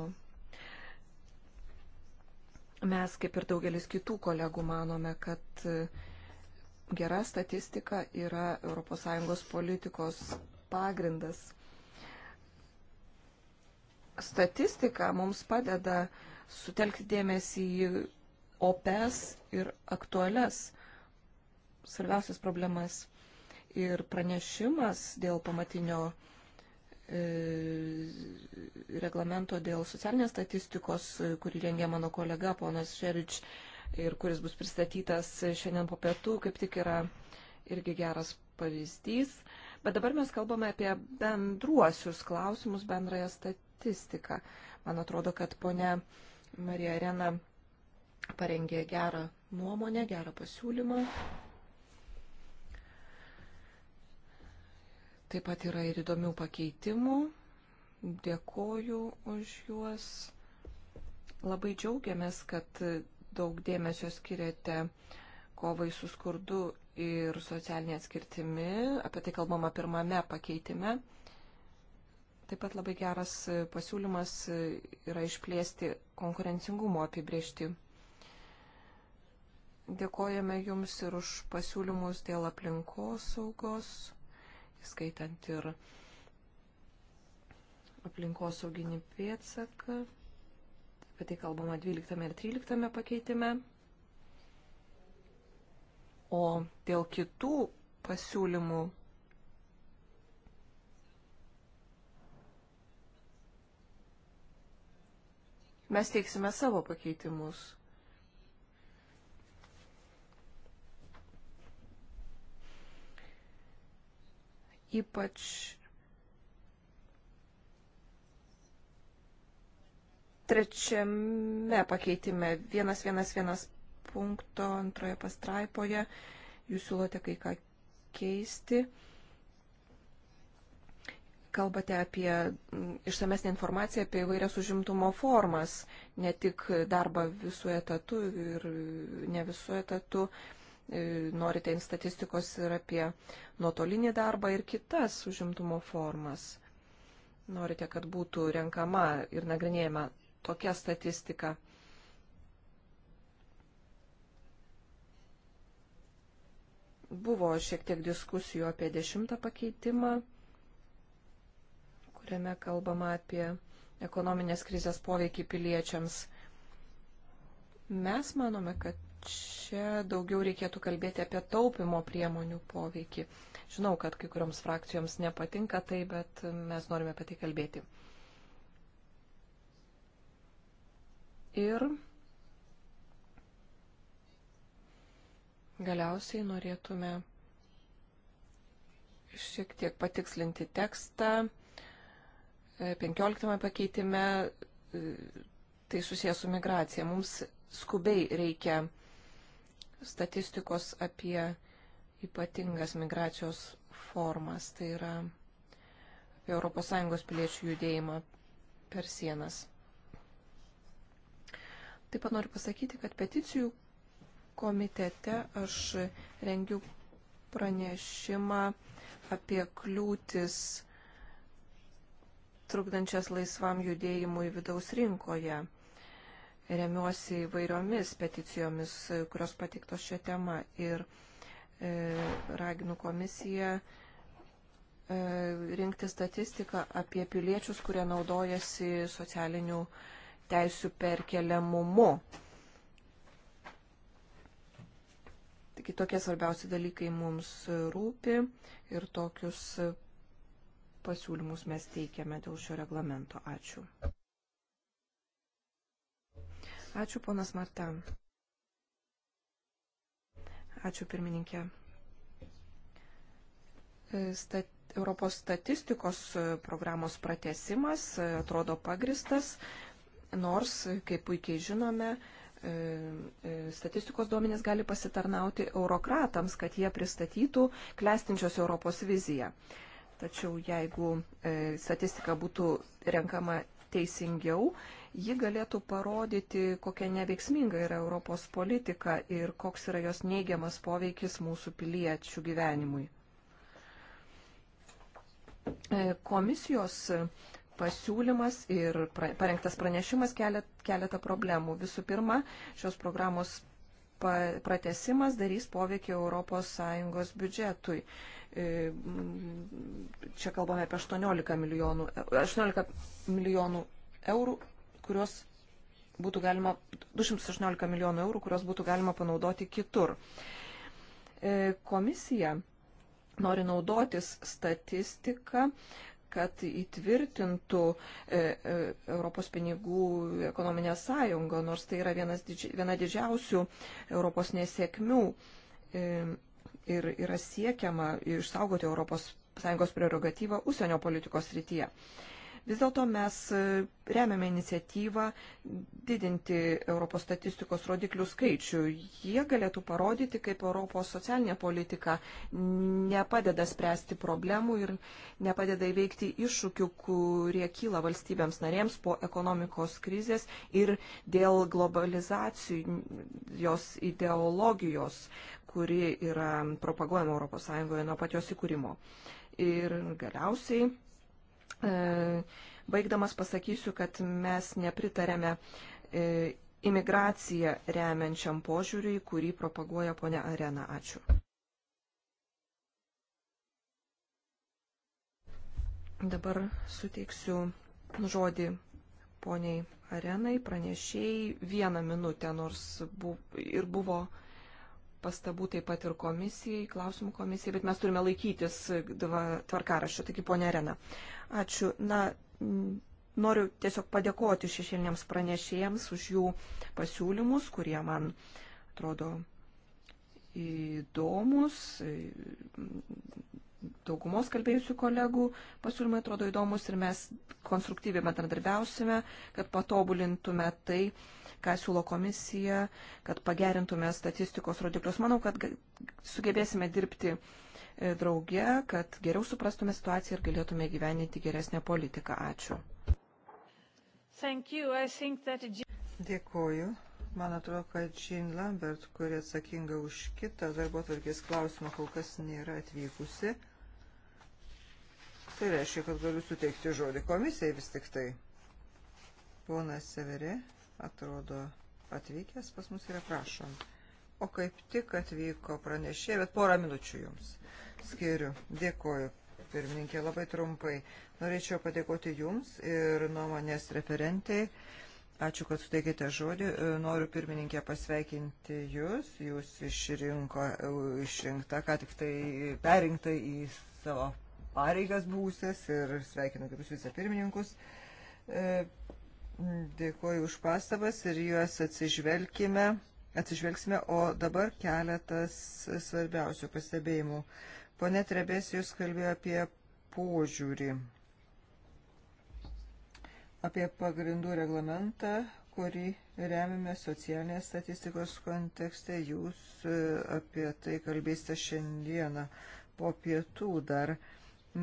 mes, kaip ir daugelis kitų kolegų, manome, kad e, gera statistika yra ES politikos pagrindas statistika mums padeda sutelkti dėmesį į opes ir aktualias svarbiausias problemas. Ir pranešimas dėl pamatinio e, reglamento dėl socialinės statistikos, e, kurį rengia mano kolega ponas Šerič ir kuris bus pristatytas šiandien po pietų, kaip tik yra irgi geras pavyzdys. Bet dabar mes kalbame apie bendruosius klausimus, bendrąją statistiką statistiką. Man atrodo, kad ponia Marija Arena parengė gerą nuomonę, gerą pasiūlymą. Taip pat yra ir įdomių pakeitimų. Dėkoju už juos. Labai džiaugiamės, kad daug dėmesio skiriate kovai su skurdu ir socialinė atskirtimi. Apie tai kalbama pirmame pakeitime. Taip pat labai geras e, pasiūlymas e, yra išplėsti konkurencingumo apibriežti. Dėkojame Jums ir už pasiūlymus dėl aplinkos saugos, skaitant ir aplinkos sauginį pėtsaką. Apie tai kalbama 12 ir 13 pakeitime. O dėl kitų pasiūlymų Mes teiksime savo pakeitimus. Ypač trečiame pakeitime, 111 punkto antroje pastraipoje, jūs siūlote kai ką keisti kalbate apie išsamesnį informaciją apie įvairias užimtumo formas, ne tik darbą visų etatų ir ne visų etatų, e, norite statistikos ir apie nuotolinį darbą ir kitas užimtumo formas. Norite, kad būtų renkama ir nagrinėjama tokia statistika. Buvo šiek tiek diskusijų apie dešimtą pakeitimą kuriame kalbama apie ekonominės krizės poveikį piliečiams. Mes manome, kad čia daugiau reikėtų kalbėti apie taupimo priemonių poveikį. Žinau, kad kai kurioms frakcijoms nepatinka tai, bet mes norime apie tai kalbėti. Ir galiausiai norėtume šiek tiek patikslinti tekstą 15 pakeitime e, tai susijęs su migracija. Mums skubiai reikia statistikos apie ypatingas migracijos formas, tai yra apie ES piliečių judėjimą per sienas. Taip pat noriu pasakyti, kad peticijų komitete aš rengiu pranešimą apie kliūtis trukdančias laisvam judėjimui vidaus rinkoje. Remiuosi įvairiomis peticijomis, kurios patiktos šią temą ir e, raginu komisiją e, rinkti statistiką apie piliečius, kurie naudojasi socialinių teisių perkeliamumu. Taigi tokie svarbiausi dalykai mums rūpi ir tokius pasiūlymus mes teikiame dėl šio reglamento. Ačiū. Ačiū, ponas Marta. Ačiū, pirmininkė. E, stat Europos statistikos programos pratesimas e, atrodo pagristas, nors, kaip puikiai žinome, e, statistikos duomenys gali pasitarnauti eurokratams, kad jie pristatytų klestinčios Europos viziją. Tačiau jeigu e, statistika būtų renkama teisingiau, ji galėtų parodyti, kokia neveiksminga yra Europos politika ir koks yra jos neigiamas poveikis mūsų piliečių gyvenimui. E, komisijos pasiūlymas ir parengtas pranešimas keletą problemų. Visų pirma, šios programos pratesimas darys poveikį ES biudžetui. E, čia kalbame apie 18 milijonų, 18 milijonų eurų, kurios būtų galima, 218 milijonų eurų, kurios būtų galima panaudoti kitur. E, komisija nori naudotis statistiką, kad įtvirtintų e, e, Europos pinigų ekonominę sąjungą, nors tai yra vienas, viena didžiausių Europos nesėkmių e, ir yra siekiama išsaugoti Europos sąjungos prerogatyvą užsienio politikos rytyje. Vis dėlto mes e, remiame iniciatyvą didinti Europos statistikos rodiklių skaičių. Jie galėtų parodyti, kaip Europos socialinė politika nepadeda spręsti problemų ir nepadeda įveikti iššūkių, kurie kyla valstybėms narėms po ekonomikos krizės ir dėl globalizacijos ideologijos, kuri yra propaguojama ES nuo pat jos įkūrimo. Ir galiausiai E, baigdamas pasakysiu, kad mes nepritarėme e, imigraciją remiančiam požiūriui, kurį propaguoja ponia Arena. Ačiū. Dabar suteiksiu žodį poniai Arenai, pranešėjai vieną minutę, nors bu, ir buvo pastabų taip pat ir komisijai, klausimų komisijai, bet mes turime laikytis tvarkaraščio, taigi ponė Arena. Ačiū. Na, noriu tiesiog padėkoti šešėliniams pranešėjams už jų pasiūlymus, kurie man atrodo įdomus. Daugumos kalbėjusių kolegų pasiūlymai atrodo įdomus ir mes konstruktyviai bendradarbiausime, kad patobulintume tai, ką siūlo komisija, kad pagerintume statistikos rodiklius. Manau, kad sugebėsime dirbti e, drauge, kad geriau suprastume situaciją ir galėtume gyveninti geresnę politiką. Ačiū. That... Dėkuoju. Man atrodo, kad Jean Lambert, kuri atsakinga už kitą darbo tvarkės klausimą, kol kas nėra atvykusi. Tai reiškia, kad galiu suteikti žodį komisijai vis tik tai. Ponas Severė, atrodo atvykęs, pas mus yra prašom. O kaip tik atvyko pranešė, bet porą minučių jums skiriu. Dėkoju, pirmininkė, labai trumpai. Norėčiau padėkoti jums ir nuomonės referentai. Ačiū, kad suteikėte žodį. Noriu pirmininkė pasveikinti jūs. Jūs išrinko, išrinkta, ką tik tai perinkta į savo pareigas būsės ir sveikinu kitus vicepirmininkus. pirmininkus e, Dėkuoju už pastabas ir juos atsižvelgime. Atsižvelgsime, o dabar keletas svarbiausių pastebėjimų. Pone Trebės, jūs kalbėjo apie požiūrį, apie pagrindų reglamentą, kurį remime socialinės statistikos kontekste. Jūs e, apie tai kalbėsite šiandieną po pietų dar.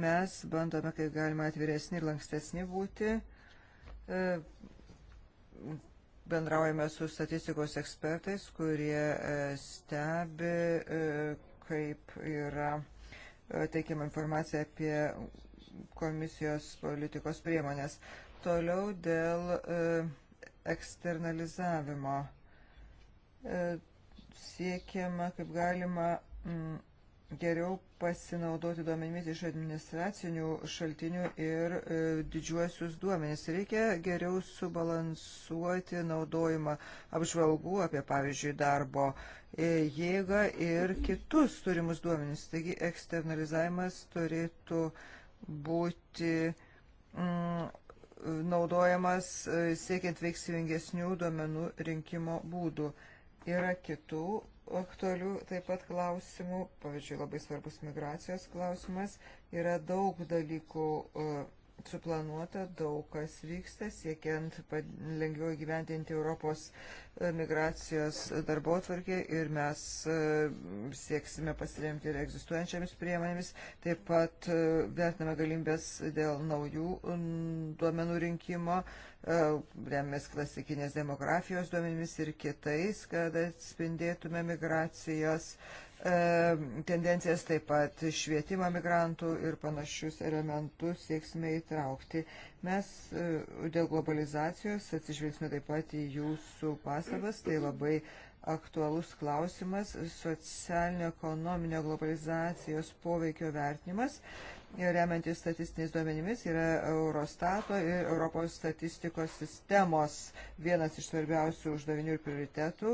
Mes bandome, kaip galima atviresni ir lankstesni būti E, bendraujame su statistikos ekspertais, kurie e, stebi, e, kaip yra teikiama informacija apie komisijos politikos priemonės. Toliau dėl eksternalizavimo siekiama, kaip galima, geriau pasinaudoti duomenimis iš administracinių šaltinių ir e, didžiuosius duomenis. Reikia geriau subalansuoti naudojimą apžvalgų apie, pavyzdžiui, darbo e, jėgą ir kitus turimus duomenis. Taigi eksternalizavimas turėtų būti mm, naudojamas e, siekiant veiksmingesnių duomenų rinkimo būdų. Yra kitų aktualių taip pat klausimų, pavyzdžiui, labai svarbus migracijos klausimas, yra daug dalykų e, suplanuota, daug kas vyksta, siekiant lengviau gyventinti Europos e, migracijos darbo atvarkį ir mes e, sieksime pasiremti ir egzistuojančiamis priemonėmis. Taip pat e, vertiname galimbės dėl naujų duomenų rinkimo, remės klasikinės demografijos duomenimis ir kitais, kad atspindėtume migracijos E, tendencijas, taip pat švietimą migrantų ir panašius elementus sieksime įtraukti. Mes e, dėl globalizacijos atsižvelgsime taip pat į jūsų pastabas, tai labai aktualus klausimas, socialinio ekonominio globalizacijos poveikio vertinimas remiantis statistiniais duomenimis, yra Eurostato ir Europos statistikos sistemos vienas iš svarbiausių uždavinių ir prioritetų.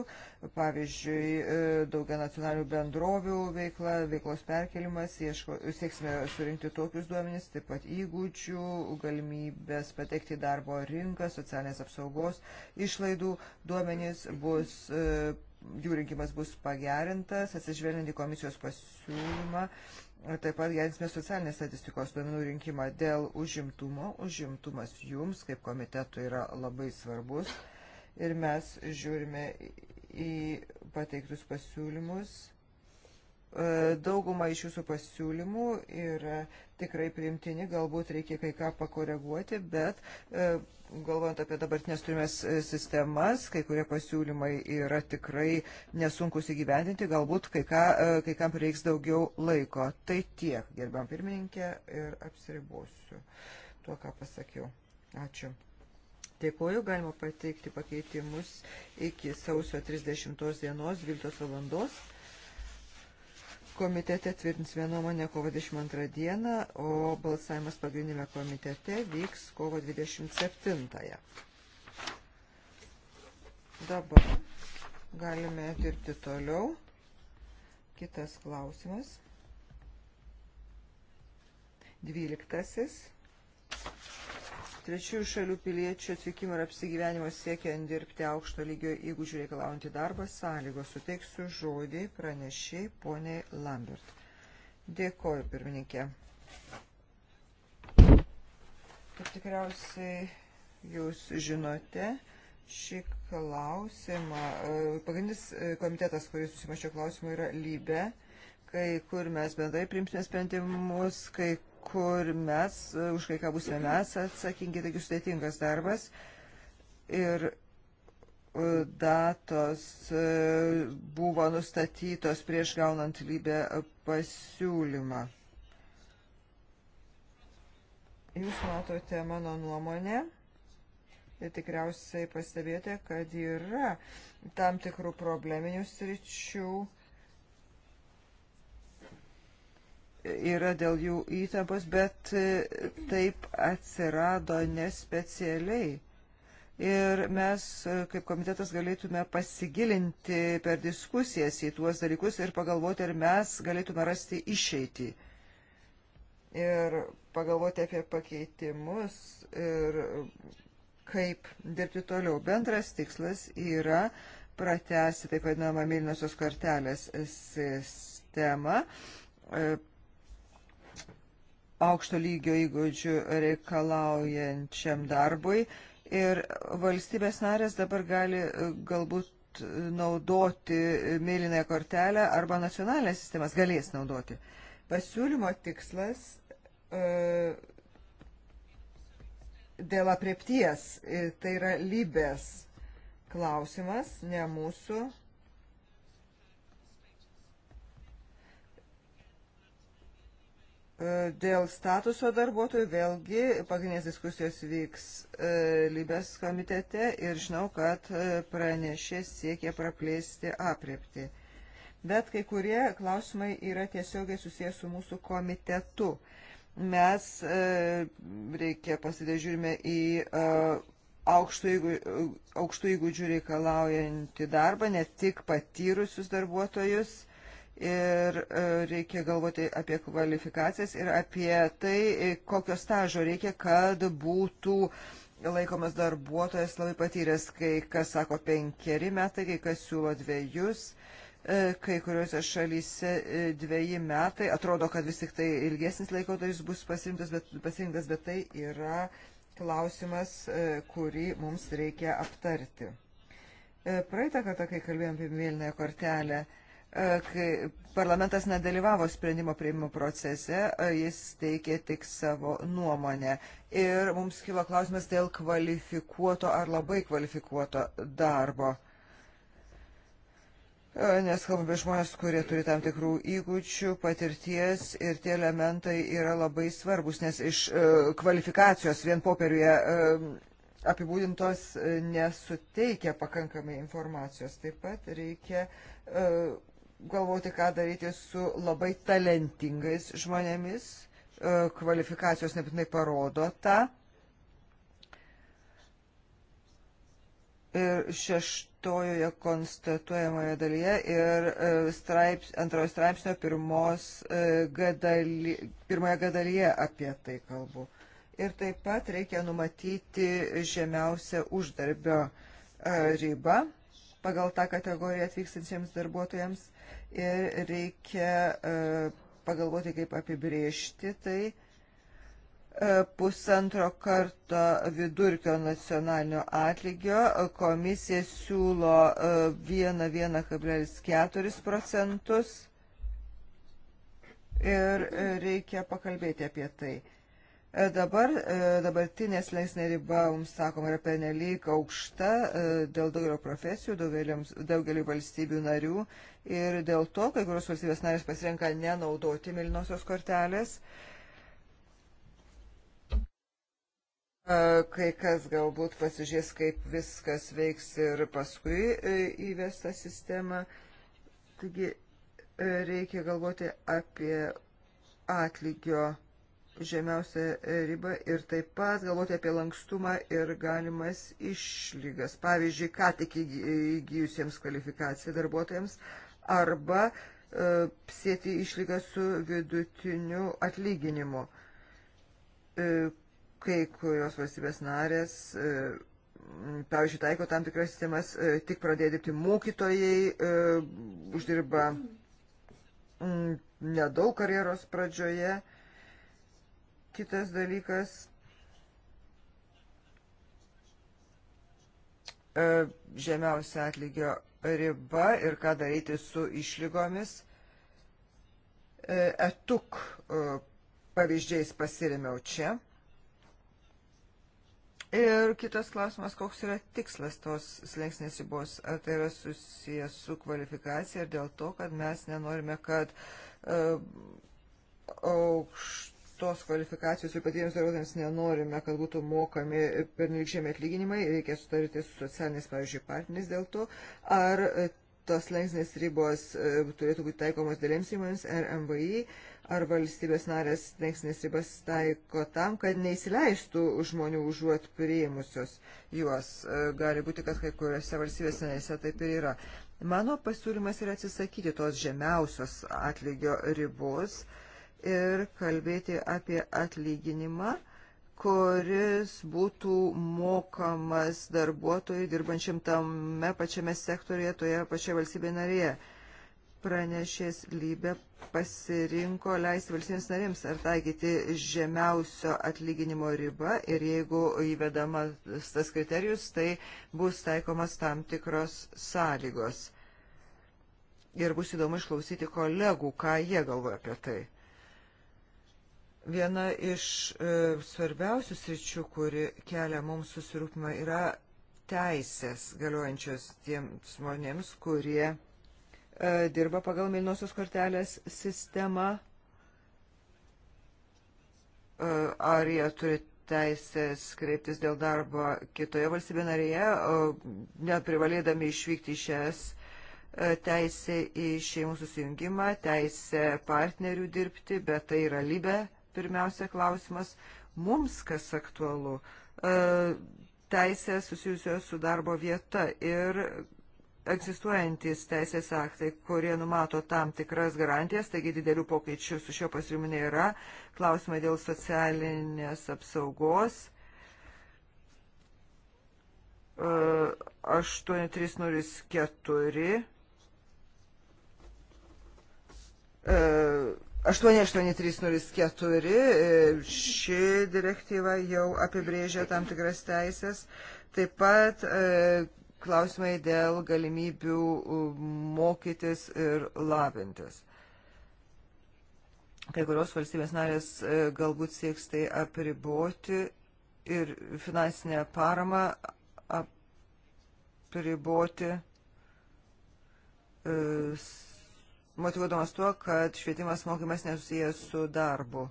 Pavyzdžiui, e, daugia nacionalių bendrovių veikla, veiklos perkelimas, ieško, sieksime surinkti tokius duomenys, taip pat įgūdžių, galimybės patekti į darbo rinką, socialinės apsaugos išlaidų duomenys bus e, jų rinkimas bus pagerintas, atsižvelgiant į komisijos pasiūlymą E, taip pat gerinsime socialinės statistikos duomenų rinkimą dėl užimtumo. Užimtumas jums kaip komitetų yra labai svarbus ir mes žiūrime į pateiktus pasiūlymus. E, dauguma iš jūsų pasiūlymų yra tikrai priimtini, galbūt reikia kai ką pakoreguoti, bet e, galvojant apie dabartinės turimės e, sistemas, kai kurie pasiūlymai yra tikrai nesunkus įgyvendinti, galbūt kai, ką, e, kai kam reiks daugiau laiko. Tai tiek, gerbiam pirmininkė, ir apsiribosiu tuo, ką pasakiau. Ačiū. Dėkuoju, galima pateikti pakeitimus iki sausio 30 dienos 12 valandos komitete tvirtinsime nuomonę kovo 22 dieną, o balsavimas pagrindinėme komitete vyks kovo 27-ąją. Dabar galime dirbti toliau. Kitas klausimas. Dvyliktasis trečiųjų šalių piliečių atvykimo ir apsigyvenimo siekiant dirbti aukšto lygio įgūdžių reikalaujantį darbą sąlygos. Suteiksiu žodį pranešiai poniai Lambert. Dėkoju, pirmininkė. Kaip tikriausiai jūs žinote, šį klausimą, e, pagrindinis e, komitetas, kuris susimaščio klausimų yra lybė, kai kur mes bendrai primsime sprendimus, kai kur mes, e, už kai ką būsime mes atsakingi, taigi sudėtingas darbas. Ir e, datos e, buvo nustatytos prieš gaunant lybę pasiūlymą. Jūs matote mano nuomonę ir tikriausiai pastebėjote, kad yra tam tikrų probleminių sričių yra dėl jų įtampos, bet e, taip atsirado nespecialiai. Ir mes e, kaip komitetas galėtume pasigilinti per diskusijas į tuos dalykus ir pagalvoti, ar mes galėtume rasti išeitį. Ir pagalvoti apie pakeitimus ir kaip dirbti toliau. Bendras tikslas yra pratesti taip vadinamą mėlynosios kortelės sistemą, e, aukšto lygio įgūdžių reikalaujančiam darbui. Ir valstybės narės dabar gali e, galbūt naudoti mėlynąją kortelę arba nacionalinės sistemas galės naudoti. Pasiūlymo tikslas e, dėl apriepties, e, tai yra lybės klausimas, ne mūsų E, dėl statuso darbuotojų vėlgi pagrindinės diskusijos vyks e, Libės komitete ir žinau, kad e, pranešė siekia praplėsti apriepti. Bet kai kurie klausimai yra tiesiogiai susijęs su mūsų komitetu. Mes, e, reikia pasidėti, žiūrime į e, aukštų įgūdžių reikalaujantį darbą, ne tik patyrusius darbuotojus ir e, reikia galvoti apie kvalifikacijas ir apie tai, e, kokio stažo reikia, kad būtų laikomas darbuotojas labai patyręs, kai kas sako penkeri metai, kai kas siūlo dviejus, e, kai kuriuose šalyse dvieji metai, atrodo, kad vis tik tai ilgesnis laikotarpis bus pasirinktas, bet, pasirinktas, bet tai yra klausimas, kurį mums reikia aptarti. Praeitą kartą, kai kalbėjom apie mėlynąją kortelę, E, kai parlamentas nedalyvavo sprendimo prieimimo procese, e, jis teikė tik savo nuomonę. Ir mums kilo klausimas dėl kvalifikuoto ar labai kvalifikuoto darbo. E, nes kalbame žmonės, kurie turi tam tikrų įgūdžių, patirties ir tie elementai yra labai svarbus, nes iš kvalifikacijos vien popieriuje apibūdintos nesuteikia pakankamai informacijos. Taip pat reikia uh, galvoti, ką daryti su labai talentingais žmonėmis. E, kvalifikacijos nebūtinai parodo tą. Ir šeštojoje konstatuojamoje dalyje ir e, straips, antrojo straipsnio pirmos, e, gadali, pirmoje gadalyje apie tai kalbu. Ir taip pat reikia numatyti žemiausią uždarbio ribą pagal tą kategoriją atvykstantiems darbuotojams ir reikia e, pagalvoti, kaip apibriežti tai e, pusantro karto vidurkio nacionalinio atlygio. Komisija siūlo 1,4 e, procentus ir reikia pakalbėti apie tai. E, dabar e, dabartinės leisnė riba, mums sakoma, yra pernelyg aukšta e, dėl daugelio profesijų, daugeliu valstybių narių ir dėl to, kai kurios valstybės narės pasirenka nenaudoti milinosios kortelės. Kai kas galbūt pasižiūrės, kaip viskas veiks ir paskui įvesta sistema. Taigi reikia galvoti apie atlygio žemiausią ribą ir taip pat galvoti apie lankstumą ir galimas išlygas. Pavyzdžiui, ką tik įgyjusiems kvalifikaciją darbuotojams arba e, sėti išlygą su vidutiniu atlyginimu. E, kai kurios valstybės narės, e, pavyzdžiui, taiko tam tikras sistemas, e, tik pradėjo dirbti mokytojai, e, uždirba m, mm, nedaug karjeros pradžioje. E, Kitas dalykas e, – žemiausia atlygio riba ir ką daryti su išlygomis. E, etuk e, pavyzdžiais pasirėmiau čia. Ir kitas klausimas, koks yra tikslas tos slengsnės ribos, ar tai yra susijęs su kvalifikacija ir dėl to, kad mes nenorime, kad uh, aukšt aukštos kvalifikacijos ir patyriems darbuotojams nenorime, kad būtų mokami pernykščiami atlyginimai, reikia sutarti su socialiniais, pavyzdžiui, partneriais dėl to, ar e, tos lengsnės ribos e, turėtų būti taikomos dėlėms įmonėms ar MVI, ar valstybės narės lengsnės ribas taiko tam, kad neįsileistų žmonių užuot priėmusios juos. E, gali būti, kad kai kuriuose valstybės narėse taip ir yra. Mano pasiūlymas yra atsisakyti tos žemiausios atlygio ribos ir kalbėti apie atlyginimą, kuris būtų mokamas darbuotojui dirbančiam tame pačiame sektorėje, toje pačioje valstybėje narėje. Pranešės lybė pasirinko leisti valstybėms narėms ar taikyti žemiausio atlyginimo ribą ir jeigu įvedamas tas kriterijus, tai bus taikomas tam tikros sąlygos. Ir bus įdomu išklausyti kolegų, ką jie galvoja apie tai. Viena iš e, svarbiausių sričių, kuri kelia mums susirūpimą, yra teisės galiojančios tiems žmonėms, kurie e, dirba pagal Milnosios kortelės sistemą. E, ar jie turi teisės kreiptis dėl darbo kitoje valstybė narėje, neprivalėdami išvykti iš es, teisė į šeimų susijungimą, teisė partnerių dirbti, bet tai yra libe pirmiausia klausimas mums, kas aktualu. E, teisės susijusios su darbo vieta ir egzistuojantis teisės aktai, kurie numato tam tikras garantijas, taigi didelių pokyčių su šio pasiūlymu nėra. Klausimai dėl socialinės apsaugos. 8304 e, 88304, ši direktyva jau apibrėžia tam tikras teisės, taip pat e, klausimai dėl galimybių mokytis ir lavintis. Kai kurios valstybės narės e, galbūt sieks tai apriboti ir finansinę paramą apriboti. E, motivuodamas tuo, kad švietimas mokymas nesusijęs su darbu.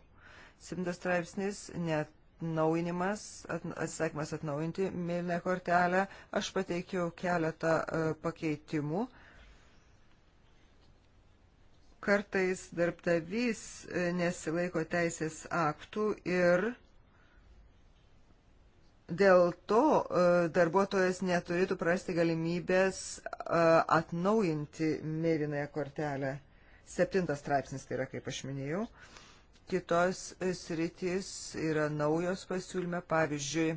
Simtas straipsnis netnaujinimas, at, atsisakymas atnaujinti mėlyną kortelę. Aš pateikiau keletą uh, pakeitimų kartais darbdavys e, nesilaiko teisės aktų ir Dėl to e, darbuotojas neturėtų prasti galimybės e, atnaujinti mėlynąją kortelę. Septintas straipsnis tai yra, kaip aš minėjau. Kitos sritys yra naujos pasiūlyme. Pavyzdžiui,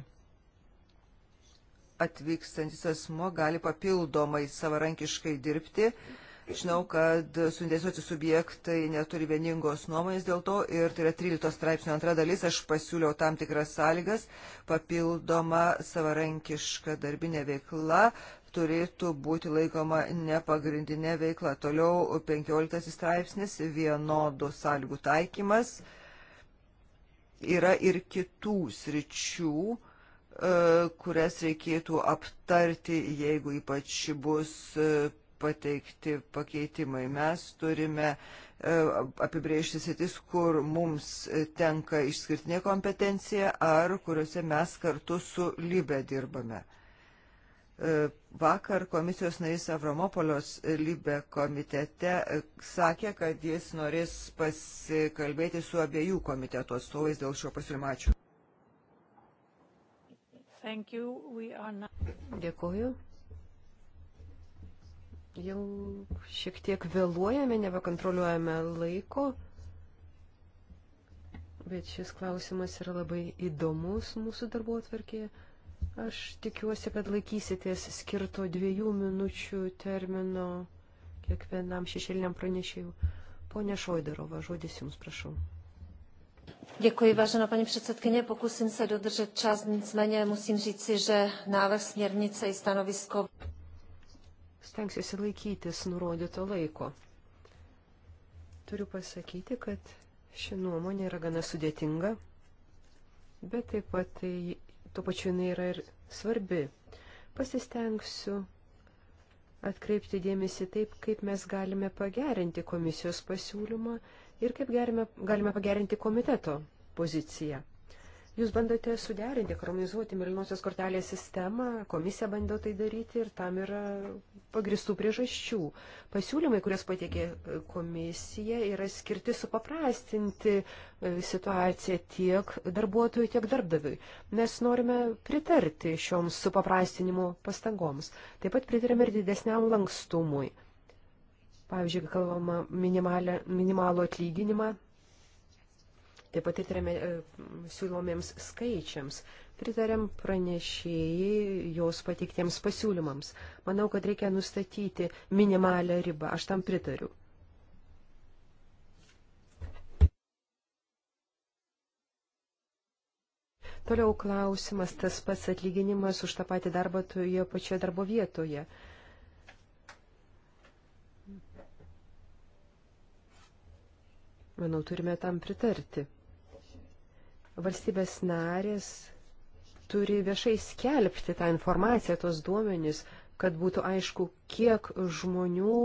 atvykstantis asmo gali papildomai savarankiškai dirbti, uh, Žinau, kad suinteresuoti subjektai neturi vieningos nuomonės dėl to ir tai yra 13 straipsnio antra dalis, aš pasiūliau tam tikras sąlygas, papildoma savarankiška darbinė veikla turėtų būti laikoma nepagrindinė veikla. Toliau 15 straipsnis vienodų sąlygų taikymas. Yra ir kitų sričių, e, kurias reikėtų aptarti, jeigu ypač bus e, pateikti pakeitimai. Mes turime e, apibriežti sitis, kur mums tenka išskirtinė kompetencija ar kuriuose mes kartu su Libe dirbame. E, vakar komisijos narys Avramopolios Libe komitete e, sakė, kad jis norės pasikalbėti su abiejų komiteto atstovais dėl šio pasiūlymačių. Not... Dėkuoju. Jau šiek tiek vėluojame, nebekontroliuojame laiko, bet šis klausimas yra labai įdomus mūsų darbo atvarkėje. Aš tikiuosi, kad laikysitės skirto dviejų minučių termino kiekvienam šešėliniam pranešėjui. Pone Šojdarova, žodis Jums prašau. Děkuji, vážená paní předsedkyně. Pokusím se dodržet čas, nicméně musím říci, že návrh směrnice i stanovisko. Stengsiuosi laikytis nurodyto laiko. Turiu pasakyti, kad ši nuomonė yra gana sudėtinga, bet taip pat tai, tuo pačiu jinai yra ir svarbi. Pasistengsiu atkreipti dėmesį taip, kaip mes galime pagerinti komisijos pasiūlymą ir kaip galime, galime pagerinti komiteto poziciją. Jūs bandote suderinti, harmonizuoti mėlynosios kortelės sistemą, komisija bando tai daryti ir tam yra pagristų priežasčių. Pasiūlymai, kurias patiekė komisija, yra skirti supaprastinti e, situaciją tiek darbuotojui, tiek darbdaviui. Mes norime pritarti šioms supaprastinimo pastangoms. Taip pat pritarėme ir didesniam lankstumui. Pavyzdžiui, kalbama minimalų atlyginimą Taip pat įtarėme e, siūlomiems skaičiams, pritarėm pranešėjai jos pateiktiems pasiūlymams. Manau, kad reikia nustatyti minimalią ribą, aš tam pritariu. Toliau klausimas, tas pats atlyginimas už tą patį darbą toje pačioje darbo vietoje. Manau, turime tam pritarti valstybės narės turi viešai skelbti tą informaciją, tos duomenys, kad būtų aišku, kiek žmonių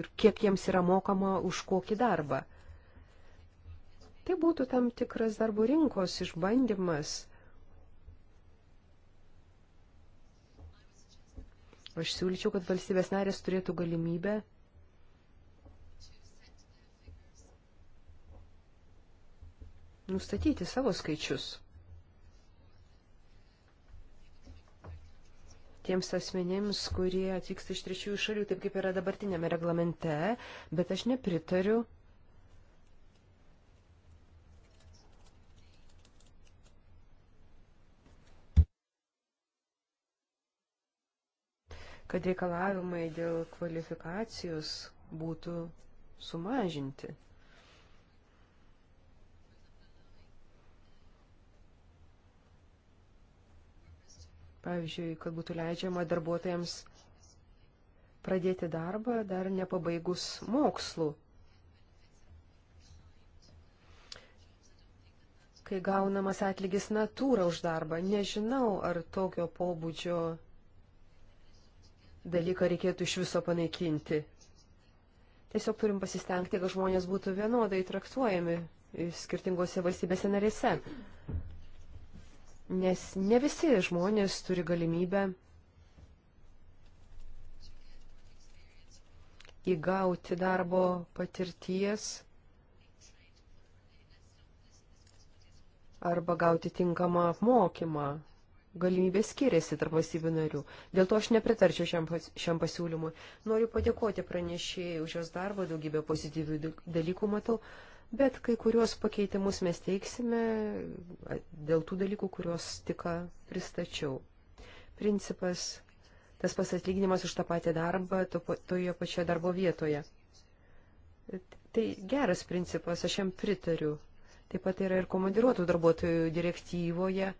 ir kiek jiems yra mokama už kokį darbą. Tai būtų tam tikras darbo rinkos išbandymas. Aš siūlyčiau, kad valstybės narės turėtų galimybę nustatyti savo skaičius. Tiems asmenims, kurie atvyksta iš trečiųjų šalių, taip kaip yra dabartinėme reglamente, bet aš nepritariu kad reikalavimai dėl kvalifikacijos būtų sumažinti. Pavyzdžiui, kad būtų leidžiama darbuotojams pradėti darbą dar nepabaigus mokslų. Kai gaunamas atlygis natūra už darbą, nežinau, ar tokio pobūdžio dalyką reikėtų iš viso panaikinti. Tiesiog turim pasistengti, kad žmonės būtų vienodai traktuojami skirtingose valstybėse narėse nes ne visi žmonės turi galimybę įgauti darbo patirties arba gauti tinkamą apmokymą. Galimybės skiriasi tarp valstybių narių. Dėl to aš nepritarčiau šiam, šiam pasiūlymui. Noriu padėkoti pranešėjai už jos darbą, daugybę pozityvių dalykų matau. Uh, bet kai kuriuos pakeitimus mes teiksime dėl tų dalykų, kuriuos tik pristačiau. Principas - tas pas atlyginimas už tą patį darbą to, toje pačioje darbo vietoje. Tai geras principas, aš jam pritariu. Taip pat yra ir komandiruotų darbuotojų direktyvoje.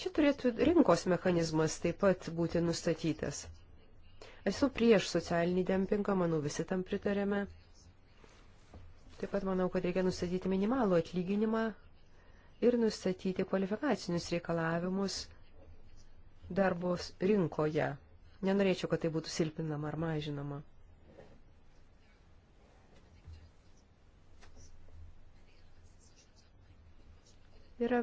Čia turėtų rinkos mechanizmas taip pat būti nustatytas. Esu prieš socialinį dempingą, manau, visi tam pritarėme. Taip pat manau, kad reikia nustatyti minimalų atlyginimą ir nustatyti kvalifikacinius reikalavimus darbos rinkoje. Nenorėčiau, kad tai būtų silpinama ar mažinama. Yra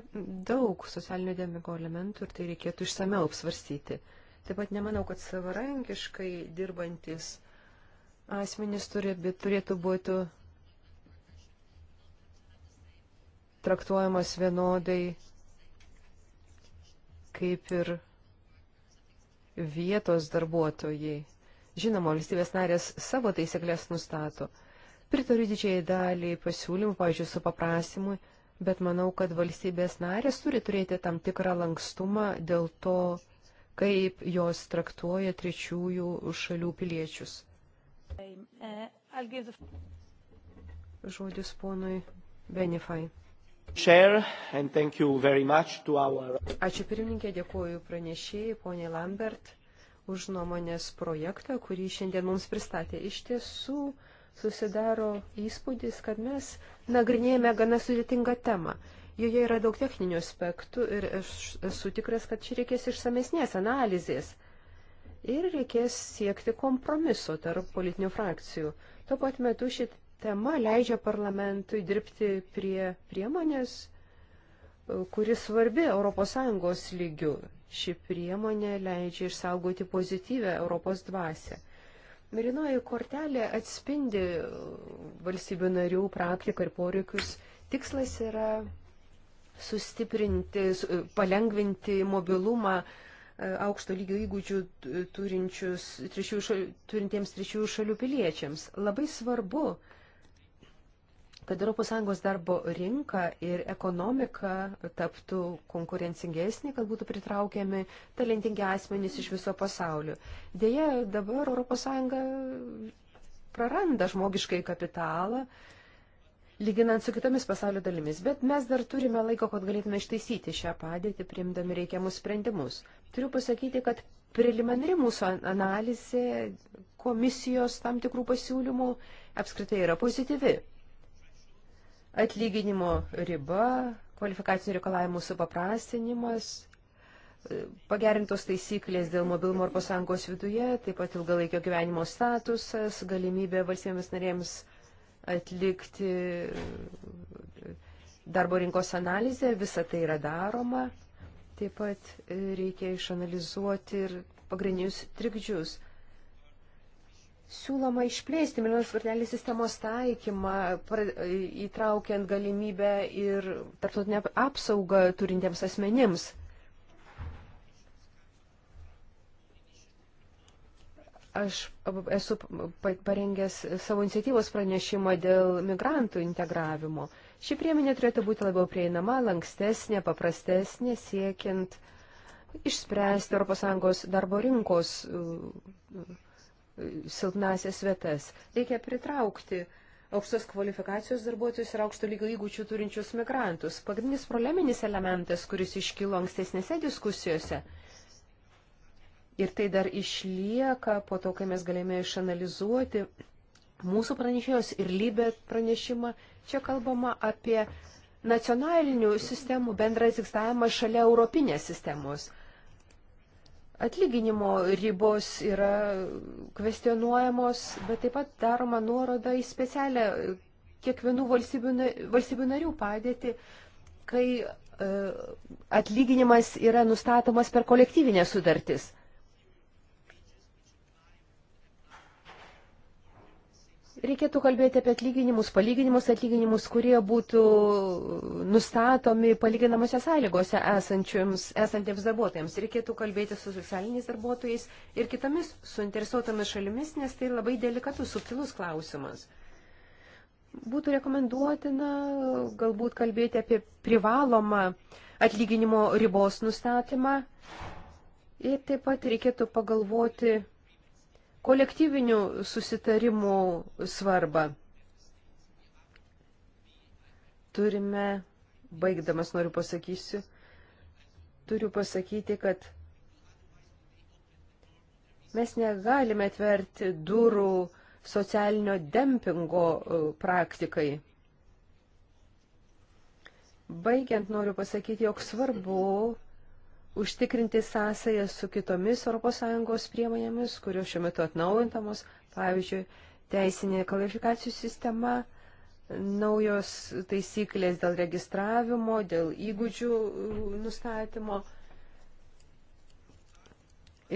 daug socialinio demigo elementų ir tai reikėtų išsameu apsvarstyti. Taip pat nemanau, kad savarankiškai dirbantis asmenys turi, turėtų būti traktuojamas vienodai kaip ir vietos darbuotojai. Žinoma, valstybės narės savo taisyklės nustato. Pritariu didžiai daliai pasiūlymų, pavyzdžiui, su paprasimui, bet manau, kad valstybės narės turi turėti tam tikrą lankstumą dėl to, kaip jos traktuoja trečiųjų šalių piliečius. Uh, Žodis ponui Benifai. Ačiū pirmininkė, dėkuoju pranešėjai, poniai Lambert, už nuomonės projektą, kurį šiandien mums pristatė. Iš tiesų susidaro įspūdis, kad mes nagrinėjame gana sudėtingą temą. Joje yra daug techninių aspektų ir aš esu tikras, kad čia reikės išsamesnės analizės. Ir reikės siekti kompromiso tarp politinių frakcijų. Tuo pat metu šit tema leidžia parlamentui dirbti prie priemonės, e, kuris svarbi ES lygių. Ši priemonė leidžia išsaugoti pozityvę Europos dvasę. Mirinoji kortelė atspindi e, valstybių narių praktiką ir poreikius. Tikslas yra sustiprinti, e, palengvinti mobilumą aukšto lygio įgūdžių turintiems trečiųjų šalių piliečiams. Labai svarbu kad ES darbo rinka ir ekonomika taptų konkurencingesnė, kad būtų pritraukiami talentingi asmenys iš viso pasaulio. Deja, dabar ES praranda žmogiškai kapitalą, lyginant su kitomis pasaulio dalimis, bet mes dar turime laiko, kad galėtume ištaisyti šią padėtį, priimdami reikiamus sprendimus. Turiu pasakyti, kad preliminari mūsų analizė komisijos tam tikrų pasiūlymų apskritai yra pozityvi atlyginimo riba, kvalifikacinių reikalavimų supaprastinimas, e, pagerintos taisyklės dėl mobilumo Europos Sąjungos viduje, taip pat ilgalaikio gyvenimo statusas, galimybė valstybėms narėms atlikti e, darbo rinkos analizę, visa tai yra daroma. Taip pat e, reikia išanalizuoti ir pagrindinius trikdžius. Siūloma išplėsti Milanos kortelės sistemos taikymą, įtraukiant galimybę ir tarptautinę apsaugą turintiems asmenims. Aš esu parengęs savo iniciatyvos pranešimą dėl migrantų integravimo. Ši priemonė turėtų būti labiau prieinama, lankstesnė, paprastesnė, siekiant išspręsti ES darbo rinkos uh, silpnasias vietas. Reikia pritraukti aukštos kvalifikacijos darbuotojus ir aukšto lygio įgūdžių turinčius migrantus. Pagrindinis probleminis elementas, kuris iškilo ankstesnėse diskusijose. Ir tai dar išlieka po to, kai mes galėjome išanalizuoti mūsų pranešėjos ir lybė pranešimą. Čia kalbama apie nacionalinių sistemų bendrą egzistavimą šalia europinės sistemos atlyginimo ribos yra kvestionuojamos, bet taip pat daroma nuoroda į specialią kiekvienų valstybių, valstybių narių padėtį, kai e, atlyginimas yra nustatomas per kolektyvinę sudartis. Reikėtų kalbėti apie atlyginimus, palyginimus atlyginimus, kurie būtų nustatomi palyginamosiose sąlygose esantiems darbuotojams. Reikėtų kalbėti su socialiniais darbuotojais ir kitomis suinteresuotomis šalimis, nes tai labai delikatus, subtilus klausimas. Būtų rekomenduotina galbūt kalbėti apie privalomą atlyginimo ribos nustatymą ir taip pat reikėtų pagalvoti kolektyvinių susitarimų svarbą. Turime, baigdamas noriu pasakysiu, turiu pasakyti, kad mes negalime atverti durų socialinio dempingo e, praktikai. Baigiant noriu pasakyti, jog svarbu užtikrinti sąsają su kitomis ES priemonėmis, kurios šiuo metu atnaujintamos, pavyzdžiui, teisinė kvalifikacijų sistema, naujos taisyklės dėl registravimo, dėl įgūdžių uh, nustatymo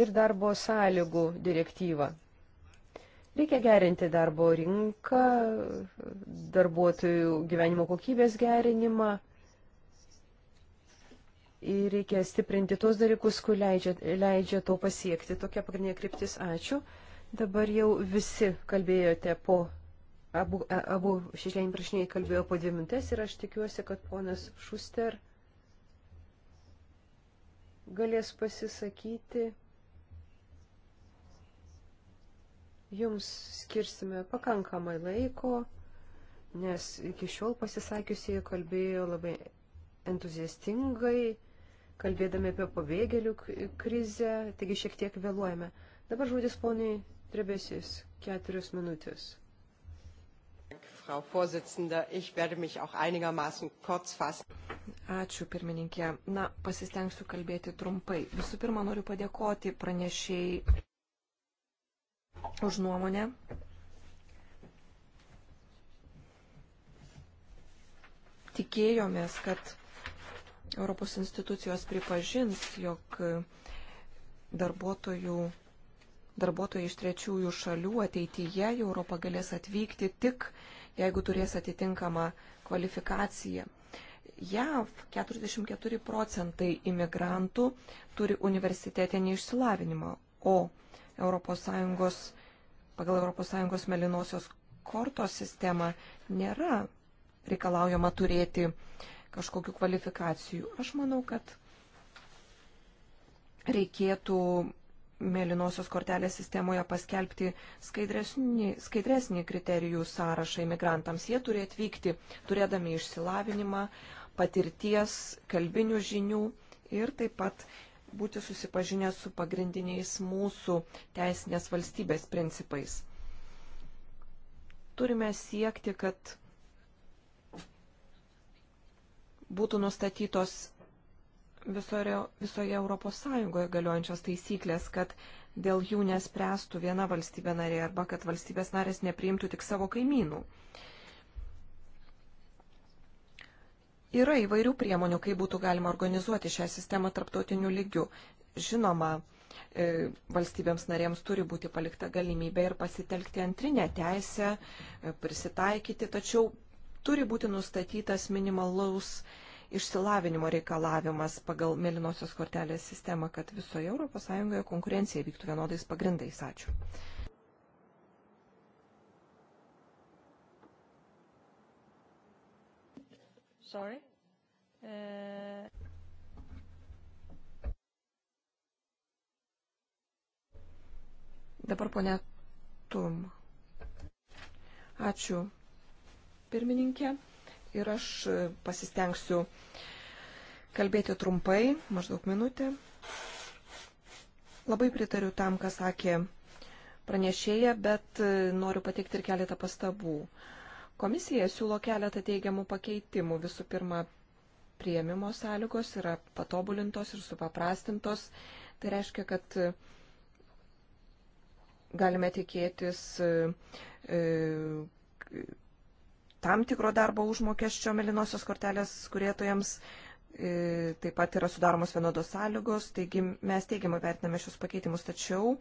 ir darbo sąlygų direktyva. Reikia gerinti darbo rinką, darbuotojų gyvenimo kokybės gerinimą, ir reikia stiprinti tos dalykus, kur leidžia, leidžia to pasiekti. Tokia pagrindinė kryptis. Ačiū. Dabar jau visi kalbėjote po, abu, e, abu šešlėjim prašiniai kalbėjo po dvi minutės ir aš tikiuosi, kad ponas Šuster galės pasisakyti. Jums skirsime pakankamai laiko, nes iki šiol pasisakysieji kalbėjo labai entuziastingai kalbėdami apie pabėgėlių krizę, taigi šiek tiek vėluojame. Dabar žodis poniai Trebesis, keturios minutės. Frau Vorsitzende, ich werde mich auch einigermaßen kurz fassen. Ačiū, pirmininkė. Na, pasistengsiu kalbėti trumpai. Visų pirma, noriu padėkoti pranešiai už nuomonę. Tikėjomės, kad Europos institucijos pripažins, jog darbuotojų, darbuotojai iš trečiųjų šalių ateityje į Europą galės atvykti tik, jeigu turės atitinkamą kvalifikaciją. JAV 44 procentai imigrantų turi universitetinį išsilavinimą, o ES, pagal ES melinosios kortos sistemą nėra reikalaujama turėti uh, kažkokių kvalifikacijų. Aš manau, kad reikėtų mėlynosios kortelės sistemoje paskelbti skaidresnį, skaidresnį kriterijų sąrašą imigrantams. Jie turi atvykti turėdami išsilavinimą, patirties, kalbinių žinių ir taip pat būti susipažinę su pagrindiniais mūsų teisinės valstybės principais. Turime siekti, kad būtų nustatytos visoje, visoje Europos Sąjungoje galiojančios taisyklės, kad dėl jų nespręstų viena valstybė narė arba kad valstybės narės nepriimtų tik savo kaimynų. Yra įvairių priemonių, kaip būtų galima organizuoti šią sistemą tarptautiniu lygiu. Žinoma, e, valstybėms narėms turi būti palikta galimybė ir pasitelkti antrinę teisę, e, prisitaikyti, tačiau turi būti nustatytas minimalaus išsilavinimo reikalavimas pagal mėlynosios kortelės sistemą, kad visoje ES konkurencija vyktų vienodais pagrindais. Ačiū. Sorry. Uh... Dabar ponia Tum. Ačiū, pirmininkė, ir aš e, pasistengsiu kalbėti trumpai, maždaug minutę. Labai pritariu tam, ką sakė pranešėja, bet e, noriu pateikti ir keletą pastabų. Komisija siūlo keletą teigiamų pakeitimų. Visų pirma, prieimimo sąlygos yra patobulintos ir supaprastintos. Tai reiškia, kad e, galime tikėtis tam tikro darbo užmokesčio melinosios kortelės kurietojams. E, taip pat yra sudaromos vienodos sąlygos, taigi mes teigiamai vertiname šios pakeitimus, tačiau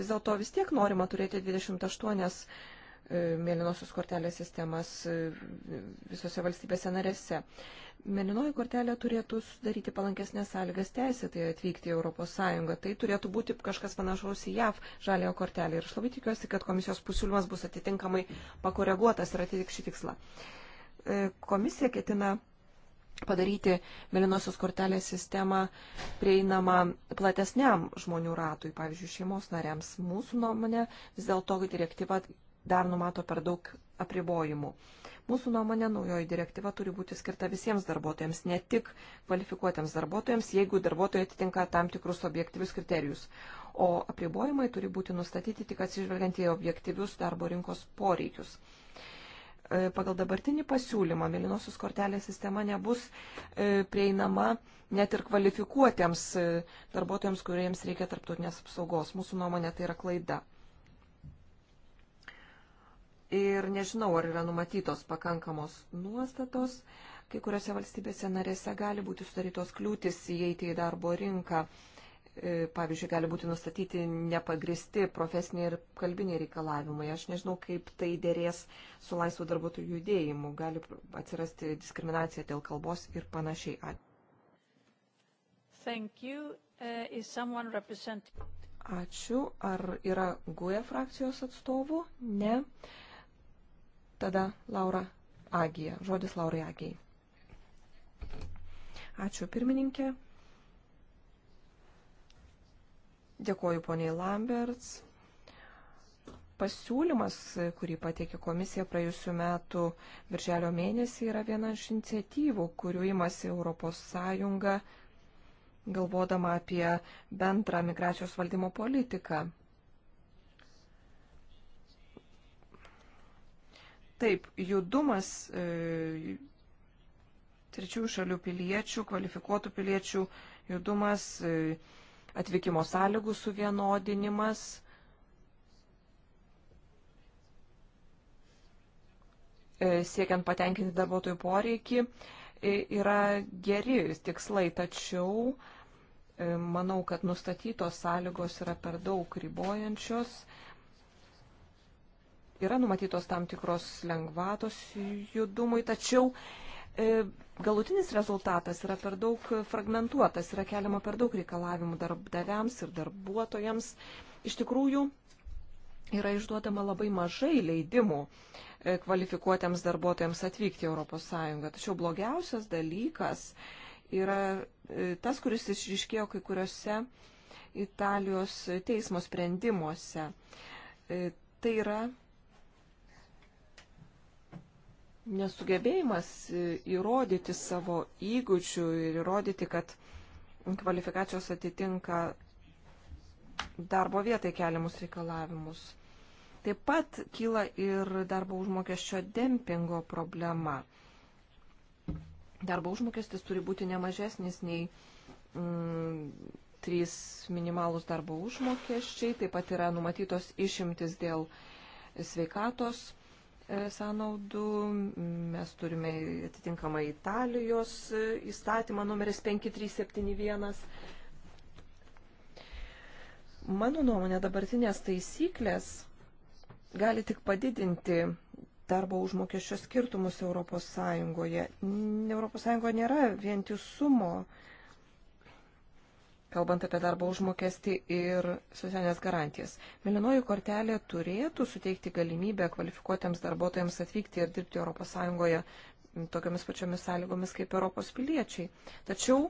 vis dėlto vis tiek norima turėti 28 E, mėlynosios kortelės sistemas e, visose valstybėse narėse. Mėlynoji kortelė turėtų sudaryti palankesnės sąlygas teisėtai atvykti į ES. Tai turėtų būti kažkas panašaus į JAV žalėjo kortelę. Ir aš labai tikiuosi, kad komisijos pasiūlymas bus atitinkamai pakoreguotas ir atitik šį tikslą. E, komisija ketina padaryti mėlynosios kortelės sistemą prieinamą platesniam žmonių ratui, pavyzdžiui, šeimos nariams. Mūsų nuomonė vis dėlto direktyva dar numato per daug apribojimų. Mūsų nuomonė naujoji direktyva turi būti skirta visiems darbuotojams, ne tik kvalifikuotiems darbuotojams, jeigu darbuotojai atitinka tam tikrus objektyvius kriterijus. O apribojimai turi būti nustatyti tik atsižvelgiant į objektyvius darbo rinkos poreikius. E, pagal dabartinį pasiūlymą mėlynosios kortelės sistema nebus e, prieinama net ir kvalifikuotiems e, darbuotojams, kuriems reikia tarptautinės apsaugos. Mūsų nuomonė tai yra klaida. Ir nežinau, ar yra numatytos pakankamos nuostatos. Kai kuriuose valstybėse narėse gali būti sudarytos kliūtis įeiti į darbo rinką. E, pavyzdžiui, gali būti nustatyti nepagristi profesiniai ir kalbiniai reikalavimai. Aš nežinau, kaip tai dėrės su laisvo darbuotojų judėjimu. Gali atsirasti diskriminacija dėl kalbos ir panašiai. Thank you. Uh, is someone representing? Ačiū. Ar yra GUE frakcijos atstovų? Ne. Uh, Tada Laura Agija. Žodis Laurai Agijai. Ačiū pirmininkė. Dėkoju poniai Lamberts. Pasiūlymas, kurį pateikė komisija praėjusiu metu birželio mėnesį, yra viena iš iniciatyvų, kurių imasi Europos Sąjunga, galvodama apie bendrą migracijos valdymo politiką. Taip, judumas e, trečiųjų šalių piliečių, kvalifikuotų piliečių judumas, e, atvykimo sąlygų suvienodinimas. E, siekiant patenkinti darbuotojų poreikį, e, yra geri tikslai, tačiau e, manau, kad nustatytos sąlygos yra per daug ribojančios yra numatytos tam tikros lengvatos judumui, tačiau e, galutinis rezultatas yra per daug fragmentuotas, yra keliama per daug reikalavimų darbdaviams ir darbuotojams. Iš tikrųjų, yra išduodama labai mažai leidimų e, kvalifikuotiems darbuotojams atvykti į ES. Tačiau blogiausias dalykas yra e, tas, kuris išriškėjo kai kuriuose Italijos teismo sprendimuose. E, tai yra nesugebėjimas įrodyti savo įgūdžių ir įrodyti, kad kvalifikacijos atitinka darbo vietai keliamus reikalavimus. Taip pat kyla ir darbo užmokesčio dempingo problema. Darbo užmokestis turi būti nemažesnis nei mm, trys minimalus darbo užmokesčiai, taip pat yra numatytos išimtis dėl sveikatos E, sąnaudų, mes turime atitinkamą Italijos e, įstatymą numeris 5371. Mano nuomonė, dabartinės taisyklės gali tik padidinti darbo užmokesčio skirtumus Europos Sąjungoje. Europos Sąjungoje nėra vientisumo sumo kalbant apie darbo užmokestį ir socialinės garantijas. Melinoji kortelė turėtų suteikti galimybę kvalifikuotiems darbuotojams atvykti ir dirbti ES tokiamis pačiomis sąlygomis kaip Europos piliečiai. Tačiau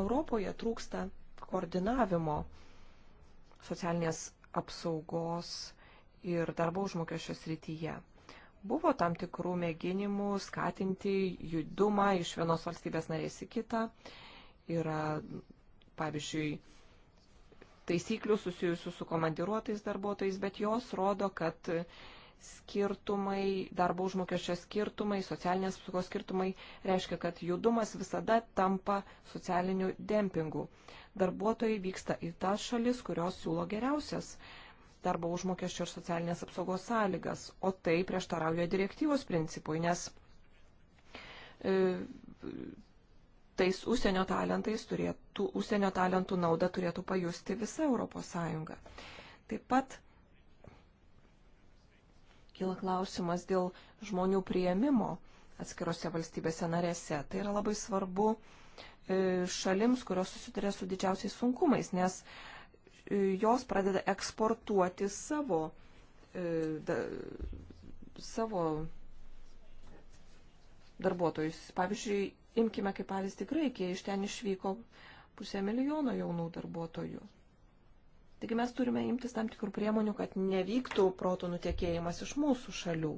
Europoje trūksta koordinavimo socialinės apsaugos ir darbo užmokesčio srityje. Buvo tam tikrų mėginimų skatinti judumą iš vienos valstybės narės į kitą. Yra pavyzdžiui, taisyklių susijusių su komandiruotais darbuotojais, bet jos rodo, kad skirtumai, darbo užmokesčio skirtumai, socialinės apsaugos skirtumai reiškia, kad judumas visada tampa socialiniu dempingu. Darbuotojai vyksta į tas šalis, kurios siūlo geriausias darbo užmokesčio ir socialinės apsaugos sąlygas, o tai prieštarauja direktyvos principui, nes e, tais užsienio talentais turėtų, užsienio talentų naudą turėtų pajusti visa Europos Sąjunga. Taip pat kyla klausimas dėl žmonių prieimimo atskirose valstybėse narėse. Tai yra labai svarbu e, šalims, kurios susiduria su didžiausiais sunkumais, nes e, jos pradeda eksportuoti savo, e, da, savo darbuotojus. Pavyzdžiui, imkime kaip pavyzdį Graikiją, iš ten išvyko pusę milijono jaunų darbuotojų. Taigi mes turime imtis tam tikrų priemonių, kad nevyktų protų nutekėjimas iš mūsų šalių.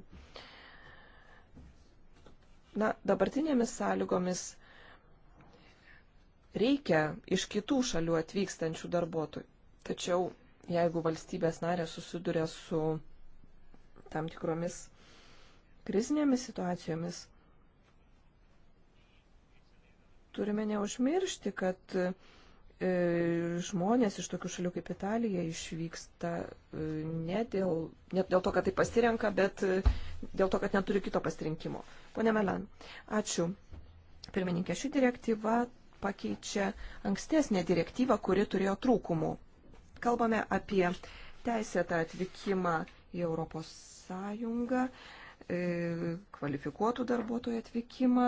Na, dabartinėmis sąlygomis reikia iš kitų šalių atvykstančių darbuotojų. Tačiau jeigu valstybės narės susiduria su tam tikromis krizinėmis situacijomis, turime neužmiršti, kad e, žmonės iš tokių šalių kaip Italija išvyksta e, ne dėl, ne dėl to, kad tai pasirenka, bet e, dėl to, kad neturi kito pasirinkimo. Pone Melan, ačiū. Pirmininkė, ši direktyva pakeičia ankstesnę direktyvą, kuri turėjo trūkumų. Kalbame apie teisėtą atvykimą į Europos Sąjungą. E, kvalifikuotų darbuotojų atvykimą,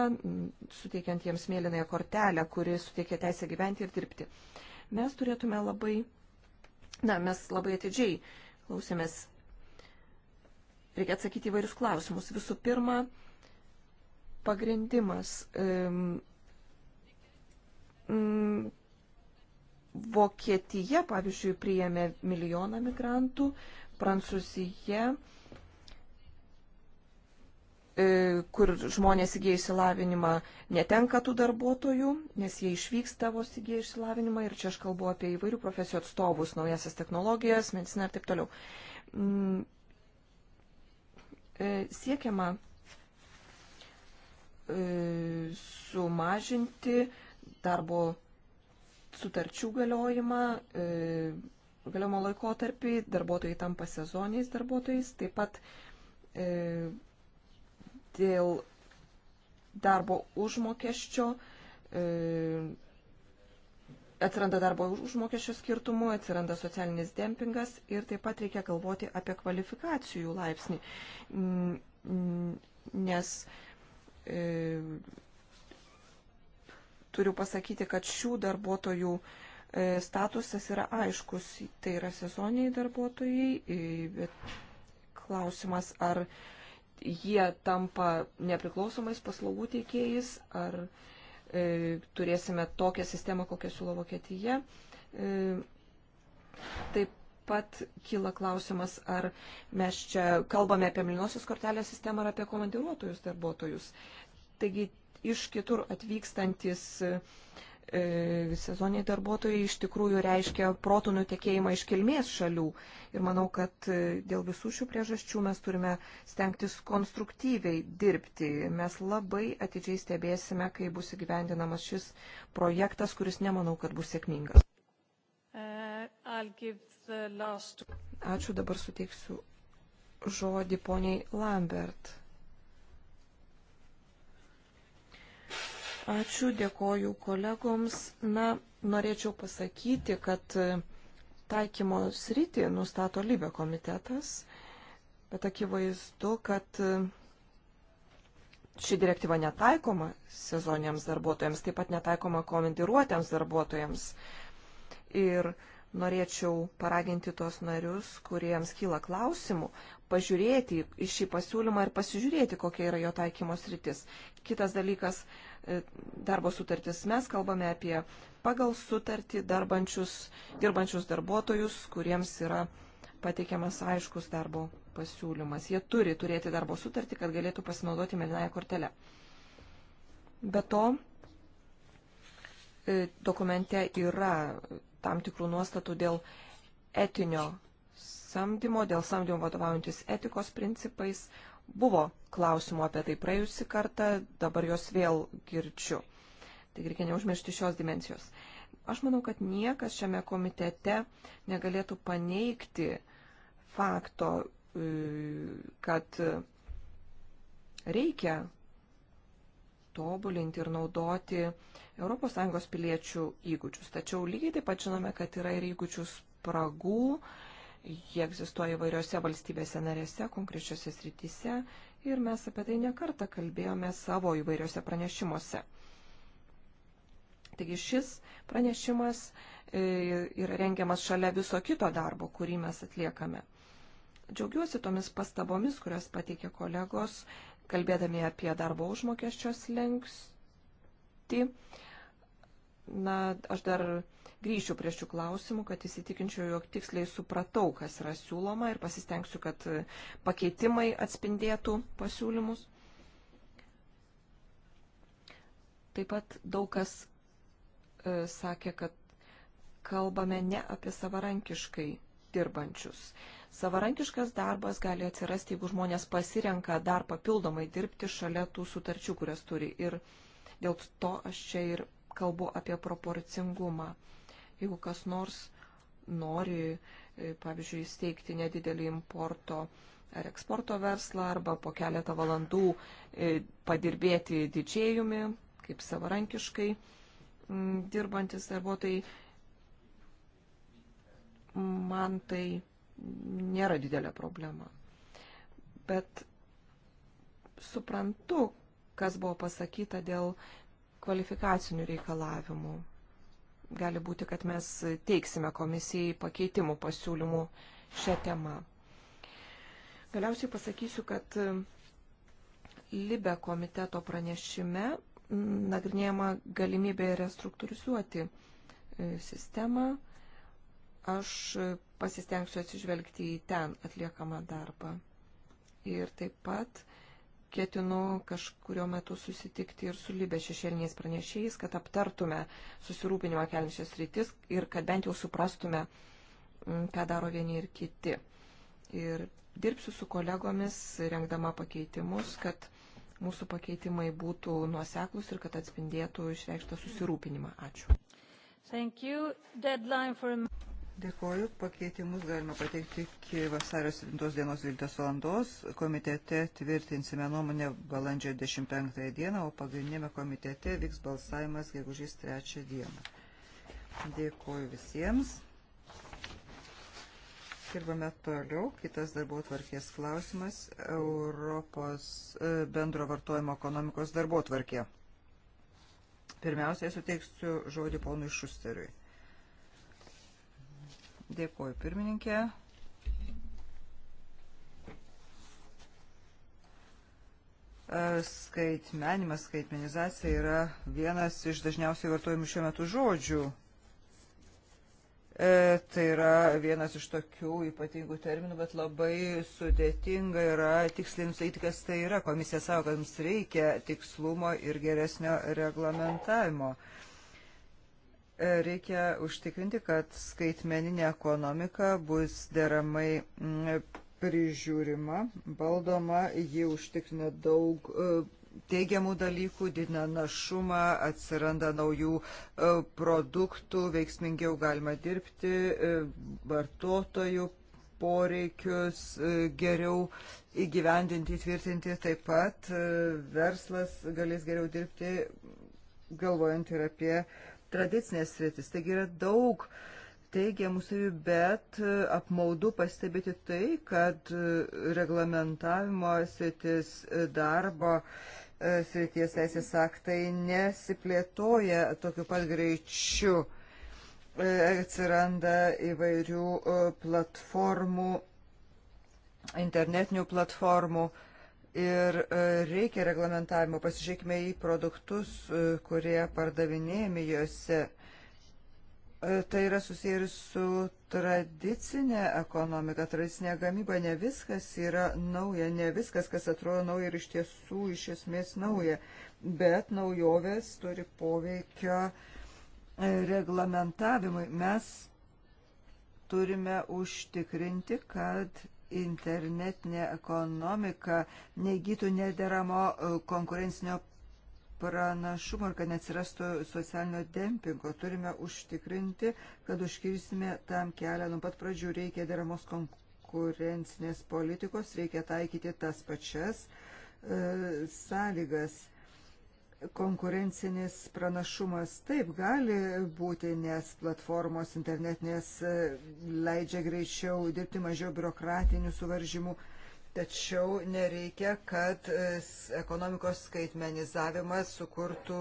suteikiant jiems mėlynąją kortelę, kuri suteikia teisę gyventi ir dirbti. Mes turėtume labai, na, mes labai atidžiai klausėmės, reikia atsakyti įvairius klausimus. Visų pirma, pagrindimas. Um, mm, Vokietija, pavyzdžiui, priėmė milijoną migrantų, Prancūzija E, kur žmonės įgyja išsilavinimą, netenka tų darbuotojų, nes jie išvyksta vos įgyja išsilavinimą ir čia aš kalbu apie įvairių profesijų atstovus, naujasias technologijas, mediciną ir taip toliau. Mm, e, siekiama e, sumažinti darbo sutarčių galiojimą, galiojimo laikotarpį, darbuotojai tampa sezoniais darbuotojais, taip pat dėl darbo užmokesčio, e, atsiranda darbo užmokesčio skirtumų, atsiranda socialinis dempingas ir taip pat reikia galvoti apie kvalifikacijų laipsnį, nes e, turiu pasakyti, kad šių darbuotojų e, statusas yra aiškus, tai yra sezoniniai darbuotojai, bet klausimas, ar jie tampa nepriklausomais paslaugų teikėjais, ar e, turėsime tokią sistemą, kokią siūlo Vokietija. E, taip pat kyla klausimas, ar mes čia kalbame apie milinosios kortelės sistemą ar apie komandiruotojus darbuotojus. Taigi iš kitur atvykstantis e, E, sezoniniai darbuotojai iš tikrųjų reiškia protų nutekėjimą iš kilmės šalių. Ir manau, kad e, dėl visų šių priežasčių mes turime stengtis konstruktyviai dirbti. Mes labai atidžiai stebėsime, kai bus įgyvendinamas šis projektas, kuris nemanau, kad bus sėkmingas. Uh, Ačiū, dabar suteiksiu žodį poniai Lambert. Ačiū, dėkoju kolegoms. Na, norėčiau pasakyti, kad e, taikymo sritį nustato Libė komitetas, bet akivaizdu, kad e, ši direktyva netaikoma sezoniniams darbuotojams, taip pat netaikoma komandiruotėms darbuotojams. Ir norėčiau paraginti tos narius, kuriems kyla klausimų, pažiūrėti į šį pasiūlymą ir pasižiūrėti, kokia yra jo taikymos rytis. Kitas dalykas, E, darbo sutartis. Mes kalbame apie pagal sutartį darbančius, dirbančius darbuotojus, kuriems yra pateikiamas aiškus darbo pasiūlymas. Jie turi turėti darbo sutartį, kad galėtų pasinaudoti mėlynąją kortelę. Be to, e, dokumente yra tam tikrų nuostatų dėl etinio samdymo, dėl samdymo vadovaujantis etikos principais, Buvo klausimų apie tai praėjusį kartą, dabar jos vėl girčiu. Taigi reikia neužmiršti šios dimensijos. Aš manau, kad niekas šiame komitete negalėtų paneigti fakto, e, kad reikia tobulinti ir naudoti ES piliečių įgūdžius. Tačiau lygiai taip pat žinome, kad yra ir įgūdžių spragų, Jie egzistuoja įvairiose valstybėse narėse, konkrečiose srityse ir mes apie tai nekartą kalbėjome savo įvairiose pranešimuose. Taigi šis pranešimas e, yra rengiamas šalia viso kito darbo, kurį mes atliekame. Džiaugiuosi tomis pastabomis, kurias pateikė kolegos, kalbėdami apie darbo užmokesčios lengsti. Na, aš dar grįšiu prie šių klausimų, kad įsitikinčiau, jog tiksliai supratau, kas yra siūloma ir pasistengsiu, kad e, pakeitimai atspindėtų pasiūlymus. Taip pat daug kas e, sakė, kad kalbame ne apie savarankiškai dirbančius. Savarankiškas darbas gali atsirasti, jeigu žmonės pasirenka dar papildomai dirbti šalia tų sutarčių, kurias turi. Ir dėl to aš čia ir kalbu apie proporcingumą jeigu kas nors nori, e, pavyzdžiui, įsteigti nedidelį importo ar eksporto verslą arba po keletą valandų e, padirbėti didžėjumi, kaip savarankiškai dirbantis darbuotojai, man tai nėra didelė problema. Bet suprantu, kas buvo pasakyta dėl kvalifikacinių reikalavimų gali būti, kad mes teiksime komisijai pakeitimų pasiūlymų šią temą. Galiausiai pasakysiu, kad e, Libe komiteto pranešime nagrinėjama galimybė restruktūrizuoti e, sistemą. Aš pasistengsiu atsižvelgti į ten atliekamą darbą. Ir taip pat ketinu kažkurio metu susitikti ir su Libė šešėliniais pranešėjais, kad aptartume susirūpinimą keliančias rytis ir kad bent jau suprastume, ką daro vieni ir kiti. Ir dirbsiu su kolegomis, rengdama pakeitimus, kad mūsų pakeitimai būtų nuoseklus ir kad atspindėtų išreikštą susirūpinimą. Ačiū. For... Dėkoju. Pakeitimus galima pateikti iki vasario 7 dienos 12 valandos. Komitete tvirtinsime nuomonę balandžio 15 dieną, o pagrindinėme komitete vyks balsavimas gegužės 3 dieną. Dėkoju visiems. Dirbame toliau. Kitas darbo tvarkės klausimas – Europos e, bendro vartojimo ekonomikos darbo tvarkė. Pirmiausiai suteiksiu žodį ponui Šusteriui. Dėkuoju pirmininkė. Skaitmenimas, skaitmenizacija yra vienas iš dažniausiai vartojimų šiuo metu žodžių. E, tai yra vienas iš tokių ypatingų terminų, bet labai sudėtinga yra tiksliai nustatyti, kas tai yra. Komisija savo, kad mums reikia tikslumo ir geresnio reglamentavimo. E, reikia užtikrinti, kad skaitmeninė ekonomika bus deramai mm, prižiūrima, valdoma, ji užtikrina daug e, teigiamų dalykų, didina našumą, atsiranda naujų e, produktų, veiksmingiau galima dirbti, e, vartotojų poreikius geriau įgyvendinti, įtvirtinti, taip pat verslas galės geriau dirbti, galvojant ir apie tradicinės sritis. Taigi yra daug teigiamų savybių, bet e, apmaudu pastebėti tai, kad e, reglamentavimo sritis e, darbo srities teisės aktai nesiplėtoja tokiu pat greičiu. Atsiranda įvairių platformų, internetinių platformų, ir e, reikia reglamentavimo. Pasižiūrėkime į produktus, e, kurie pardavinėjami juose. E, tai yra susiję ir su tradicinė ekonomika, tradicinė gamyba. Ne viskas yra nauja, ne viskas, kas atrodo nauja ir iš tiesų iš esmės nauja. Bet naujovės turi poveikio reglamentavimui. Mes turime užtikrinti, kad internetinė ekonomika neįgytų nederamo e, konkurencinio pranašumo ir kad neatsirastų socialinio dempingo. Turime užtikrinti, kad užkirsime tam kelią. Nuo pat pradžių reikia deramos konkurencinės politikos, reikia taikyti tas pačias e, sąlygas konkurencinis pranašumas taip gali būti, nes platformos internetinės e, leidžia greičiau dirbti mažiau biurokratinių suvaržymų, tačiau nereikia, kad e, ekonomikos skaitmenizavimas sukurtų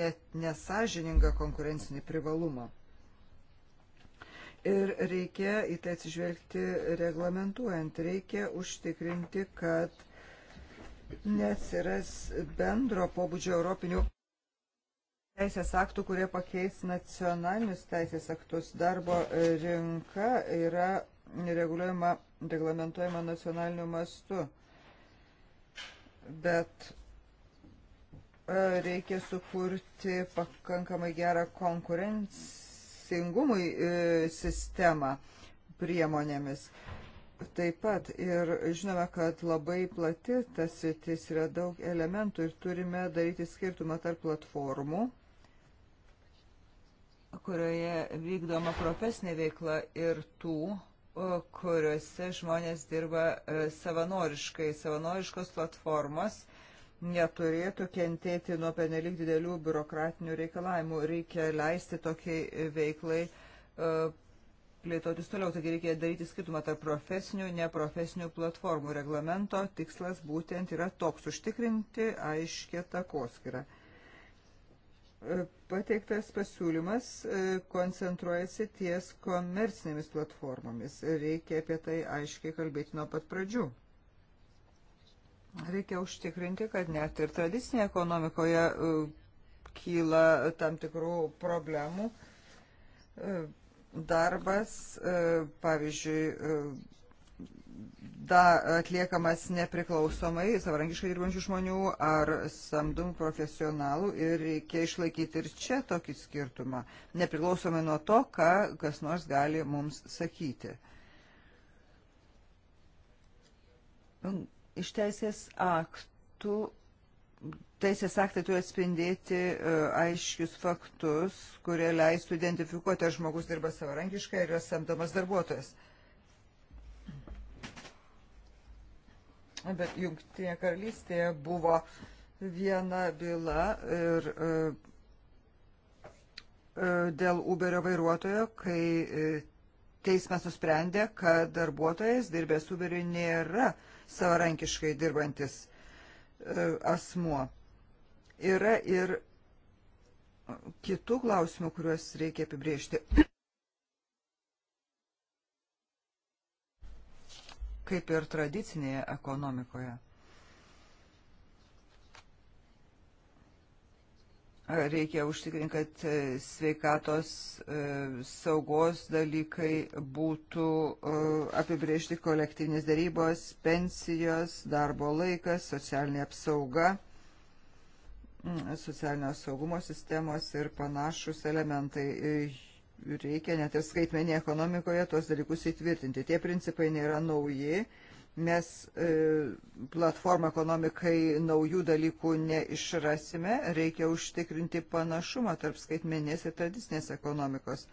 net nesažiningą konkurencinį privalumą. Ir reikia į tai atsižvelgti reglamentuojant, reikia užtikrinti, kad neatsiras bendro pobūdžio europinių teisės aktų, kurie pakeis nacionalinius teisės aktus. Darbo rinka yra reguliuojama, reglamentuojama nacionaliniu mastu. Bet e, reikia sukurti pakankamai gerą konkurencingumui e, sistemą priemonėmis taip pat ir žinome, kad labai plati tas sritis yra daug elementų ir turime daryti skirtumą tarp platformų, kurioje vykdoma profesinė veikla ir tų, kuriuose žmonės dirba e, savanoriškai. Savanoriškos platformos neturėtų kentėti nuo penelik didelių biurokratinių reikalavimų. Reikia leisti tokiai veiklai e, plėtotis toliau. Taigi reikia daryti skirtumą tarp profesinių, neprofesinių platformų. Reglamento tikslas būtent yra toks - užtikrinti aiškę takoskirą. E, pateiktas pasiūlymas e, koncentruojasi ties komercinėmis platformomis. Reikia apie tai aiškiai kalbėti nuo pat pradžių. Reikia užtikrinti, kad net ir tradicinėje ekonomikoje e, kyla tam tikrų problemų darbas, e, pavyzdžiui, e, da, atliekamas nepriklausomai savarankiškai dirbančių žmonių ar samdum profesionalų ir reikia išlaikyti ir čia tokį skirtumą, nepriklausomai nuo to, ką kas nors gali mums sakyti. Iš teisės aktų teisės aktai turi atspindėti e, aiškius faktus, kurie leistų identifikuoti, ar žmogus dirba savarankiškai ir yra samdomas darbuotojas. Bet Jungtinėje karalystėje buvo viena byla ir e, e, dėl Uberio vairuotojo, kai teismas nusprendė, kad darbuotojas dirbęs Uberiui nėra savarankiškai dirbantis asmuo. Yra ir kitų klausimų, kuriuos reikia apibriežti. Kaip ir tradicinėje ekonomikoje. Reikia užtikrinti, kad e, sveikatos e, saugos dalykai būtų e, apibriežti kolektyvinės darybos, pensijos, darbo laikas, socialinė apsauga socialinio saugumo sistemos ir panašus elementai. E, reikia net ir skaitmenėje ekonomikoje tuos dalykus įtvirtinti. Tie principai nėra nauji. Mes e, platformą ekonomikai naujų dalykų neišrasime. Reikia užtikrinti panašumą tarp skaitmenės ir tradicinės ekonomikos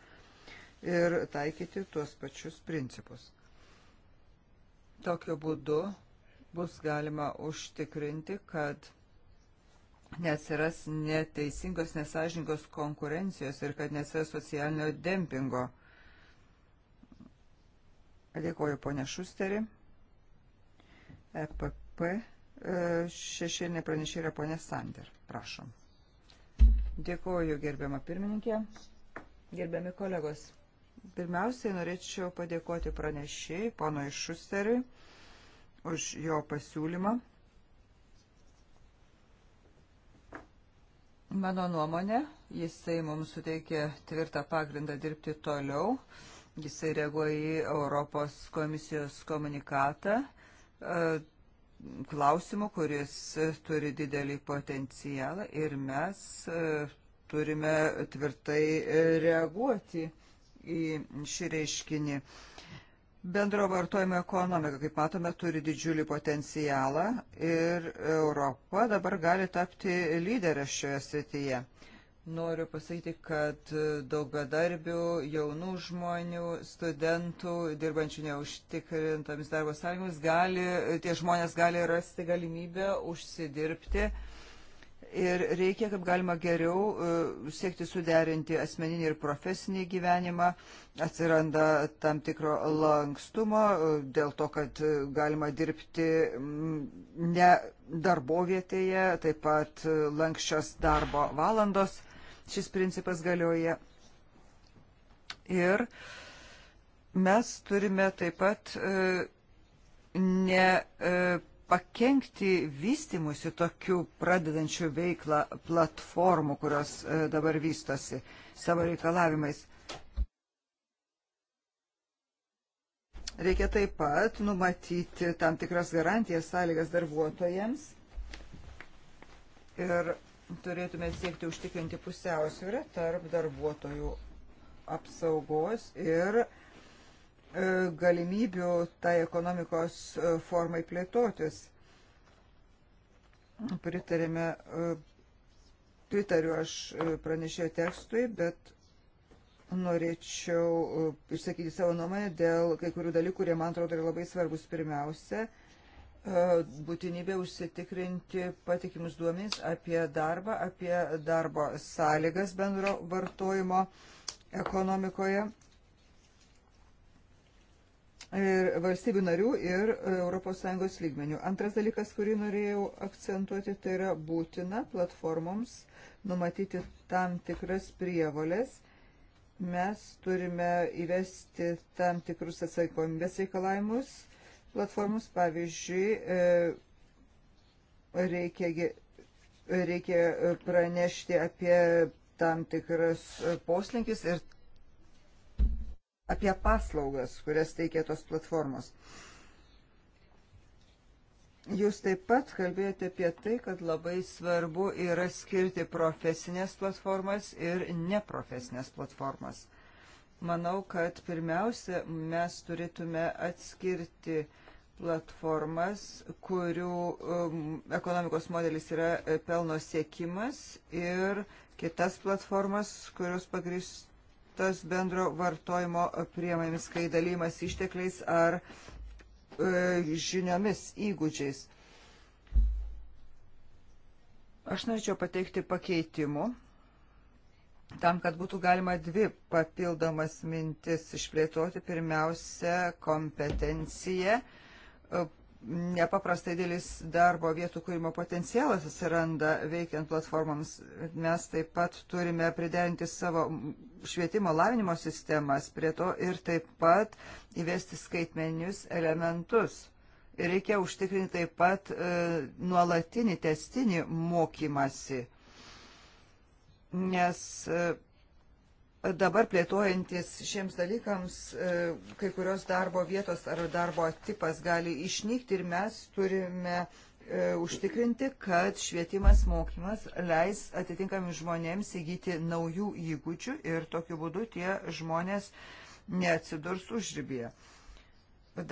ir taikyti tuos pačius principus. Tokiu būdu bus galima užtikrinti, kad neatsiras neteisingos, nesažingos konkurencijos ir kad neatsiras socialinio dempingo. Dėkoju, ponė Šusteri. EPP e, šešėlinė pranešė yra ponė Sander. Prašom. Dėkoju, gerbiama pirmininkė, gerbiami kolegos. Pirmiausiai norėčiau padėkoti pranešėjai, ponui Šusteriui, už jo pasiūlymą. Mano nuomonė, jisai mums suteikė tvirtą pagrindą dirbti toliau. Jisai reaguoja į Europos komisijos komunikatą e, klausimų, kuris turi didelį potencialą ir mes e, turime tvirtai reaguoti į šį reiškinį. Bendro vartojimo ekonomika, kaip matome, turi didžiulį potencialą ir Europa dabar gali tapti lyderę šioje srityje. Noriu pasakyti, kad daug bedarbių, jaunų žmonių, studentų, dirbančių neužtikrintomis darbo sąlygomis, gali, tie žmonės gali rasti galimybę užsidirbti uh, Ir reikia, kaip galima geriau, e, siekti suderinti asmeninį ir profesinį gyvenimą. Atsiranda tam tikro lankstumo e, dėl to, kad e, galima dirbti ne darbo vietėje, taip pat lankščios darbo valandos. Šis principas galioja. Ir mes turime taip pat ne pakenkti vystimusi tokių pradedančių veiklą platformų, kurios e, dabar vystosi savo reikalavimais. Reikia taip pat numatyti tam tikras garantijas sąlygas darbuotojams ir turėtume siekti užtikrinti pusiausvyrę tarp darbuotojų apsaugos ir E, galimybių tai ekonomikos e, formai plėtotis. Pritarėme, e, pritariu aš pranešėjo tekstui, bet norėčiau išsakyti savo nuomonę dėl kai kurių dalykų, kurie man atrodo yra labai svarbus. Pirmiausia, būtinybė užsitikrinti patikimus duomenys apie darbą, apie darbo sąlygas bendro vartojimo ekonomikoje ir valstybių narių ir ES lygmenių. Antras dalykas, kurį norėjau akcentuoti, tai yra būtina platformoms numatyti tam tikras prievolės. Mes turime įvesti tam tikrus atsakomybės reikalavimus platformus, pavyzdžiui, e, reikia, reikia pranešti apie tam tikras poslinkis ir apie paslaugas, kurias teikia tos platformos. Jūs taip pat kalbėjote apie tai, kad labai svarbu yra skirti profesinės platformas ir neprofesinės platformas. Manau, kad pirmiausia, mes turėtume atskirti platformas, kurių um, ekonomikos modelis yra e, pelno siekimas ir kitas platformas, kurios pagrįst skirtos bendro vartojimo priemonėmis, kai dalymas ištekliais ar e, žiniomis, įgūdžiais. Aš norėčiau pateikti pakeitimų, tam, kad būtų galima dvi papildomas mintis išplėtoti. Pirmiausia, kompetencija nepaprastai dėlis darbo vietų kūrimo potencialas atsiranda veikiant platformoms. Mes taip pat turime priderinti savo švietimo lavinimo sistemas prie to ir taip pat įvesti skaitmeninius elementus. Ir reikia užtikrinti taip pat e, nuolatinį testinį mokymasi, nes e, dabar plėtojantis šiems dalykams, e, kai kurios darbo vietos ar darbo tipas gali išnykti ir mes turime e, užtikrinti, kad švietimas mokymas leis atitinkamim žmonėms įgyti naujų įgūdžių ir tokiu būdu tie žmonės neatsidurs užrybėje.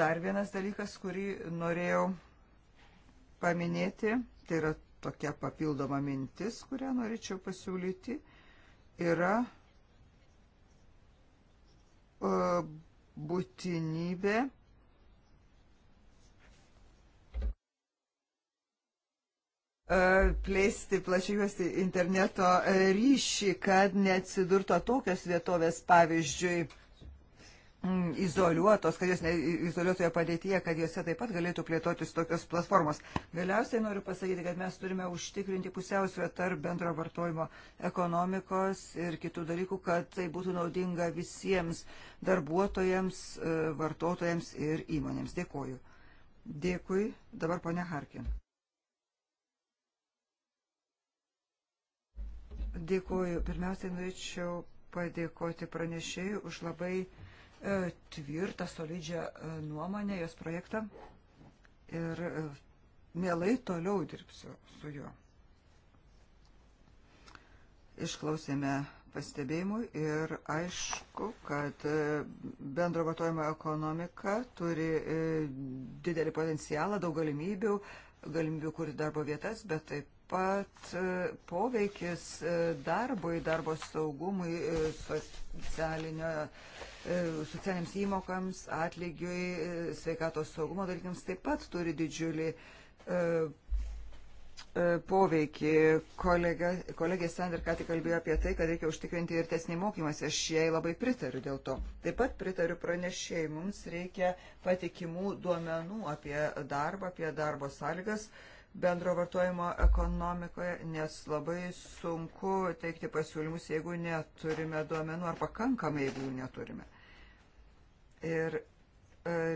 Dar vienas dalykas, kurį norėjau paminėti, tai yra tokia papildoma mintis, kurią norėčiau pasiūlyti, yra E, būtinybė e, plėsti plačiuosi interneto ryšį, kad neatsidurto tokios vietovės, pavyzdžiui, izoliuotos, kad jos ne, izoliuotoje padėtyje, kad jose taip pat galėtų plėtotis tokios platformos. Galiausiai noriu pasakyti, kad mes turime užtikrinti pusiausvę tarp bendro vartojimo ekonomikos ir kitų dalykų, kad tai būtų naudinga visiems darbuotojams, e, vartotojams ir įmonėms. Dėkuoju. Dėkui. Dabar ponia Harkin. Dėkuoju. Pirmiausiai norėčiau padėkoti pranešėjui už labai E, tvirtą, solidžią e, nuomonę, jos projektą ir e, mielai toliau dirbsiu su juo. Išklausėme pastebėjimų ir aišku, kad bendro vartojimo ekonomika turi didelį potencialą, daug galimybių, galimybių kurti darbo vietas, bet taip pat poveikis darbui, darbo saugumui, socialinio E, socialiniams įmokams, atlygiui, e, sveikatos saugumo dalykams taip pat turi didžiulį e, poveikį. Kolega, kolegė Sander ką tik kalbėjo apie tai, kad reikia užtikrinti ir tesnį mokymąsi. Aš jai labai pritariu dėl to. Taip pat pritariu pranešėjai. Mums reikia patikimų duomenų apie darbą, apie darbo sąlygas bendro vartojimo ekonomikoje, nes labai sunku teikti pasiūlymus, jeigu neturime duomenų ar pakankamai, jeigu jų neturime. Ir e,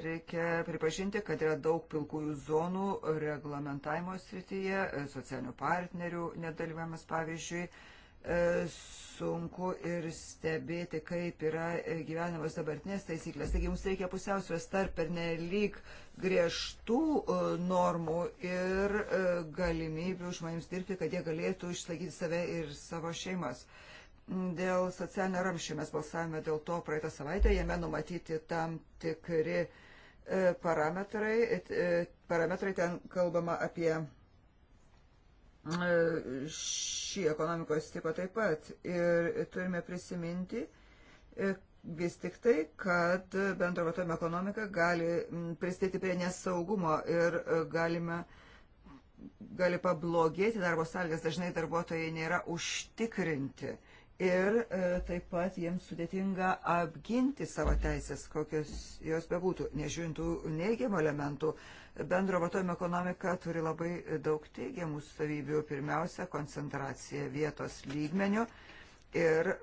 reikia pripažinti, kad yra daug pilkųjų zonų reglamentavimo srityje, e, socialinių partnerių nedalyvavimas, pavyzdžiui, e, sunku ir stebėti, kaip yra gyvenimas dabartinės taisyklės. Taigi mums reikia pusiausvės tarp per nelik griežtų normų ir galimybių žmonėms dirbti, kad jie galėtų išlaikyti save ir savo šeimas. Uh, Dėl socialinio ramščio mes balsavome dėl to praeitą savaitę, jame numatyti tam tikri e, parametrai. E, e, parametrai ten kalbama apie šį ekonomikos tipą taip pat. Ir turime prisiminti vis tik tai, kad bendro vartojimo ekonomika gali pristėti prie nesaugumo ir galime gali pablogėti darbo sąlygas, dažnai darbuotojai nėra užtikrinti ir e, taip pat jiems sudėtinga apginti savo teisės, kokios jos bebūtų, nežiūrintų neigiamų elementų. Bendro vartojimo ekonomika turi labai daug teigiamų savybių. Pirmiausia, koncentracija vietos lygmenių. Ir e,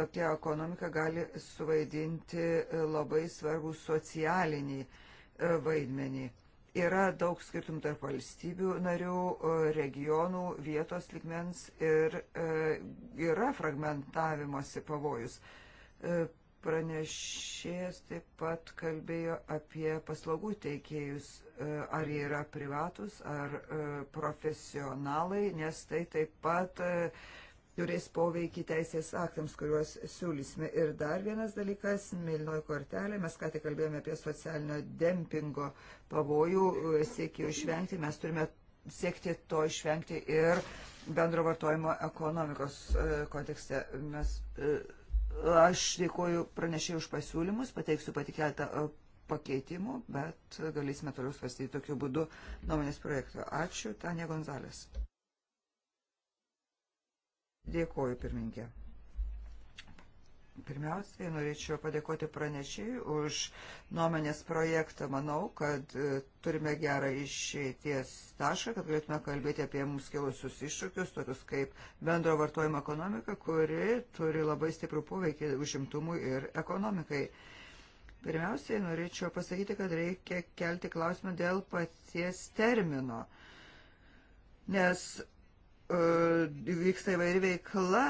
tokia ekonomika gali suvaidinti e, labai svarbų socialinį vaidmenį. Yra daug skirtumų tarp valstybių narių, e, regionų, vietos ligmens ir e, yra fragmentavimosi pavojus. E, pranešėjas taip pat kalbėjo apie paslaugų teikėjus, ar jie yra privatus, ar profesionalai, nes tai taip pat turės poveikį teisės aktams, kuriuos siūlysime. Ir dar vienas dalykas - milnoji kortelė. Mes ką tik kalbėjome apie socialinio dempingo pavojų, e, siekiu išvengti. Mes turime siekti to išvengti ir bendro vartojimo ekonomikos e, kontekste. Mes, e, aš dėkoju pranešėjai už pasiūlymus, pateiksiu pati keletą pakeitimų, bet galėsime toliau svarstyti tokiu būdu nuomonės projektą. Ačiū, Tanja Gonzalės. Dėkuoju, pirmininkė. Pirmiausiai norėčiau padėkoti pranešėjai už nuomenės projektą. Manau, kad e, turime gerą išeities tašką, kad galėtume kalbėti apie mums kilusius iššūkius, tokius kaip bendro vartojimo ekonomika, kuri turi labai stiprų poveikį užimtumui ir ekonomikai. Pirmiausiai norėčiau pasakyti, kad reikia kelti klausimą dėl paties termino. Nes E, vyksta įvairi veikla,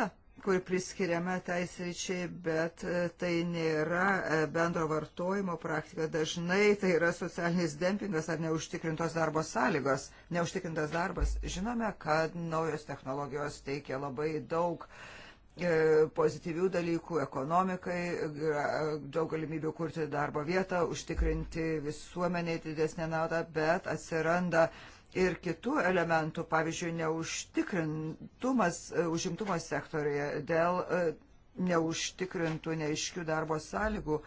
kur priskiriama taisryčiai, bet e, tai nėra e, bendro vartojimo praktika. Dažnai tai yra socialinis dempingas ar neužtikrintos darbo sąlygos. Neužtikrintas darbas. Žinome, kad naujos technologijos teikia labai daug pozityvių dalykų ekonomikai, daug galimybių kurti darbo vietą, užtikrinti visuomeniai didesnę naudą, bet atsiranda uh, ir kitų elementų, pavyzdžiui, neužtikrintumas e, užimtumo sektorioje dėl e, neužtikrintų neiškių darbo sąlygų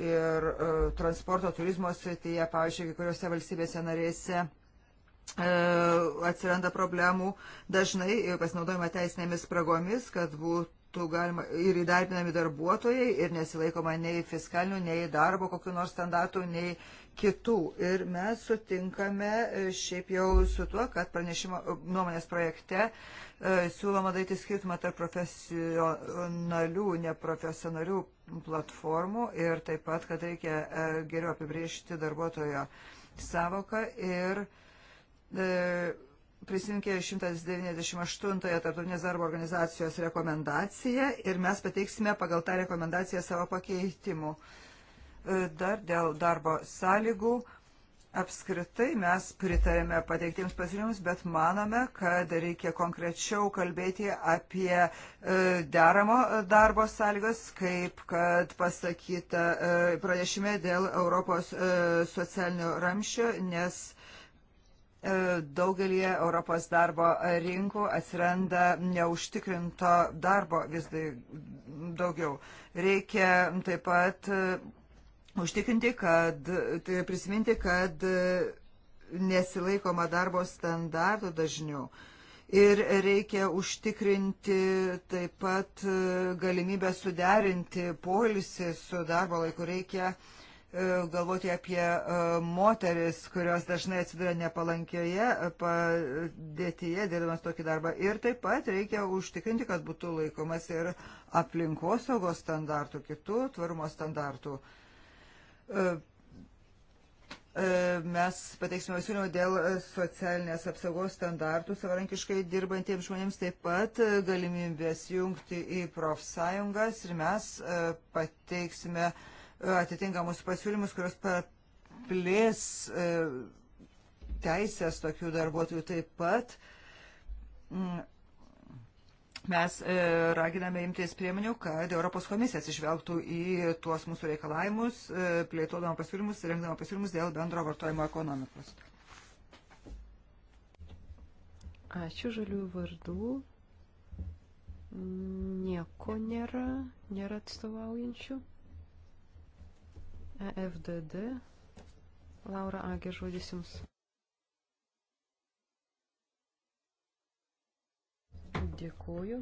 ir e, transporto turizmo srityje, pavyzdžiui, kai kuriuose valstybėse narėse atsiranda problemų, dažnai pasinaudojama teisinėmis spragomis, kad būtų būtų galima ir įdarbinami darbuotojai ir nesilaikoma nei fiskalinių, nei darbo kokiu nors standartu, nei kitų. Ir mes sutinkame e, šiaip jau su tuo, kad pranešimo e, nuomonės projekte e, siūloma daryti skirtumą tarp profesionalių, neprofesionalių platformų ir taip pat, kad reikia geriau apibriežti darbuotojo savoką ir prisiminkė 198-ąją Tartutinės darbo organizacijos rekomendaciją ir mes pateiksime pagal tą rekomendaciją savo pakeitimų. E, dar dėl darbo sąlygų apskritai mes pritarėme pateiktiems pasiūlymus, bet manome, kad reikia konkrečiau kalbėti apie e, deramo darbo sąlygas, kaip kad pasakyta e, pranešime dėl Europos socialinio ramščio, nes daugelį Europos darbo rinkų atsiranda neužtikrinto darbo vis daugiau. Reikia taip pat užtikrinti, kad, tai prisiminti, kad nesilaikoma darbo standartų dažniau. Ir reikia užtikrinti taip pat galimybę suderinti poilsį su darbo laiku. Reikia e, galvoti apie e, moteris, kurios dažnai atsiduria nepalankioje padėtyje, dėdamas tokį darbą. Ir taip pat reikia užtikrinti, kad būtų laikomas ir aplinkosaugos standartų, kitų tvarumo standartų. Uh, E, e, mes pateiksime pasiūlymą dėl socialinės apsaugos standartų savarankiškai dirbantiems žmonėms, taip pat galimybės jungti į profsąjungas ir mes e, pateiksime atitinkamus pasiūlymus, kurios plės teisės tokių darbuotojų taip pat mm, Mes e, raginame imtis priemonių, kad Europos komisija atsižvelgtų į tuos mūsų reikalavimus, e, plėtodama pasiūlymus ir rengdama pasiūlymus dėl bendro vartojimo ekonomikos. Ačiū žaliųjų vardų. Nieko nėra, nėra atstovaujančių. EFDD. Laura Agė žodis jums. Dėkuoju.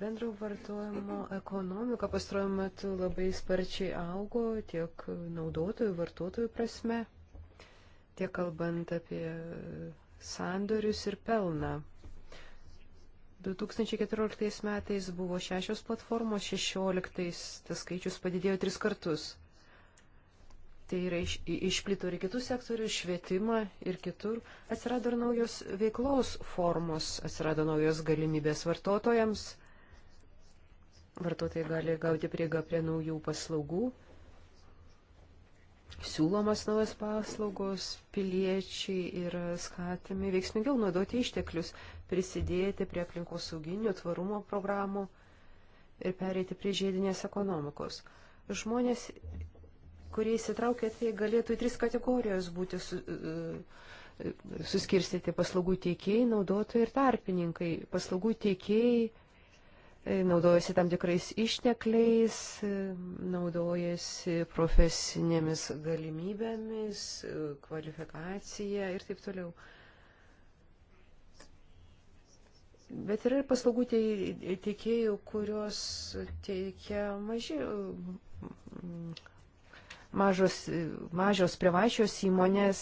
Bendro vartojimo ekonomika pastarojame metu labai sparčiai augo tiek naudotojų, vartotojų prasme, tiek kalbant apie sandorius ir pelną. 2014 metais buvo šešios platformos, 16 tas skaičius padidėjo tris kartus tai yra iš, išplito ir kitus sektorius, švietimą ir kitur. Atsirado ir naujos veiklos formos, atsirado naujos galimybės vartotojams. Vartotojai gali gauti prieigą prie naujų paslaugų. Siūlomas naujas paslaugos, piliečiai yra skatami veiksmingiau naudoti išteklius, prisidėti prie aplinkos sauginių tvarumo programų ir pereiti prie žiedinės ekonomikos. Žmonės kurie įsitraukia, tai galėtų į tris kategorijos būti su, e, e, suskirstyti paslaugų teikėjai, naudotojai ir tarpininkai. Paslaugų teikėjai e, naudojasi tam tikrais ištekliais, naudojasi profesinėmis galimybėmis, kvalifikacija ir taip toliau. Bet yra ir paslaugų teikėjų, kurios teikia maži mažos, mažos privačios įmonės,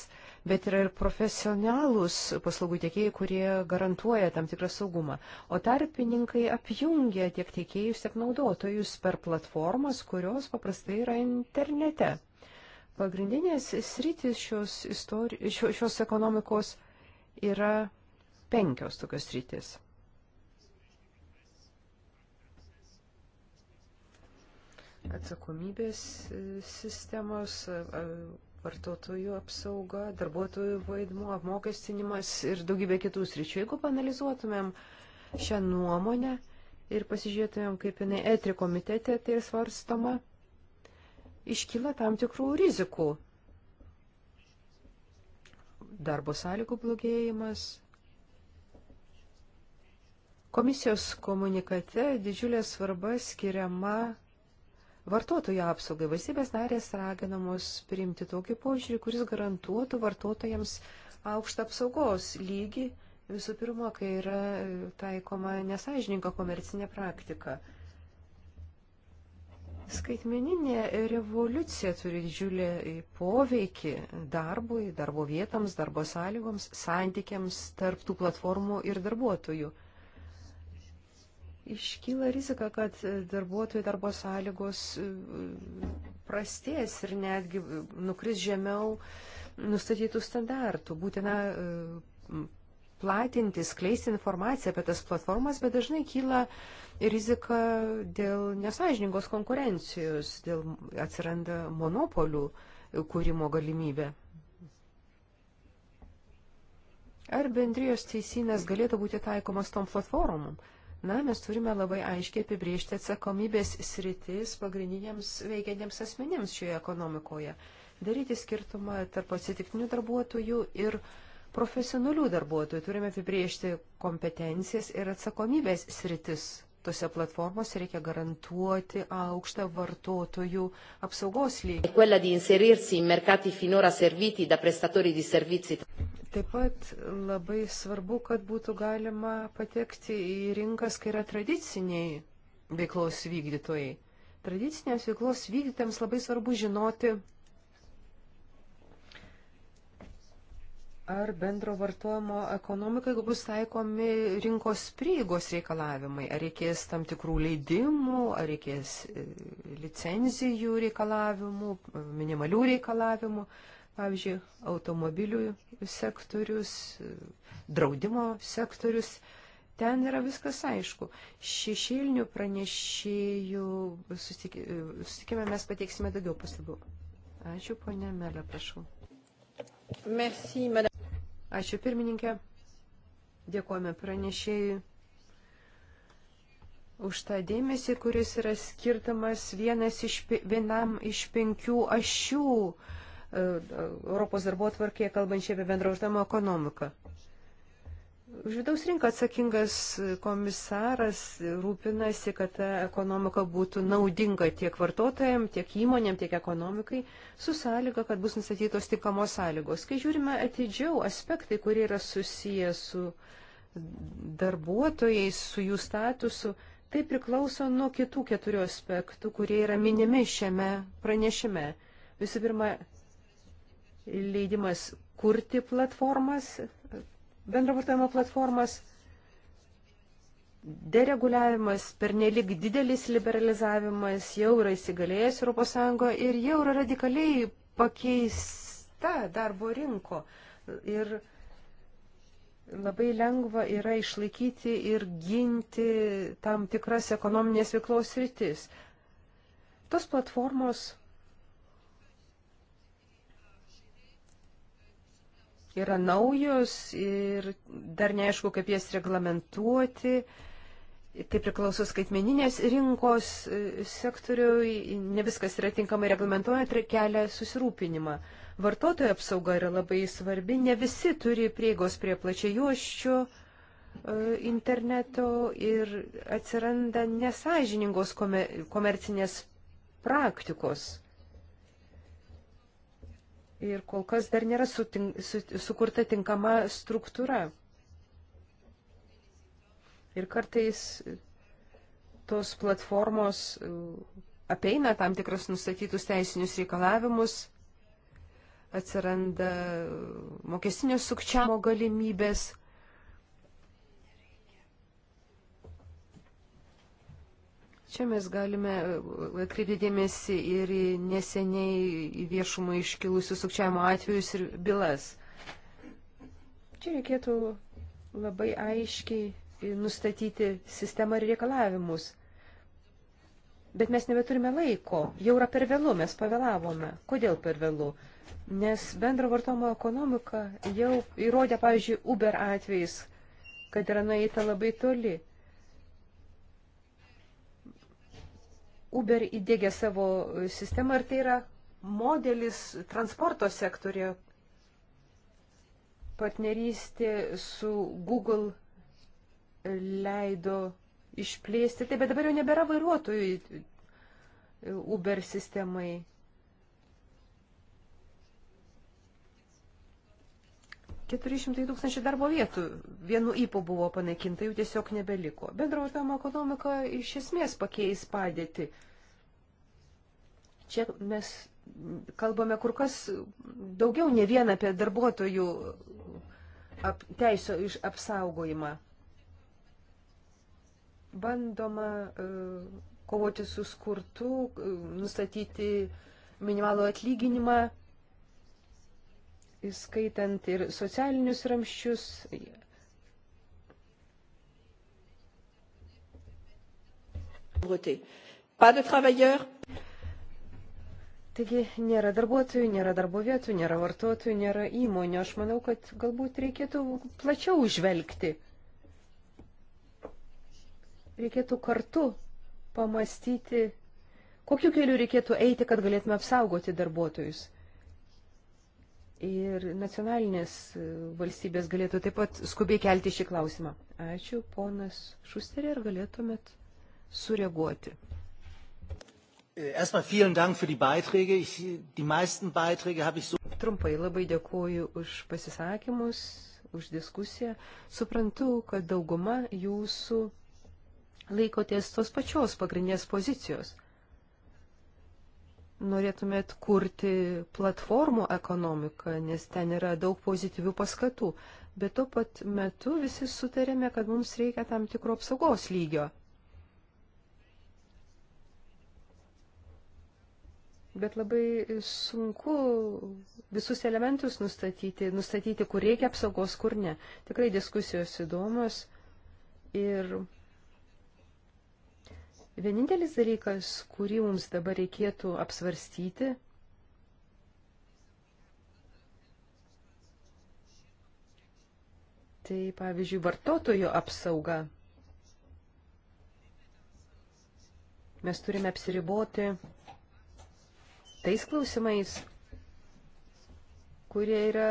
bet yra ir profesionalūs paslaugų tiekėjai, kurie garantuoja tam tikrą saugumą. O tarpininkai apjungia tiek tiekėjus, tiek naudotojus per platformas, kurios paprastai yra internete. Pagrindinės sritis šios, istori... šios ekonomikos yra penkios tokios sritis. atsakomybės e, sistemos, e, e, vartotojų apsauga, darbuotojų vaidmuo, apmokestinimas ir daugybė kitų sričių. Jeigu panalizuotumėm šią nuomonę ir pasižiūrėtumėm, kaip jinai etri komitete tai ir svarstama, iškyla tam tikrų rizikų. Darbo sąlygų blogėjimas, Komisijos komunikate didžiulė svarba skiriama vartotojų apsaugai. Valstybės narės raginamos priimti tokį požiūrį, kuris garantuotų vartotojams aukštą apsaugos lygį, visų pirma, kai yra taikoma nesažininka komercinė praktika. Skaitmeninė revoliucija turi didžiulį poveikį darbui, darbo vietams, darbo sąlygoms, santykiams tarp tų platformų ir darbuotojų. Iškyla rizika, kad darbuotojų darbo sąlygos e, prastės ir netgi nukris žemiau nustatytų standartų. Būtina e, platinti, skleisti informaciją apie tas platformas, bet dažnai kyla rizika dėl nesažiningos konkurencijos, dėl atsiranda monopolių kūrimo galimybė. Ar bendrijos teisinės galėtų būti taikomas tom platformom? Na, mes turime labai aiškiai apibriežti atsakomybės sritis pagrindiniams veikiantiems asmenims šioje ekonomikoje. Daryti skirtumą tarp atsitiktinių darbuotojų ir profesionalių darbuotojų. Turime apibriežti kompetencijas ir atsakomybės sritis. Tose platformose reikia garantuoti aukštą vartotojų apsaugos lygį. Taip pat labai svarbu, kad būtų galima patekti į rinkas, kai yra tradiciniai veiklos vykdytojai. Tradicinės veiklos vykdytams labai svarbu žinoti, ar bendro vartojimo ekonomikai bus taikomi rinkos prieigos reikalavimai, ar reikės tam tikrų leidimų, ar reikės e, licenzijų reikalavimų, minimalių reikalavimų. Pavyzdžiui, automobilių sektorius, draudimo sektorius. Ten yra viskas aišku. Šešėlinių pranešėjų susitikime mes pateiksime daugiau pastabų. Ačiū, ponė Melė, prašau. Merci, madame. Ačiū, pirmininkė. Dėkojame pranešėjui už tą dėmesį, kuris yra skirtamas iš, vienam iš penkių ašių. Uh, Europos darbo tvarkėje, kalbančiai apie bendrauždamą ekonomiką. Už vidaus rinką atsakingas komisaras rūpinasi, kad ta ekonomika būtų naudinga tiek vartotojams, tiek įmonėm, tiek ekonomikai, su sąlyga, kad bus nustatytos tikamos sąlygos. Kai žiūrime atidžiau, aspektai, kurie yra susiję su darbuotojais, su jų statusu, tai priklauso nuo kitų keturių aspektų, kurie yra minimi šiame pranešime. Visų pirma, leidimas kurti platformas, bendro vartojimo platformas, dereguliavimas, pernelik didelis liberalizavimas jau yra įsigalėjęs ES ir jau yra radikaliai pakeista darbo rinko. Ir labai lengva yra išlaikyti ir ginti tam tikras ekonominės veiklos rytis. Tos platformos yra naujos ir dar neaišku, kaip jas reglamentuoti. Tai priklauso skaitmeninės rinkos e, sektoriui, ne viskas yra tinkamai reglamentuoja, tai kelia susirūpinimą. Vartotojų apsauga yra labai svarbi, ne visi turi prieigos prie plačiai juoščio e, interneto ir atsiranda nesažiningos komercinės praktikos ir kol kas dar nėra sutink, su, sukurta tinkama struktūra. Ir kartais tos platformos uh, apeina tam tikras nustatytus teisinius reikalavimus, atsiranda uh, mokestinio sukčiamo galimybės Čia mes galime e, atkreipti dėmesį ir į neseniai į viešumą iškilusius sukčiavimo atvejus ir bylas. Čia reikėtų labai aiškiai e, nustatyti sistemą ir reikalavimus. Bet mes nebeturime laiko, jau yra per vėlų, mes pavėlavome. Kodėl per vėlų? Nes bendro vartojimo ekonomika jau įrodė, pavyzdžiui, Uber atvejais, kad yra nueita labai toli. Uber įdėgė savo sistemą ir tai yra modelis transporto sektorė partnerystė su Google leido išplėsti. Taip, bet dabar jau nebėra vairuotojų Uber sistemai. 400 tūkstančių darbo vietų vienu įpu buvo panaikinta, jų tiesiog nebeliko. Bendraujama ekonomika iš esmės pakeis padėti. Čia mes kalbame kur kas daugiau ne vien apie darbuotojų ap, teisų iš apsaugojimą. Bandoma uh, kovoti su skurtu, uh, nustatyti minimalų atlyginimą įskaitant ir socialinius ramščius. Taigi nėra darbuotojų, nėra darbo vietų, nėra vartotojų, nėra įmonių. Aš manau, kad galbūt reikėtų plačiau žvelgti. Reikėtų kartu pamastyti, kokiu keliu reikėtų eiti, kad galėtume apsaugoti darbuotojus ir nacionalinės e, valstybės galėtų taip pat skubiai kelti šį klausimą. Ačiū, ponas Šusterė, ar galėtumėt sureaguoti? Äh, erstmal vielen Dank für die Beiträge. Ich, die meisten Beiträge habe ich so. Trumpai labai dėkuoju už pasisakymus, už diskusiją. Suprantu, kad dauguma jūsų laikotės tos pačios pagrindinės pozicijos norėtumėt kurti platformų ekonomiką, nes ten yra daug pozityvių paskatų, bet tuo pat metu visi sutarėme, kad mums reikia tam tikro apsaugos lygio. Bet labai sunku visus elementus nustatyti, nustatyti, kur reikia apsaugos, kur ne. Tikrai diskusijos įdomios ir Vienintelis dalykas, kurį mums dabar reikėtų apsvarstyti, tai pavyzdžiui vartotojų apsauga. Mes turime apsiriboti tais klausimais, kurie yra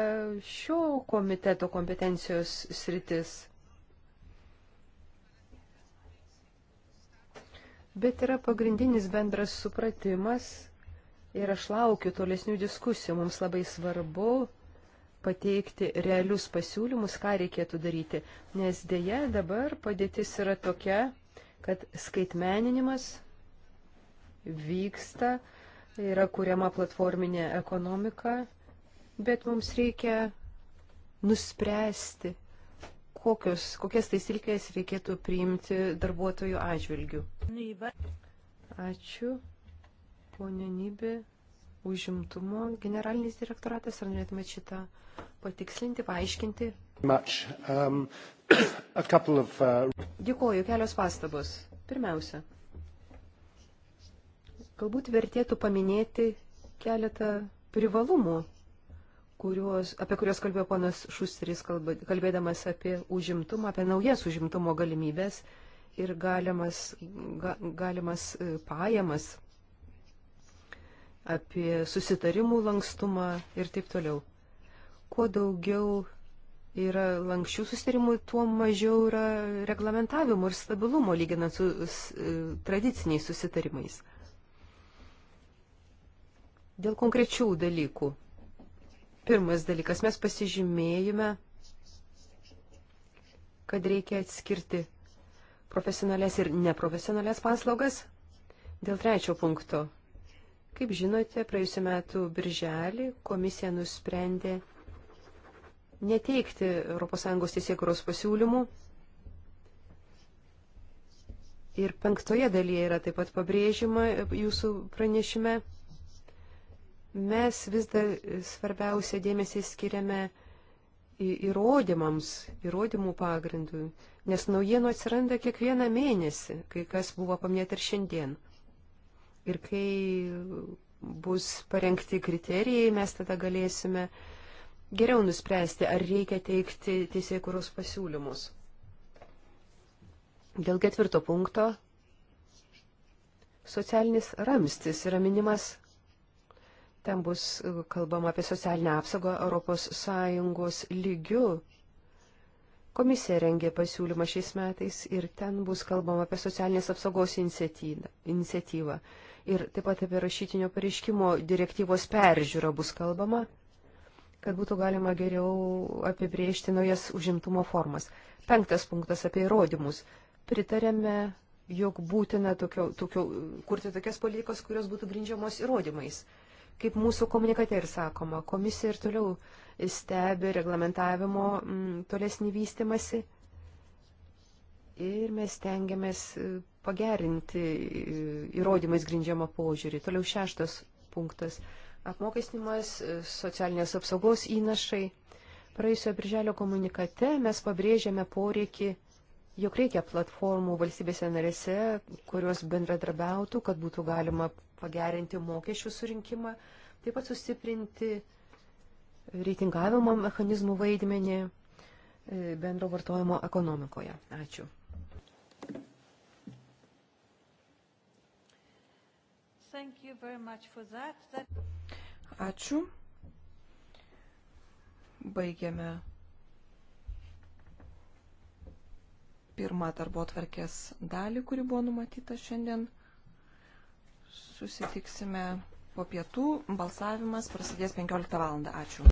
šio komiteto kompetencijos sritis. bet yra pagrindinis bendras supratimas ir aš laukiu tolesnių diskusijų. Mums labai svarbu pateikti realius pasiūlymus, ką reikėtų daryti, nes dėja dabar padėtis yra tokia, kad skaitmeninimas vyksta, yra kuriama platforminė ekonomika, bet mums reikia nuspręsti, kokios, kokias taisyklės reikėtų priimti darbuotojų atžvilgių. Ačiū, ponė Nybė, užimtumo generalinis direktoratas, ar norėtumėt šitą patikslinti, paaiškinti? Um, of, uh... Dėkuoju, kelios pastabos. Pirmiausia, galbūt vertėtų paminėti keletą privalumų kuriuos, apie kuriuos kalbėjo ponas Šusteris, kalbėdamas apie užimtumą, apie naujas užimtumo galimybės ir galimas, ga, galimas e, pajamas, apie susitarimų lankstumą ir taip toliau. Kuo daugiau yra lankščių susitarimų, tuo mažiau yra reglamentavimo ir stabilumo lyginant su e, tradiciniais susitarimais. Dėl konkrečių dalykų Pirmas dalykas, mes pasižymėjome, kad reikia atskirti profesionalės ir neprofesionalės paslaugas. Dėl trečio punkto. Kaip žinote, praėjusiu metu birželį komisija nusprendė neteikti ES teisėkuros pasiūlymų. Ir penktoje dalyje yra taip pat pabrėžima jūsų pranešime, mes vis dar svarbiausia dėmesį skiriame įrodymams, įrodymų pagrindui, nes naujienų atsiranda kiekvieną mėnesį, kai kas buvo paminėta ir šiandien. Ir kai bus parengti kriterijai, mes tada galėsime geriau nuspręsti, ar reikia teikti teisėkuros pasiūlymus. Dėl ketvirto punkto socialinis ramstis yra minimas Ten bus e, kalbama apie socialinę apsaugą ES lygių. Komisija rengė pasiūlymą šiais metais ir ten bus kalbama apie socialinės apsaugos iniciatyvą. Ir taip pat apie rašytinio pareiškimo direktyvos peržiūrą bus kalbama, kad būtų galima geriau apibriežti naujas užimtumo formas. Penktas punktas apie įrodymus. Pritarėme, jog būtina tokio, tokio, kurti tokias politikas, kurios būtų grindžiamos įrodymais Kaip mūsų komunikate ir sakoma, komisija ir toliau stebi reglamentavimo mm, tolesnį vystimasi ir mes tengiamės e, pagerinti e, įrodymais grindžiamą požiūrį. Toliau šeštas punktas - apmokestinimas, e, socialinės apsaugos įnašai. Praėjusio birželio komunikate mes pabrėžėme poreikį jog reikia platformų valstybėse narėse, kurios bendradarbiautų, kad būtų galima pagerinti mokesčių surinkimą, taip pat sustiprinti reitingavimo mechanizmų vaidmenį e, bendro vartojimo ekonomikoje. Ačiū. That. Ačiū. Baigiame pirmą darbo tvarkės dalį, kuri buvo numatyta šiandien. Susitiksime po pietų. Balsavimas prasidės 15 val. Ačiū.